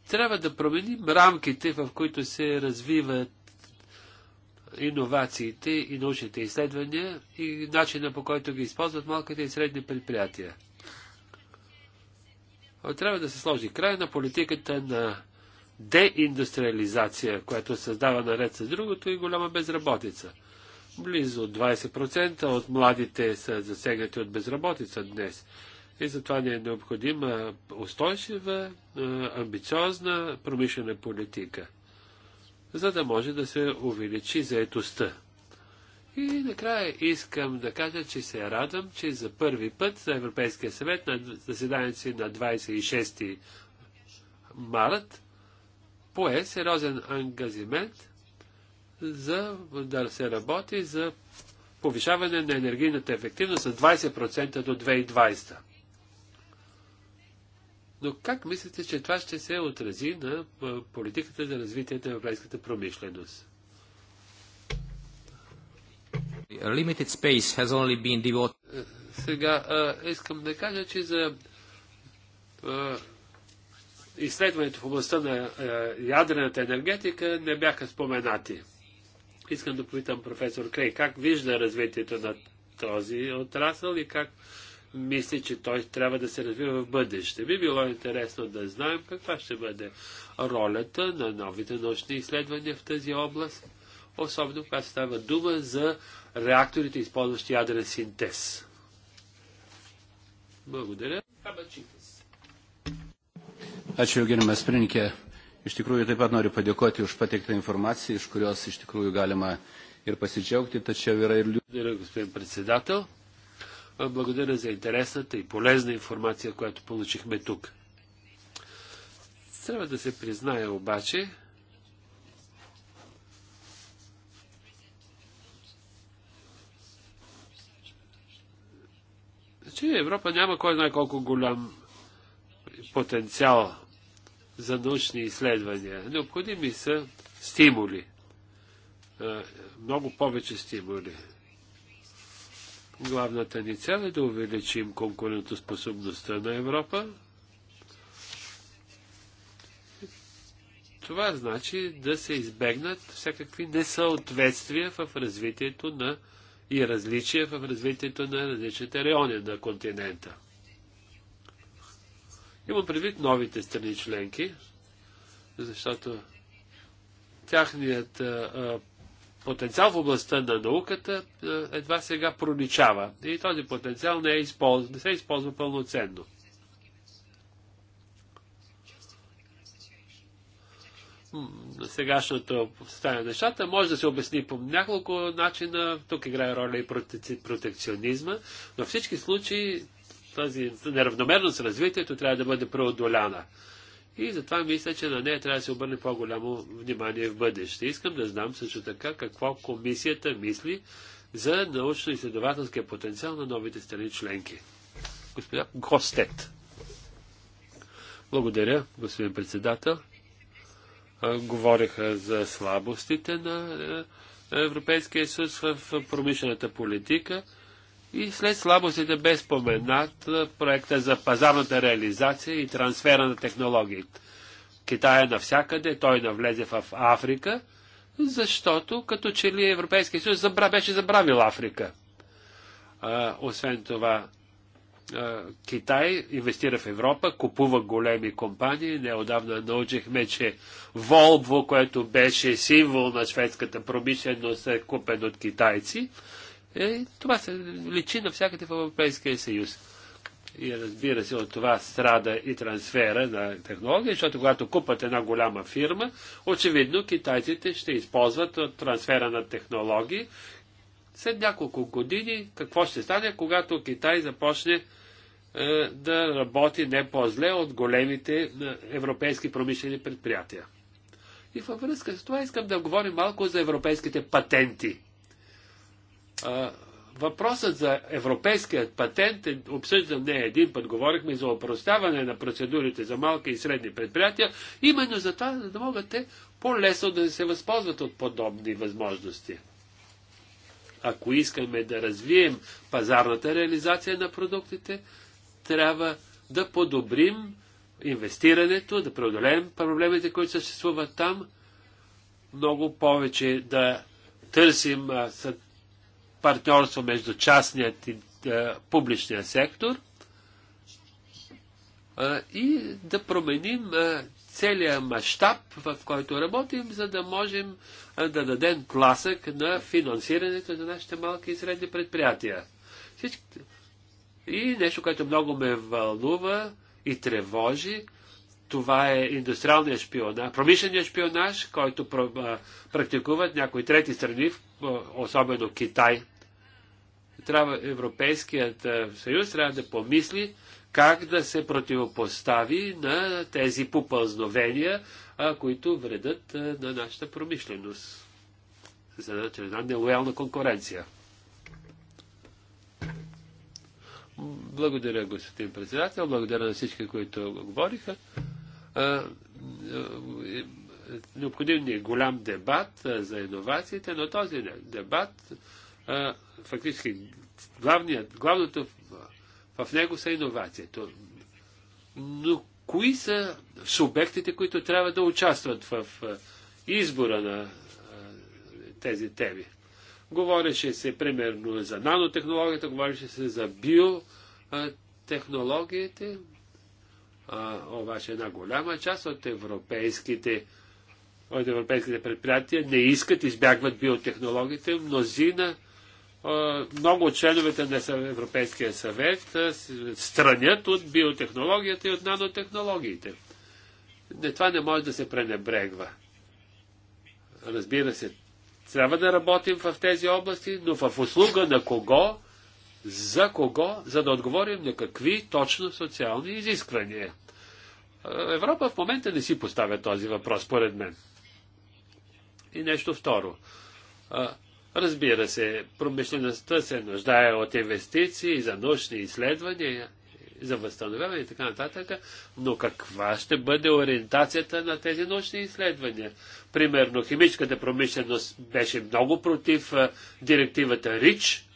трябва да променим рамките, в които се развиват иновациите и научните изследвания и начина по който ги използват малките и средни предприятия трябва да се сложи край на политиката на деиндустриализация, която създава наред с другото и голяма безработица. Близо 20% от младите са засегнати от безработица днес. И затова ни е необходима устойчива, амбициозна промишлена политика, за да може да се увеличи заетостта. И накрая искам да кажа, че се радвам, че за първи път на Европейския съвет на заседанието си на 26 март пое сериозен ангазимент за да се работи за повишаване на енергийната ефективност с 20% до 2020. Но как мислите, че това ще се отрази на политиката за развитие на европейската промишленост? Е, сега искам да кажа, че за изследването в областта на ядрената енергетика не бяха споменати. Искам да попитам професор Крей, как вижда развитието на този отрасъл и как мисли, че той трябва да се развива в бъдеще. Би било интересно да знаем каква ще бъде ролята на новите научни изследвания в тази област особено когато става дума за реакторите, използващи ядрен синтез. Благодаря. Абачитис. Ačiū, gerbiamas pirmininkė. Iš tikrųjų, taip pat noriu padėkoti už pateiktą informaciją, iš kurios iš tikrųjų galima ir pasidžiaugti, tačiau yra ir liūdna. Благодаря, господин председател. Благодаря за интересната и полезна информация, която получихме тук. Трябва да се призная обаче, че Европа няма кой знае колко голям потенциал за научни изследвания. Необходими са стимули. Е, много повече стимули. Главната ни цел е да увеличим конкурентоспособността на Европа. Това значи да се избегнат всякакви несъответствия в развитието на и различия в развитието на различните райони на континента. Имам предвид новите страни членки, защото тяхният потенциал в областта на науката едва сега проличава. И този потенциал не, е използ... не се използва пълноценно. сегашното състояние на нещата може да се обясни по няколко начина. Тук играе роля и протекционизма, но в всички случаи тази неравномерност развитието трябва да бъде преодоляна. И затова мисля, че на нея трябва да се обърне по-голямо внимание в бъдеще. Искам да знам също така какво комисията мисли за научно-изследователския потенциал на новите страни членки. Господа Гостет. Благодаря, господин председател говориха за слабостите на Европейския съюз в промишлената политика и след слабостите бе споменат проекта за пазарната реализация и трансфера на технологии. Китай е навсякъде, той навлезе в Африка, защото като че ли Европейския съюз забра, беше забравил Африка. А, освен това, Китай инвестира в Европа, купува големи компании. Неодавна научихме, че Волво, което беше символ на шведската промишленост, е купен от китайци. Е, това се личи навсякъде в Европейския съюз. И разбира се, от това страда и трансфера на технологии, защото когато купат една голяма фирма, очевидно китайците ще използват от трансфера на технологии след няколко години какво ще стане, когато Китай започне е, да работи не по-зле от големите е, европейски промишлени предприятия. И във връзка с това искам да говорим малко за европейските патенти. Е, въпросът за европейският патент е обсъждан не един път. Говорихме за опростяване на процедурите за малки и средни предприятия, именно за това, за да могат те по-лесно да се възползват от подобни възможности ако искаме да развием пазарната реализация на продуктите, трябва да подобрим инвестирането, да преодолеем проблемите, които съществуват там, много повече да търсим партньорство между частният и публичният сектор и да променим целият мащаб, в който работим, за да можем да дадем тласък на финансирането на нашите малки и средни предприятия. Всички... И нещо, което много ме вълнува и тревожи, това е индустриалният шпионаж, промишленият шпионаж, който практикуват някои трети страни, особено Китай. Трябва Европейският съюз трябва да помисли как да се противопостави на тези попълзновения, а, които вредят а, на нашата промишленост. За една нелоялна конкуренция. Благодаря, господин председател. Благодаря на всички, които говориха. Необходим ни е голям дебат за иновациите, но този дебат фактически главният, главното в него са иновацията. Но кои са субектите, които трябва да участват в избора на тези теми? Говореше се примерно за нанотехнологията, говореше се за биотехнологиите, а, обаче една голяма част от европейските, от европейските предприятия не искат, избягват биотехнологиите. Мнозина е, много от членовете на Европейския съвет е, странят от биотехнологията и от нанотехнологиите. Не, това не може да се пренебрегва. Разбира се, трябва да работим в тези области, но в услуга на кого, за кого, за да отговорим на какви точно социални изисквания. Е, Европа в момента не си поставя този въпрос, поред мен. И нещо второ. Разбира се, промишлеността се нуждае от инвестиции за научни изследвания, за възстановяване и така нататък, но каква ще бъде ориентацията на тези научни изследвания? Примерно, химическата промишленост беше много против директивата РИЧ.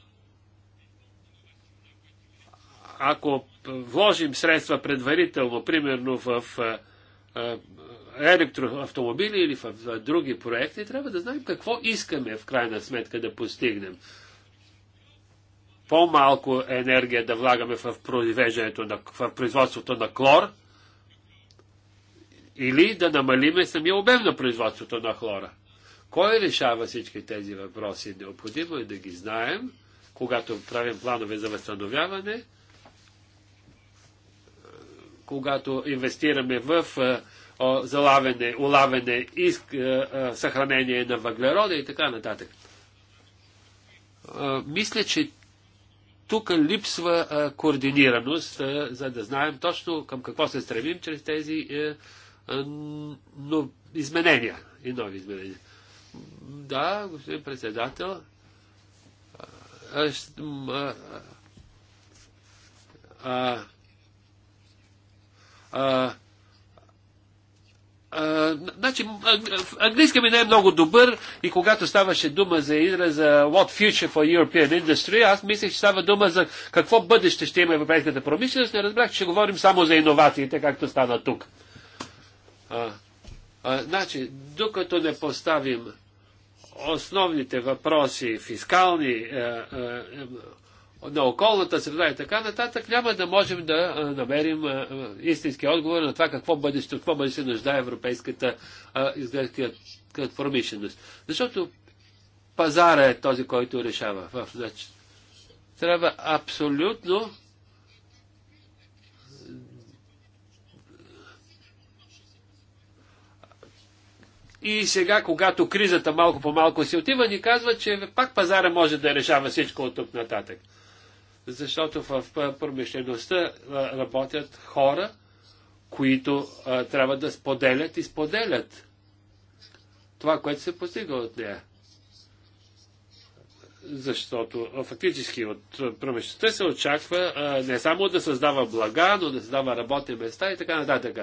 Ако вложим средства предварително, примерно в електроавтомобили или в други проекти, трябва да знаем какво искаме в крайна сметка да постигнем. По-малко енергия да влагаме в, на, в производството на клор или да намалиме самия обем на производството на хлора. Кой решава всички тези въпроси? Необходимо е да ги знаем, когато правим планове за възстановяване, когато инвестираме в залавяне, улавене и съхранение на въглерода и така нататък. Мисля, че тук липсва координираност, за да знаем точно към какво се стремим чрез тези е, но изменения и нови изменения. Да, господин председател, а, а, а, а, значи, английски ми не е много добър и когато ставаше дума за израза What Future for European Industry, аз мислех, че става дума за какво бъдеще ще има европейската промишленост, не разбрах, че говорим само за иновациите, както стана тук. А, а, значи, докато не поставим основните въпроси, фискални, а, е, а, е, на околната среда и така нататък, няма да можем да намерим истински отговор на това какво бъдеще, от какво бъдеще нуждае европейската изглежда промишленост. Защото пазара е този, който решава. В, значи, трябва абсолютно И сега, когато кризата малко по малко си отива, ни казва, че пак пазара може да решава всичко от тук нататък защото в промишлеността работят хора, които а, трябва да споделят и споделят това, което се постига от нея. Защото фактически от промишлеността се очаква а, не само да създава блага, но да създава работни места и така нататък.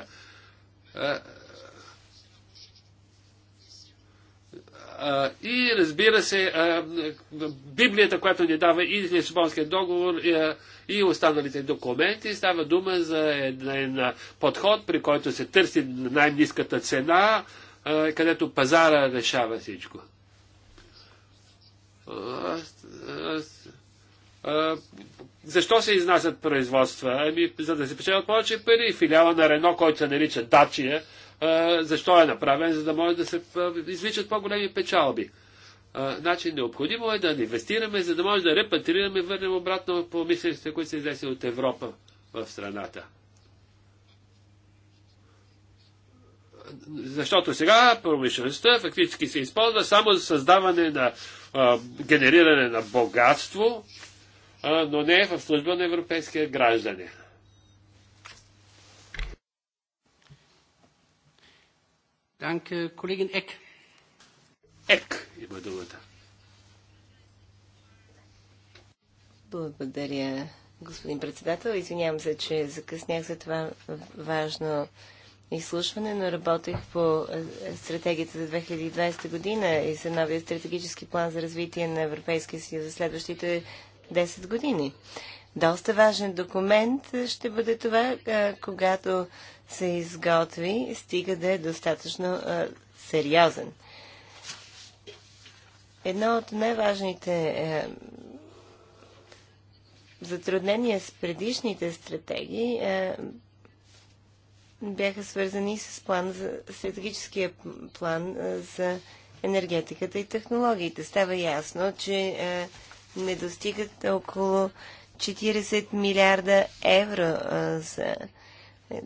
и разбира се, Библията, която ни дава и Лисабонския договор, и останалите документи, става дума за един подход, при който се търси най-низката цена, където пазара решава всичко. Защо се изнасят производства? Ами, за да се печелят повече пари. Филиала на Рено, който се нарича Дачия, защо е направен, за да може да се извличат по-големи печалби. Значи необходимо е да инвестираме, за да може да репатрираме и върнем обратно по мислените, които са изнесени от Европа в страната. Защото сега промишлеността фактически се използва само за създаване на а, генериране на богатство, а, но не е в служба на европейския гражданин. Danke, колегин Ек. Ек има думата. Благодаря, господин председател. Извинявам се, че закъснях за това важно изслушване, но работех по е, стратегията за 2020 година и за новия стратегически план за развитие на Европейския съюз за следващите 10 години. Доста важен документ ще бъде това, е, когато се изготви, стига да е достатъчно а, сериозен. Едно от най-важните е, затруднения с предишните стратегии е, бяха свързани с план за, стратегическия план е, за енергетиката и технологиите. Става ясно, че е, не достигат около 40 милиарда евро е, за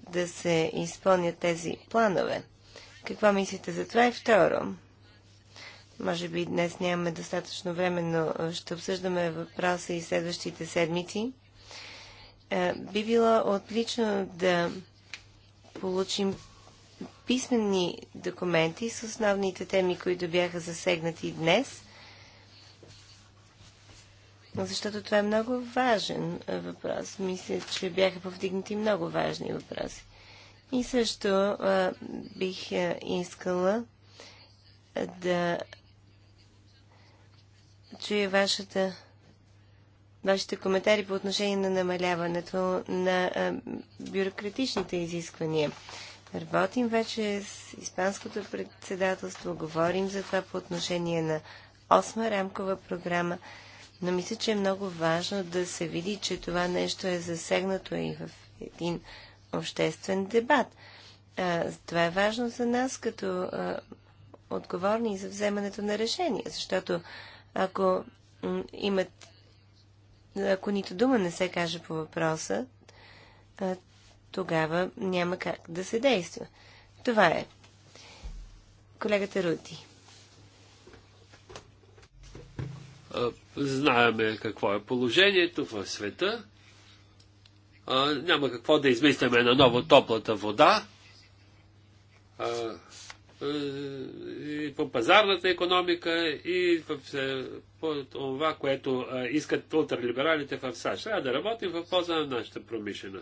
да се изпълнят тези планове. Какво мислите за това? И второ, може би днес нямаме достатъчно време, но ще обсъждаме въпроса и следващите седмици. Е, би било отлично да получим писмени документи с основните теми, които бяха засегнати днес защото това е много важен е, въпрос. Мисля, че бяха повдигнати много важни въпроси. И също а, е, бих а, е, искала да чуя вашата, вашите коментари по отношение на намаляването на а, бюрократичните изисквания. Работим вече с Испанското председателство, говорим за това по отношение на осма рамкова програма. Но мисля, че е много важно да се види, че това нещо е засегнато и в един обществен дебат. А, това е важно за нас като а, отговорни за вземането на решения, защото ако имат, ако нито дума не се каже по въпроса, а, тогава няма как да се действа. Това е. Колегата Рути. Знаеме какво е положението в света. А, няма какво да измисляме на ново топлата вода. А, и по пазарната економика и в, е, по това, което а, искат ултралибералите в САЩ. Трябва да работим в полза на нашата промишлена.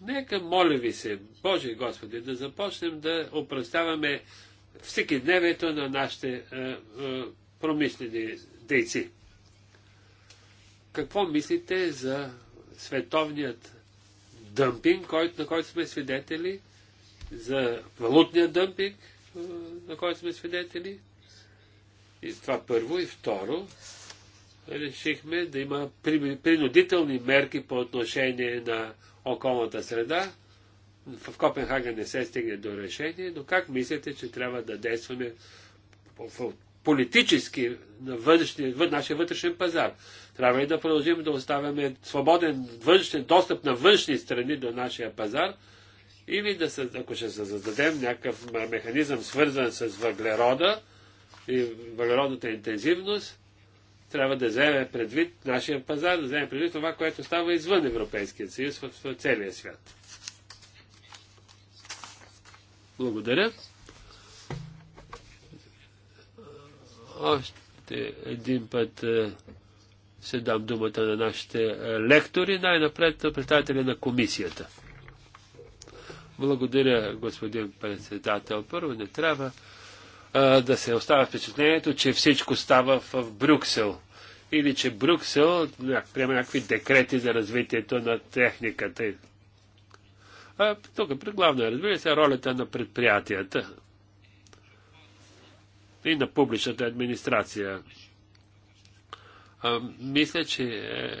Нека, моля ви се, Боже Господи, да започнем да упростяваме всеки дневието на нашите а, е, а, е, промишлени дейци. Какво мислите за световният дъмпинг, който, на който сме свидетели, за валутния дъмпинг, на който сме свидетели? И това първо. И второ, решихме да има принудителни мерки по отношение на околната среда. В Копенхаген не се стигне до решение, но как мислите, че трябва да действаме политически на нашия вътрешен пазар. Трябва и да продължим да оставяме свободен външен достъп на външни страни до нашия пазар или да се, ако ще създадем някакъв механизъм свързан с въглерода и въглеродната интензивност, трябва да вземе предвид нашия пазар, да вземе предвид това, което става извън Европейския съюз в целия свят. Благодаря. Още един път се дам думата на нашите е, лектори, най-напред представители на комисията. Благодаря, господин председател. Първо не трябва а, е, да се оставя впечатлението, че всичко става в, в Брюксел. Или че Брюксел приема някакви декрети за развитието на техниката. А, е, тук главно разбира се ролята на предприятията и на публичната администрация. мисля, че е,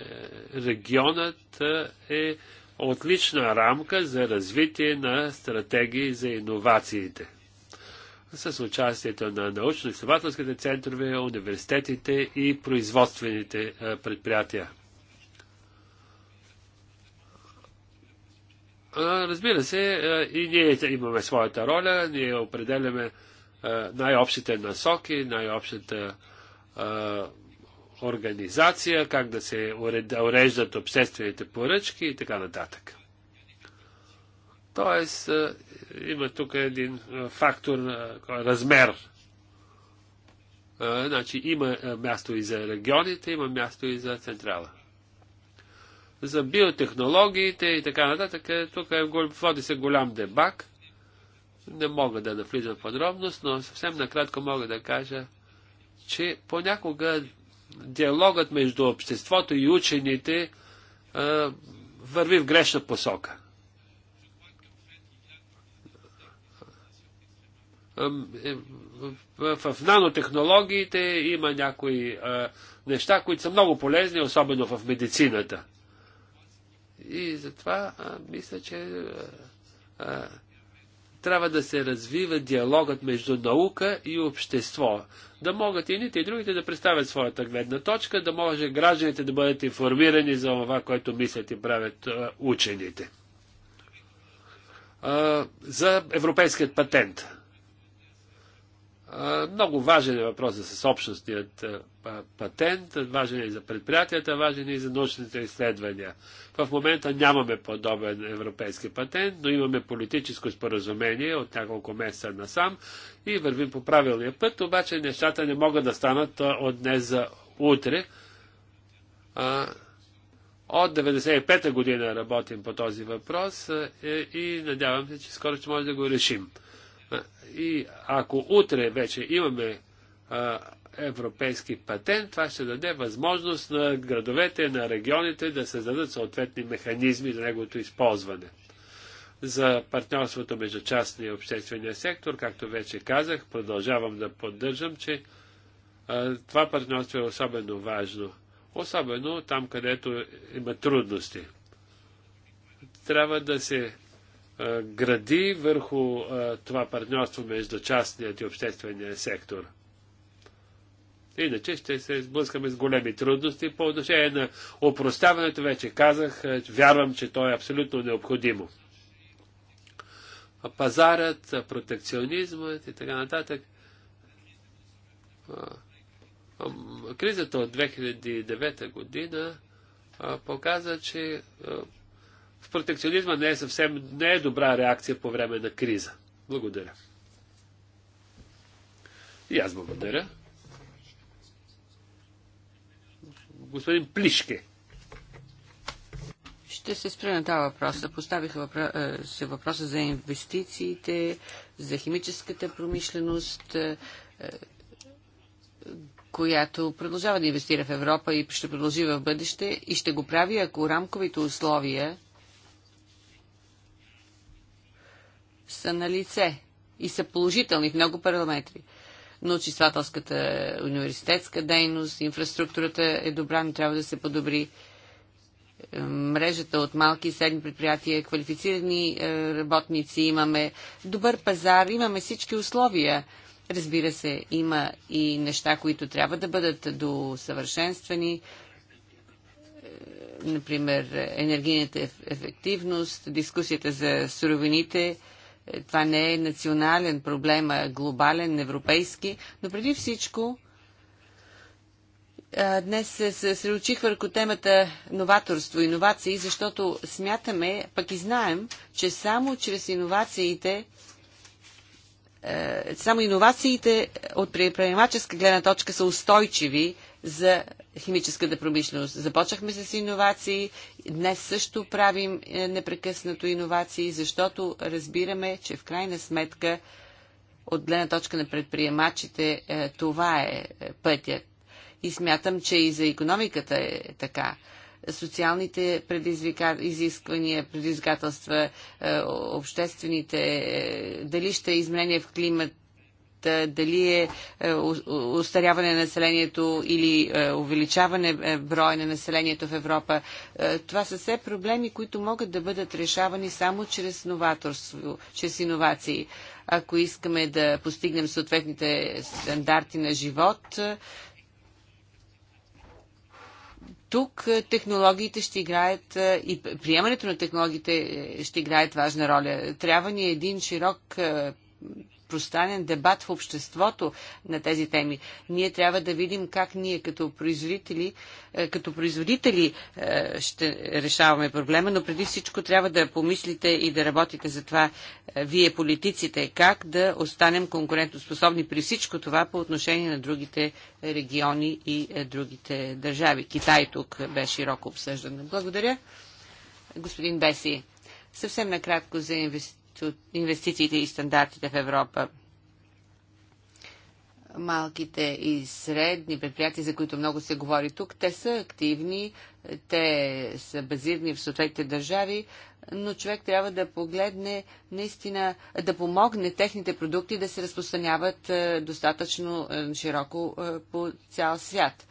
регионът е, е отлична рамка за развитие на стратегии за иновациите. С участието на научно-изследователските центрове, университетите и производствените е, предприятия. Разбира се, и ние имаме своята роля, ние определяме е, най-общите насоки, най-общата е, организация, как да се уреждат обществените поръчки и така нататък. Тоест, е, има тук един фактор, размер. Значи, има място и за регионите, има място и за централа. За биотехнологиите и така нататък, тук води се голям дебак, не мога да навлизам в подробност, но съвсем накратко мога да кажа, че понякога диалогът между обществото и учените а, върви в грешна посока. Е, в нанотехнологиите има някои а, неща, които са много полезни, особено в медицината. И затова а, мисля, че а, трябва да се развива диалогът между наука и общество. Да могат и ните и другите да представят своята гледна точка, да може гражданите да бъдат информирани за това, което мислят и правят учените. За европейският патент. Много важен е въпросът с общностният патент, важен е и за предприятията, важен е и за научните изследвания. В момента нямаме подобен европейски патент, но имаме политическо споразумение от няколко месеца насам и вървим по правилния път, обаче нещата не могат да станат от днес за утре. От 1995 та година работим по този въпрос е, и надявам се, че скоро ще може да го решим. И ако утре вече имаме европейски патент, това ще даде възможност на градовете, на регионите да създадат съответни механизми за неговото използване. За партньорството между частния и обществения сектор, както вече казах, продължавам да поддържам, че а, това партньорство е особено важно. Особено там, където има трудности. Трябва да се гради върху това партньорство между частният и обществения сектор. Иначе ще се сблъскаме с големи трудности. По отношение на опростяването вече казах, вярвам, че то е абсолютно необходимо. Пазарът, протекционизмът и така нататък. Кризата от 2009 година показа, че в протекционизма не е съвсем не е добра реакция по време на криза. Благодаря. И аз благодаря. Господин Плишке. Ще се спре на това въпроса. Поставиха е, се въпроса за инвестициите, за химическата промишленост, е, която продължава да инвестира в Европа и ще продължи в бъдеще и ще го прави, ако рамковите условия са на лице и са положителни в много параметри. Научествателската университетска дейност, инфраструктурата е добра, но трябва да се подобри е, мрежата от малки и средни предприятия, квалифицирани е, работници имаме, добър пазар, имаме всички условия. Разбира се, има и неща, които трябва да бъдат досъвършенствани, е, например енергийната ефективност, дискусията за суровините, е, това не е национален проблем, а глобален, европейски. Но преди всичко, днес се съсредочих върху темата новаторство, иновации, защото смятаме, пък и знаем, че само чрез иновациите е, само иновациите от предприемаческа гледна точка са устойчиви за химическата промишленост. Започнахме с иновации, днес също правим е, непрекъснато иновации, защото разбираме, че в крайна сметка от гледна точка на предприемачите е, това е, е пътят. И смятам, че и за економиката е така социалните предизвика... изисквания, предизвикателства, обществените, дали ще е изменение в климат, е, дали е, е устаряване на населението или е, увеличаване броя на населението в Европа. Това са все проблеми, които могат да бъдат решавани само чрез новаторство, чрез иновации. Ако искаме да постигнем съответните стандарти на живот, тук технологиите ще играят и приемането на технологиите ще играят важна роля. Трябва ни един широк разпространен дебат в обществото на тези теми. Ние трябва да видим как ние като производители, е, като производители е, ще решаваме проблема, но преди всичко трябва да помислите и да работите за това е, вие политиците, как да останем конкурентоспособни при всичко това по отношение на другите региони и другите държави. Китай тук бе широко обсъждан. Благодаря. Господин Беси, съвсем накратко за инвестиции инвестициите и стандартите в Европа. Малките и средни предприятия, за които много се говори тук, те са активни, те са базирани в съответните държави, но човек трябва да погледне наистина, да помогне техните продукти да се разпространяват е, достатъчно е, широко е, по цял свят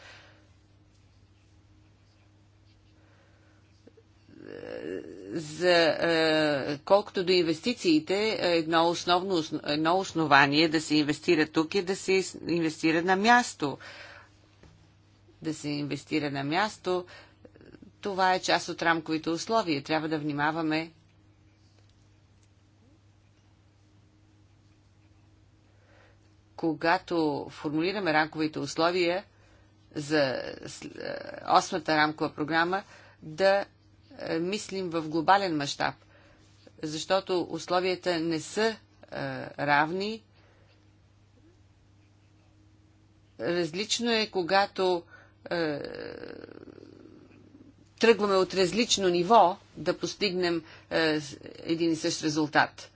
за е, колкото до инвестициите, едно основно едно основание да се инвестира тук е да се инвестира на място. Да се инвестира на място, това е част от рамковите условия. Трябва да внимаваме когато формулираме рамковите условия за е, осмата рамкова програма, да е, мислим в глобален мащаб, защото условията не са е, равни. Различно е, когато е, тръгваме от различно ниво да постигнем един и същ резултат.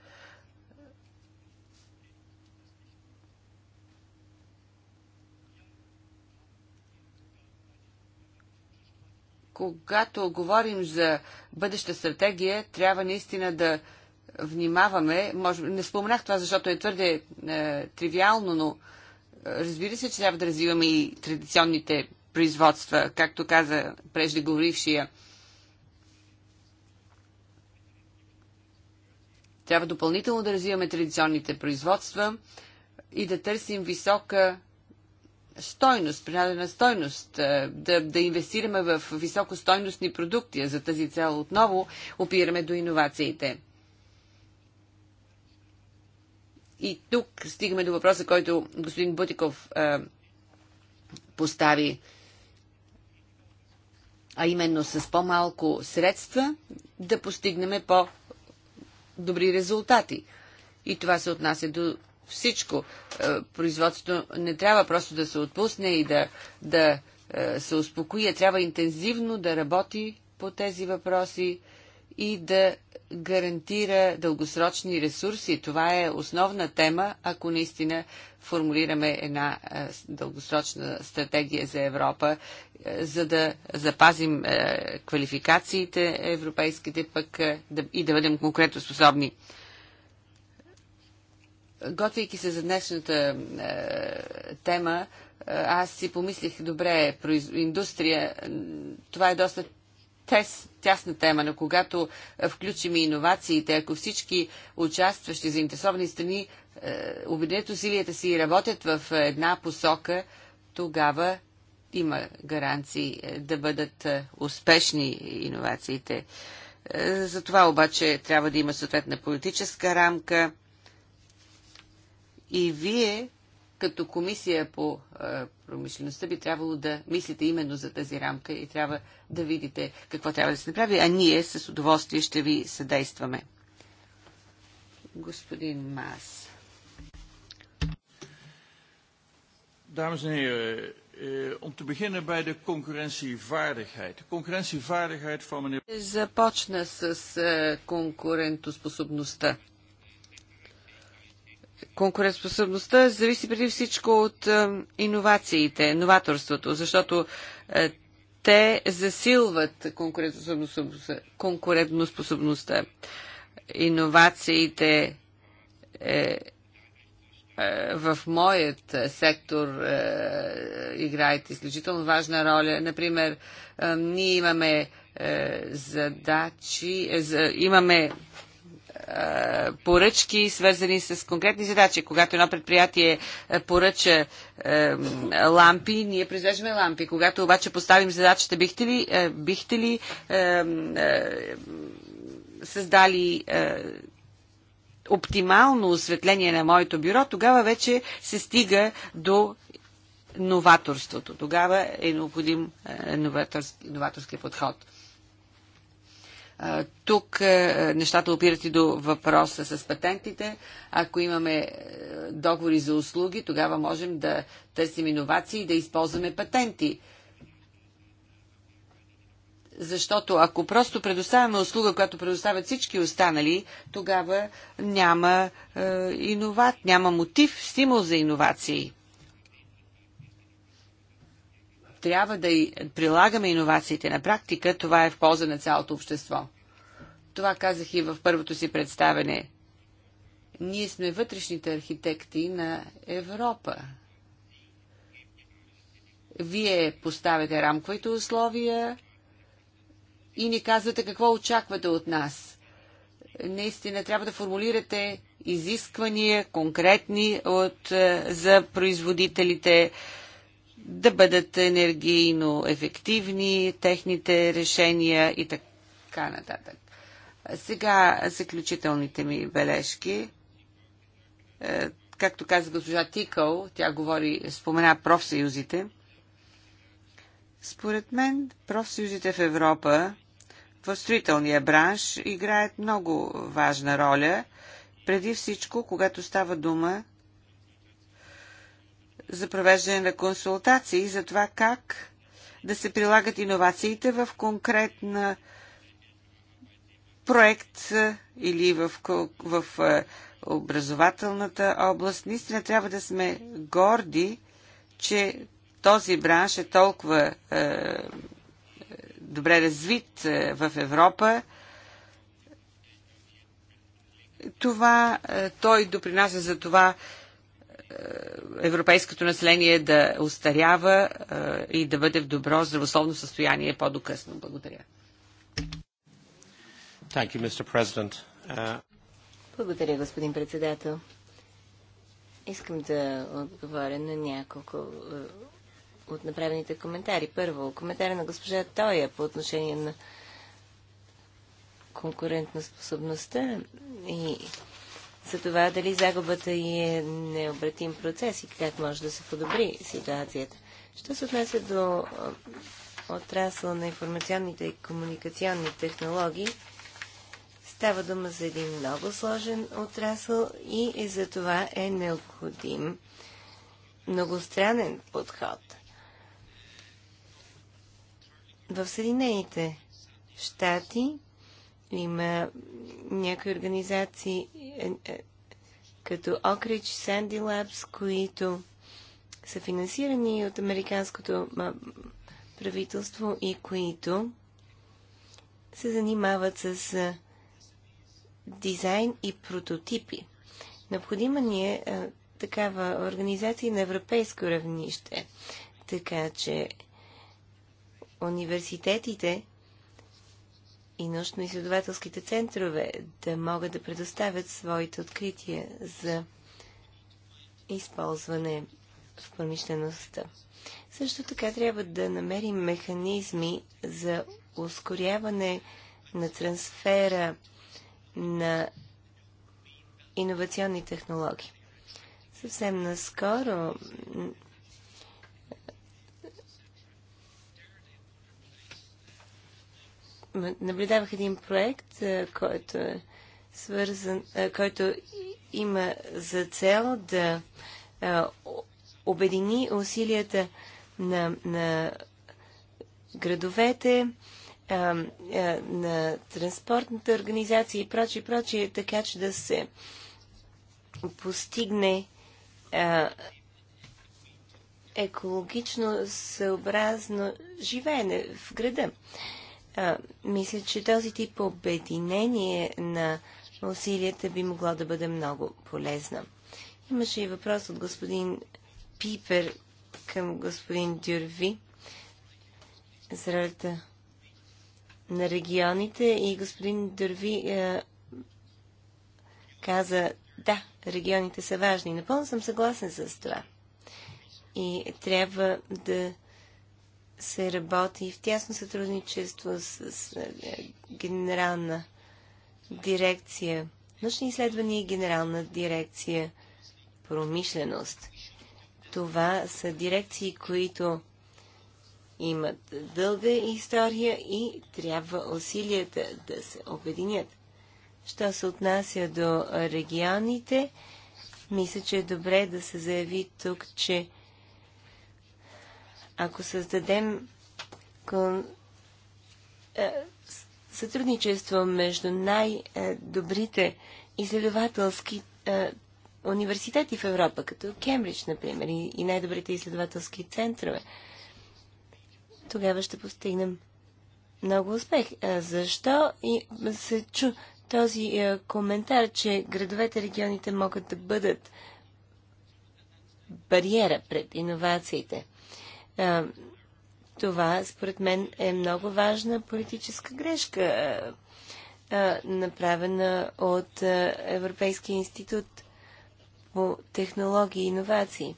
когато говорим за бъдеща стратегия, трябва наистина да внимаваме. Може, не споменах това, защото е твърде е, тривиално, но е, разбира се, че трябва да развиваме и традиционните производства, както каза преждеговорившия. Трябва допълнително да развиваме традиционните производства и да търсим висока стойност, принадена стойност, е, да, да инвестираме в високостойностни продукти. за тази цел отново опираме до иновациите. И тук стигаме до въпроса, който господин Бутиков е, постави, а именно с по-малко средства да постигнем по-добри резултати. И това се отнася до всичко. Е, производството не трябва просто да се отпусне и да, да е, се успокои, трябва интензивно да работи по тези въпроси и да гарантира дългосрочни ресурси. Това е основна тема, ако наистина формулираме една е, дългосрочна стратегия за Европа, за да запазим квалификациите европейските пък и да бъдем конкретоспособни. способни готвейки се за днешната е, тема, е, аз си помислих, добре, индустрия, това е доста тес, тясна тема, но когато е, включим и иновациите, ако всички участващи заинтересовани страни е, обединят усилията си и работят в една посока, тогава има гаранции е, да бъдат успешни иновациите. За това обаче трябва да има съответна политическа рамка, и вие, като комисия по а, е, промишлеността, би трябвало да мислите именно за тази рамка и трябва да видите какво трябва да се направи, а ние с удоволствие ще ви съдействаме. Господин Мас. Dames en heren, eh, eh om te beginnen bij de concurrentievaardigheid. De concurrentievaardigheid van meneer... Започна с е, конкурентоспособността конкурентоспособността зависи преди всичко от е, иновациите, новаторството, защото е, те засилват конкурентоспособността. Иновациите е, в моят сектор играят изключително важна роля. Например, ние имаме задачи, имаме е, поръчки, свързани с конкретни задачи. Когато едно предприятие е, поръча е, лампи, ние произвеждаме лампи. Когато обаче поставим задачата, бихте ли, бихте ли създали оптимално осветление на моето бюро, тогава вече се стига до новаторството. Тогава е необходим новаторски подход. Тук нещата опират и до въпроса с патентите. Ако имаме е, договори за услуги, тогава можем да търсим иновации и да използваме патенти. Защото ако просто предоставяме услуга, която предоставят всички останали, тогава няма, е, инова... няма мотив, стимул за иновации. Трябва да прилагаме иновациите на практика, това е в полза на цялото общество. Това казах и в първото си представене. Ние сме вътрешните архитекти на Европа. Вие поставяте рамковите условия и ни казвате какво очаквате от нас. Наистина трябва да формулирате изисквания конкретни от, е, за производителите, да бъдат енергийно ефективни техните решения и така нататък. Сега заключителните ми бележки. Е, както каза госпожа Тикъл, тя говори, спомена профсъюзите. Според мен профсъюзите в Европа в строителния бранш играят много важна роля, преди всичко, когато става дума за провеждане на консултации за това как да се прилагат иновациите в конкретна проект или в, в образователната област. Наистина трябва да сме горди, че този бранш е толкова е, добре развит е, в Европа. Това е, той допринася за това е, европейското население да устарява е, и да бъде в добро здравословно състояние по-докъсно. Благодаря. Thank you, Mr. President. Uh, Благодаря, господин председател. Искам да отговоря на няколко е, от направените коментари. Първо, коментаря на госпожа Тоя по отношение на конкурентна способността и за това дали загубата и е необратим процес и как може да се подобри ситуацията. Що се отнася до е, отрасъл на информационните и комуникационни технологии, Става дума за един много сложен отрасъл и е за това е необходим многостранен подход. В Съединените щати има някои организации е, е, като Окрич, Sandy Labs, които са финансирани от американското правителство и които се занимават с дизайн и прототипи. Необходима ни е а, е, такава организация на европейско равнище, така че университетите и научно-изследователските центрове да могат да предоставят своите открития за използване в промишлеността. Също така трябва да намерим механизми за ускоряване на трансфера на иновационни технологии. Съвсем наскоро наблюдавах един проект, който е свързан, който има за цел да обедини усилията на, на градовете, е, на транспортната организация и прочие, прочие, така че да се постигне екологично съобразно живеене в града. мисля, че този тип обединение на усилията би могло да бъде много полезно. Имаше и въпрос от господин Пипер към господин Дюрви за ролята на регионите и господин Дърви е, каза, да, регионите са важни. Напълно съм съгласен с това. И трябва да се работи в тясно сътрудничество с, с е, генерална дирекция, научни изследвания и генерална дирекция промишленост. Това са дирекции, които имат дълга история и трябва усилията да се обединят. Що се отнася до регионите, мисля, че е добре да се заяви тук, че ако създадем кон... Е, сътрудничество между най-добрите изследователски е, университети в Европа, като Кембридж, например, и най-добрите изследователски центрове, тогава ще постигнем много успех. А защо и се чу този а, коментар, че градовете, регионите могат да бъдат бариера пред иновациите? А, това, според мен, е много важна политическа грешка, направена от Европейския институт по технологии и иновации.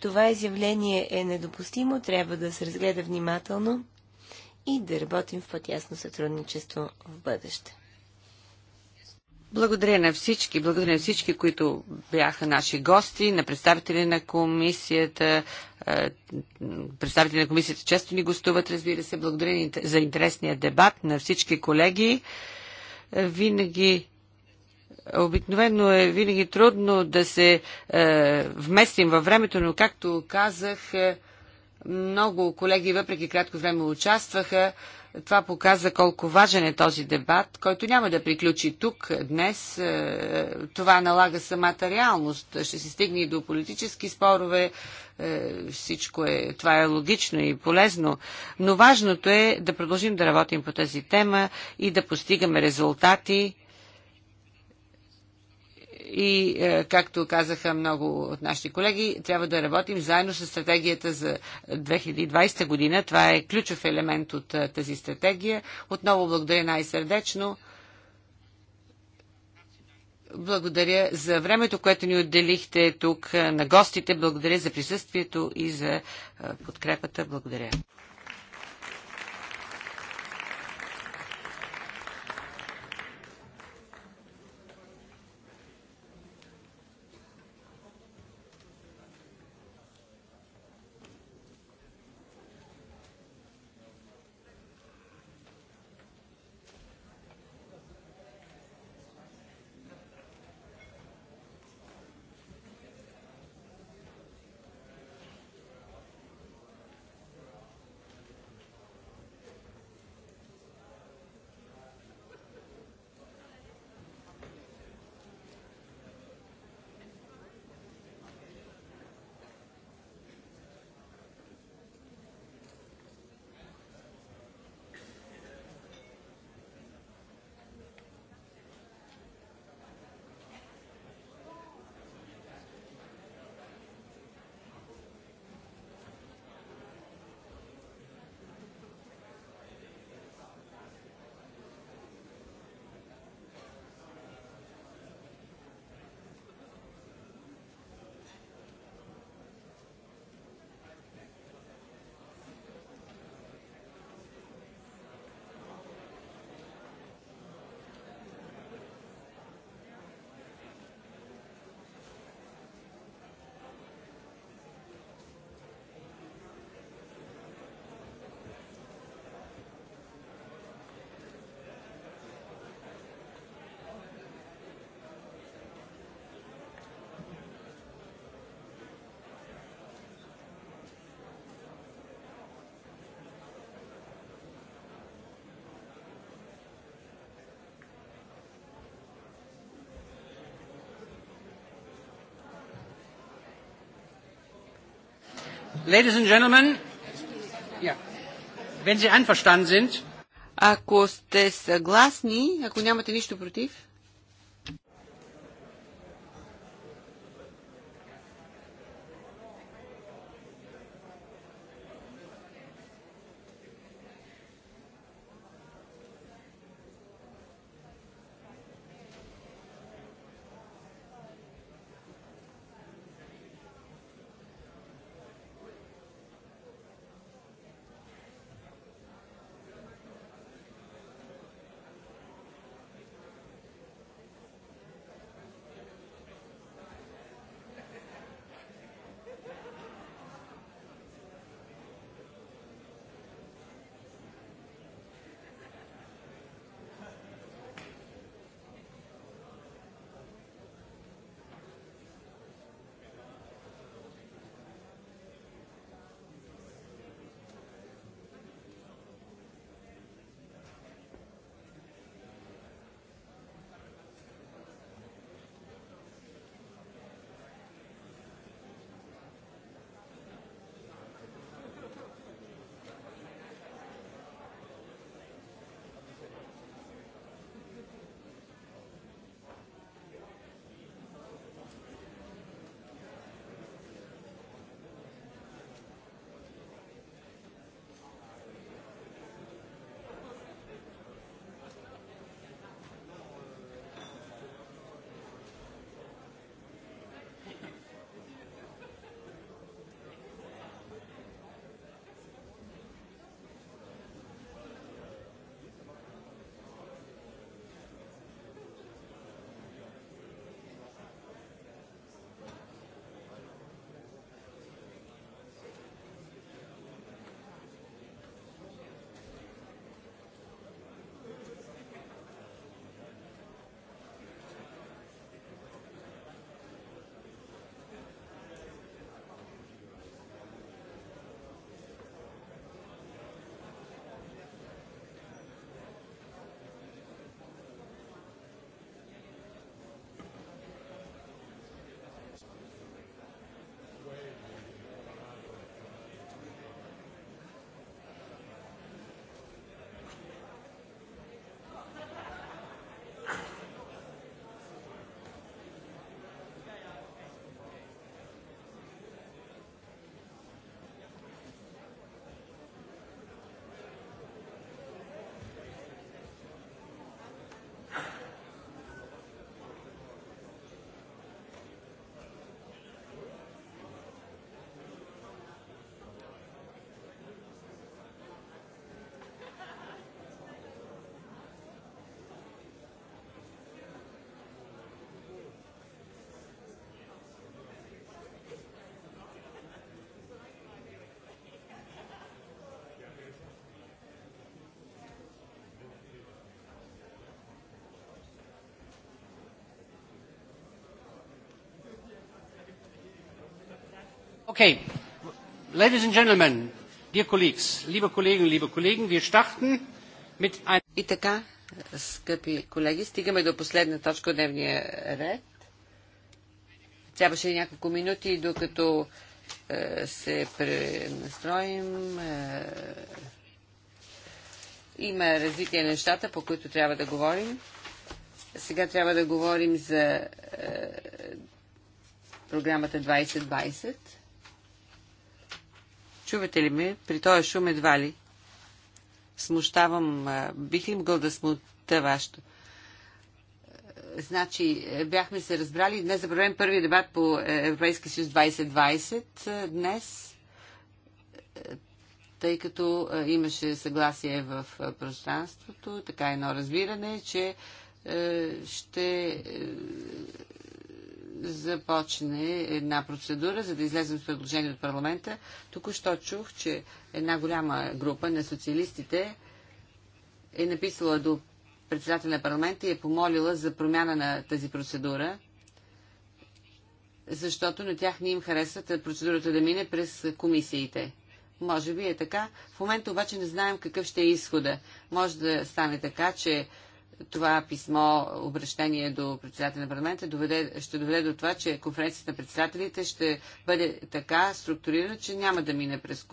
Това изявление е недопустимо, трябва да се разгледа внимателно и да работим в по-тясно сътрудничество в бъдеще. Благодаря на всички, благодаря на всички, които бяха наши гости, на представители на комисията. Е, представители на комисията често ни гостуват, разбира се. Благодаря за интересния дебат на всички колеги. Е, винаги Обикновено е винаги трудно да се е, вместим във времето, но както казах, е, много колеги, въпреки кратко време, участваха. Това показа колко важен е този дебат, който няма да приключи тук днес. Е, това налага самата реалност. Ще се стигне и до политически спорове. Е, всичко е, това е логично и полезно. Но важното е да продължим да работим по тази тема и да постигаме резултати и, е, както казаха много от нашите колеги, трябва да работим заедно с стратегията за 2020 година. Това е ключов елемент от е, тази стратегия. Отново благодаря най-сърдечно. Благодаря за времето, което ни отделихте тук е, на гостите. Благодаря за присъствието и за подкрепата. Благодаря. Ladies and gentlemen, yeah. wenn Sie einverstanden sind, ако сте съгласни, ако нямате нищо против, Okay. Ladies and gentlemen, dear colleagues, liebe Kollegen, liebe Kollegen, wir starten mit ein... И така, скъпи колеги, стигаме до последна точка от дневния ред. Трябваше няколко минути, докато е, се пренастроим. Е, има развитие на нещата, по които трябва да говорим. Сега трябва да говорим за е, програмата 2020. Чувате ли ме? При този шум едва ли. Смущавам. Бих ли могъл да смута вашето? Е, значи, е, бяхме се разбрали. Днес забравям първи дебат по е, Европейски съюз 2020. Днес, тъй като имаше съгласие в пространството, така едно разбиране, че ще започне една процедура, за да излезем с предложение от парламента. Току-що чух, че една голяма група на социалистите е написала до председателя на парламента и е помолила за промяна на тази процедура, защото на тях не им харесват процедурата да мине през комисиите. Може би е така. В момента обаче не знаем какъв ще е изхода. Може да стане така, че това писмо, обращение до председателя на парламента доведе, ще доведе до това, че конференцията на председателите ще бъде така структурирана, че няма да мине през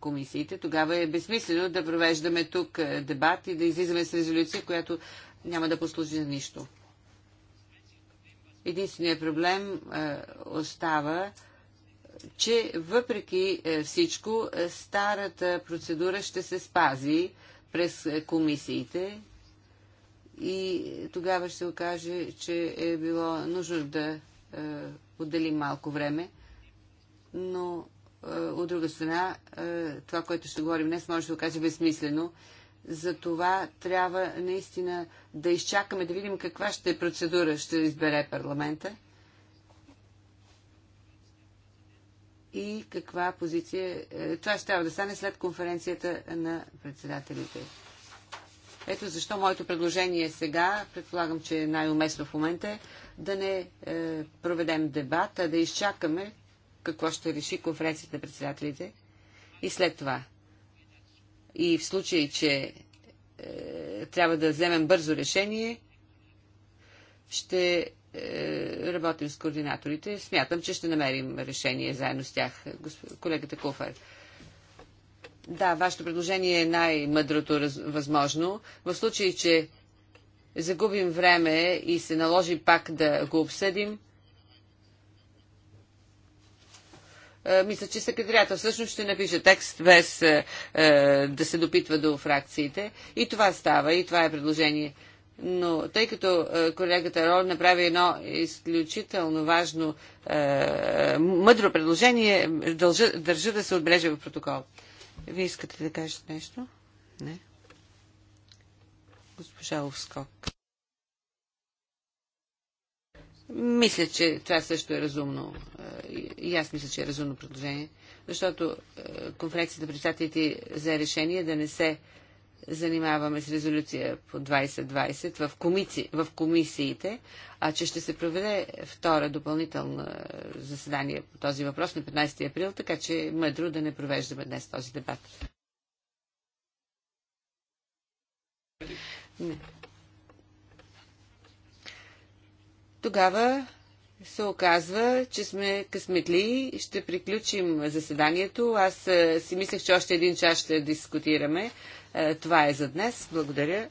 комисиите. Тогава е безсмислено да провеждаме тук е, дебат и да излизаме с резолюция, която няма да послужи за нищо. Единственият проблем е, остава че въпреки е, всичко старата процедура ще се спази през комисиите, и тогава ще се окаже, че е било нужно да е, отделим малко време, но е, от друга страна, е, това, което ще говорим днес, може да се окаже безсмислено. За това трябва наистина да изчакаме, да видим каква ще е процедура, ще избере парламента и каква позиция. Е, това ще трябва да стане след конференцията на председателите. Ето защо моето предложение е сега, предполагам, че е най-уместно в момента, да не е, проведем дебат, а да изчакаме какво ще реши конференцията на председателите и след това. И в случай, че е, трябва да вземем бързо решение, ще е, работим с координаторите. Смятам, че ще намерим решение заедно с тях, госп... колегата Куфар. Да, вашето предложение е най-мъдрото възможно. В случай, че загубим време и се наложи пак да го обсъдим, е, мисля, че секретарията всъщност ще напише текст без е, е, да се допитва до фракциите. И това става, и това е предложение. Но тъй като е, колегата Рол направи едно изключително важно, е, мъдро предложение, държа да се отбележи в протокол. Вие искате да кажете нещо? Не. Госпожа Овскок. Мисля, че това също е разумно. Е, и аз мисля, че е разумно предложение. Защото е, конференцията председателите за решение да не се занимаваме с резолюция по 2020 в, комиси, в комисиите, а че ще се проведе втора допълнителна е, заседание по този въпрос на 15 април, така че е мъдро да не провеждаме днес този дебат. Не. Тогава се оказва, че сме късметли. Ще приключим заседанието. Аз е, си мислех, че още един час ще дискутираме, е, това е за днес. Благодаря.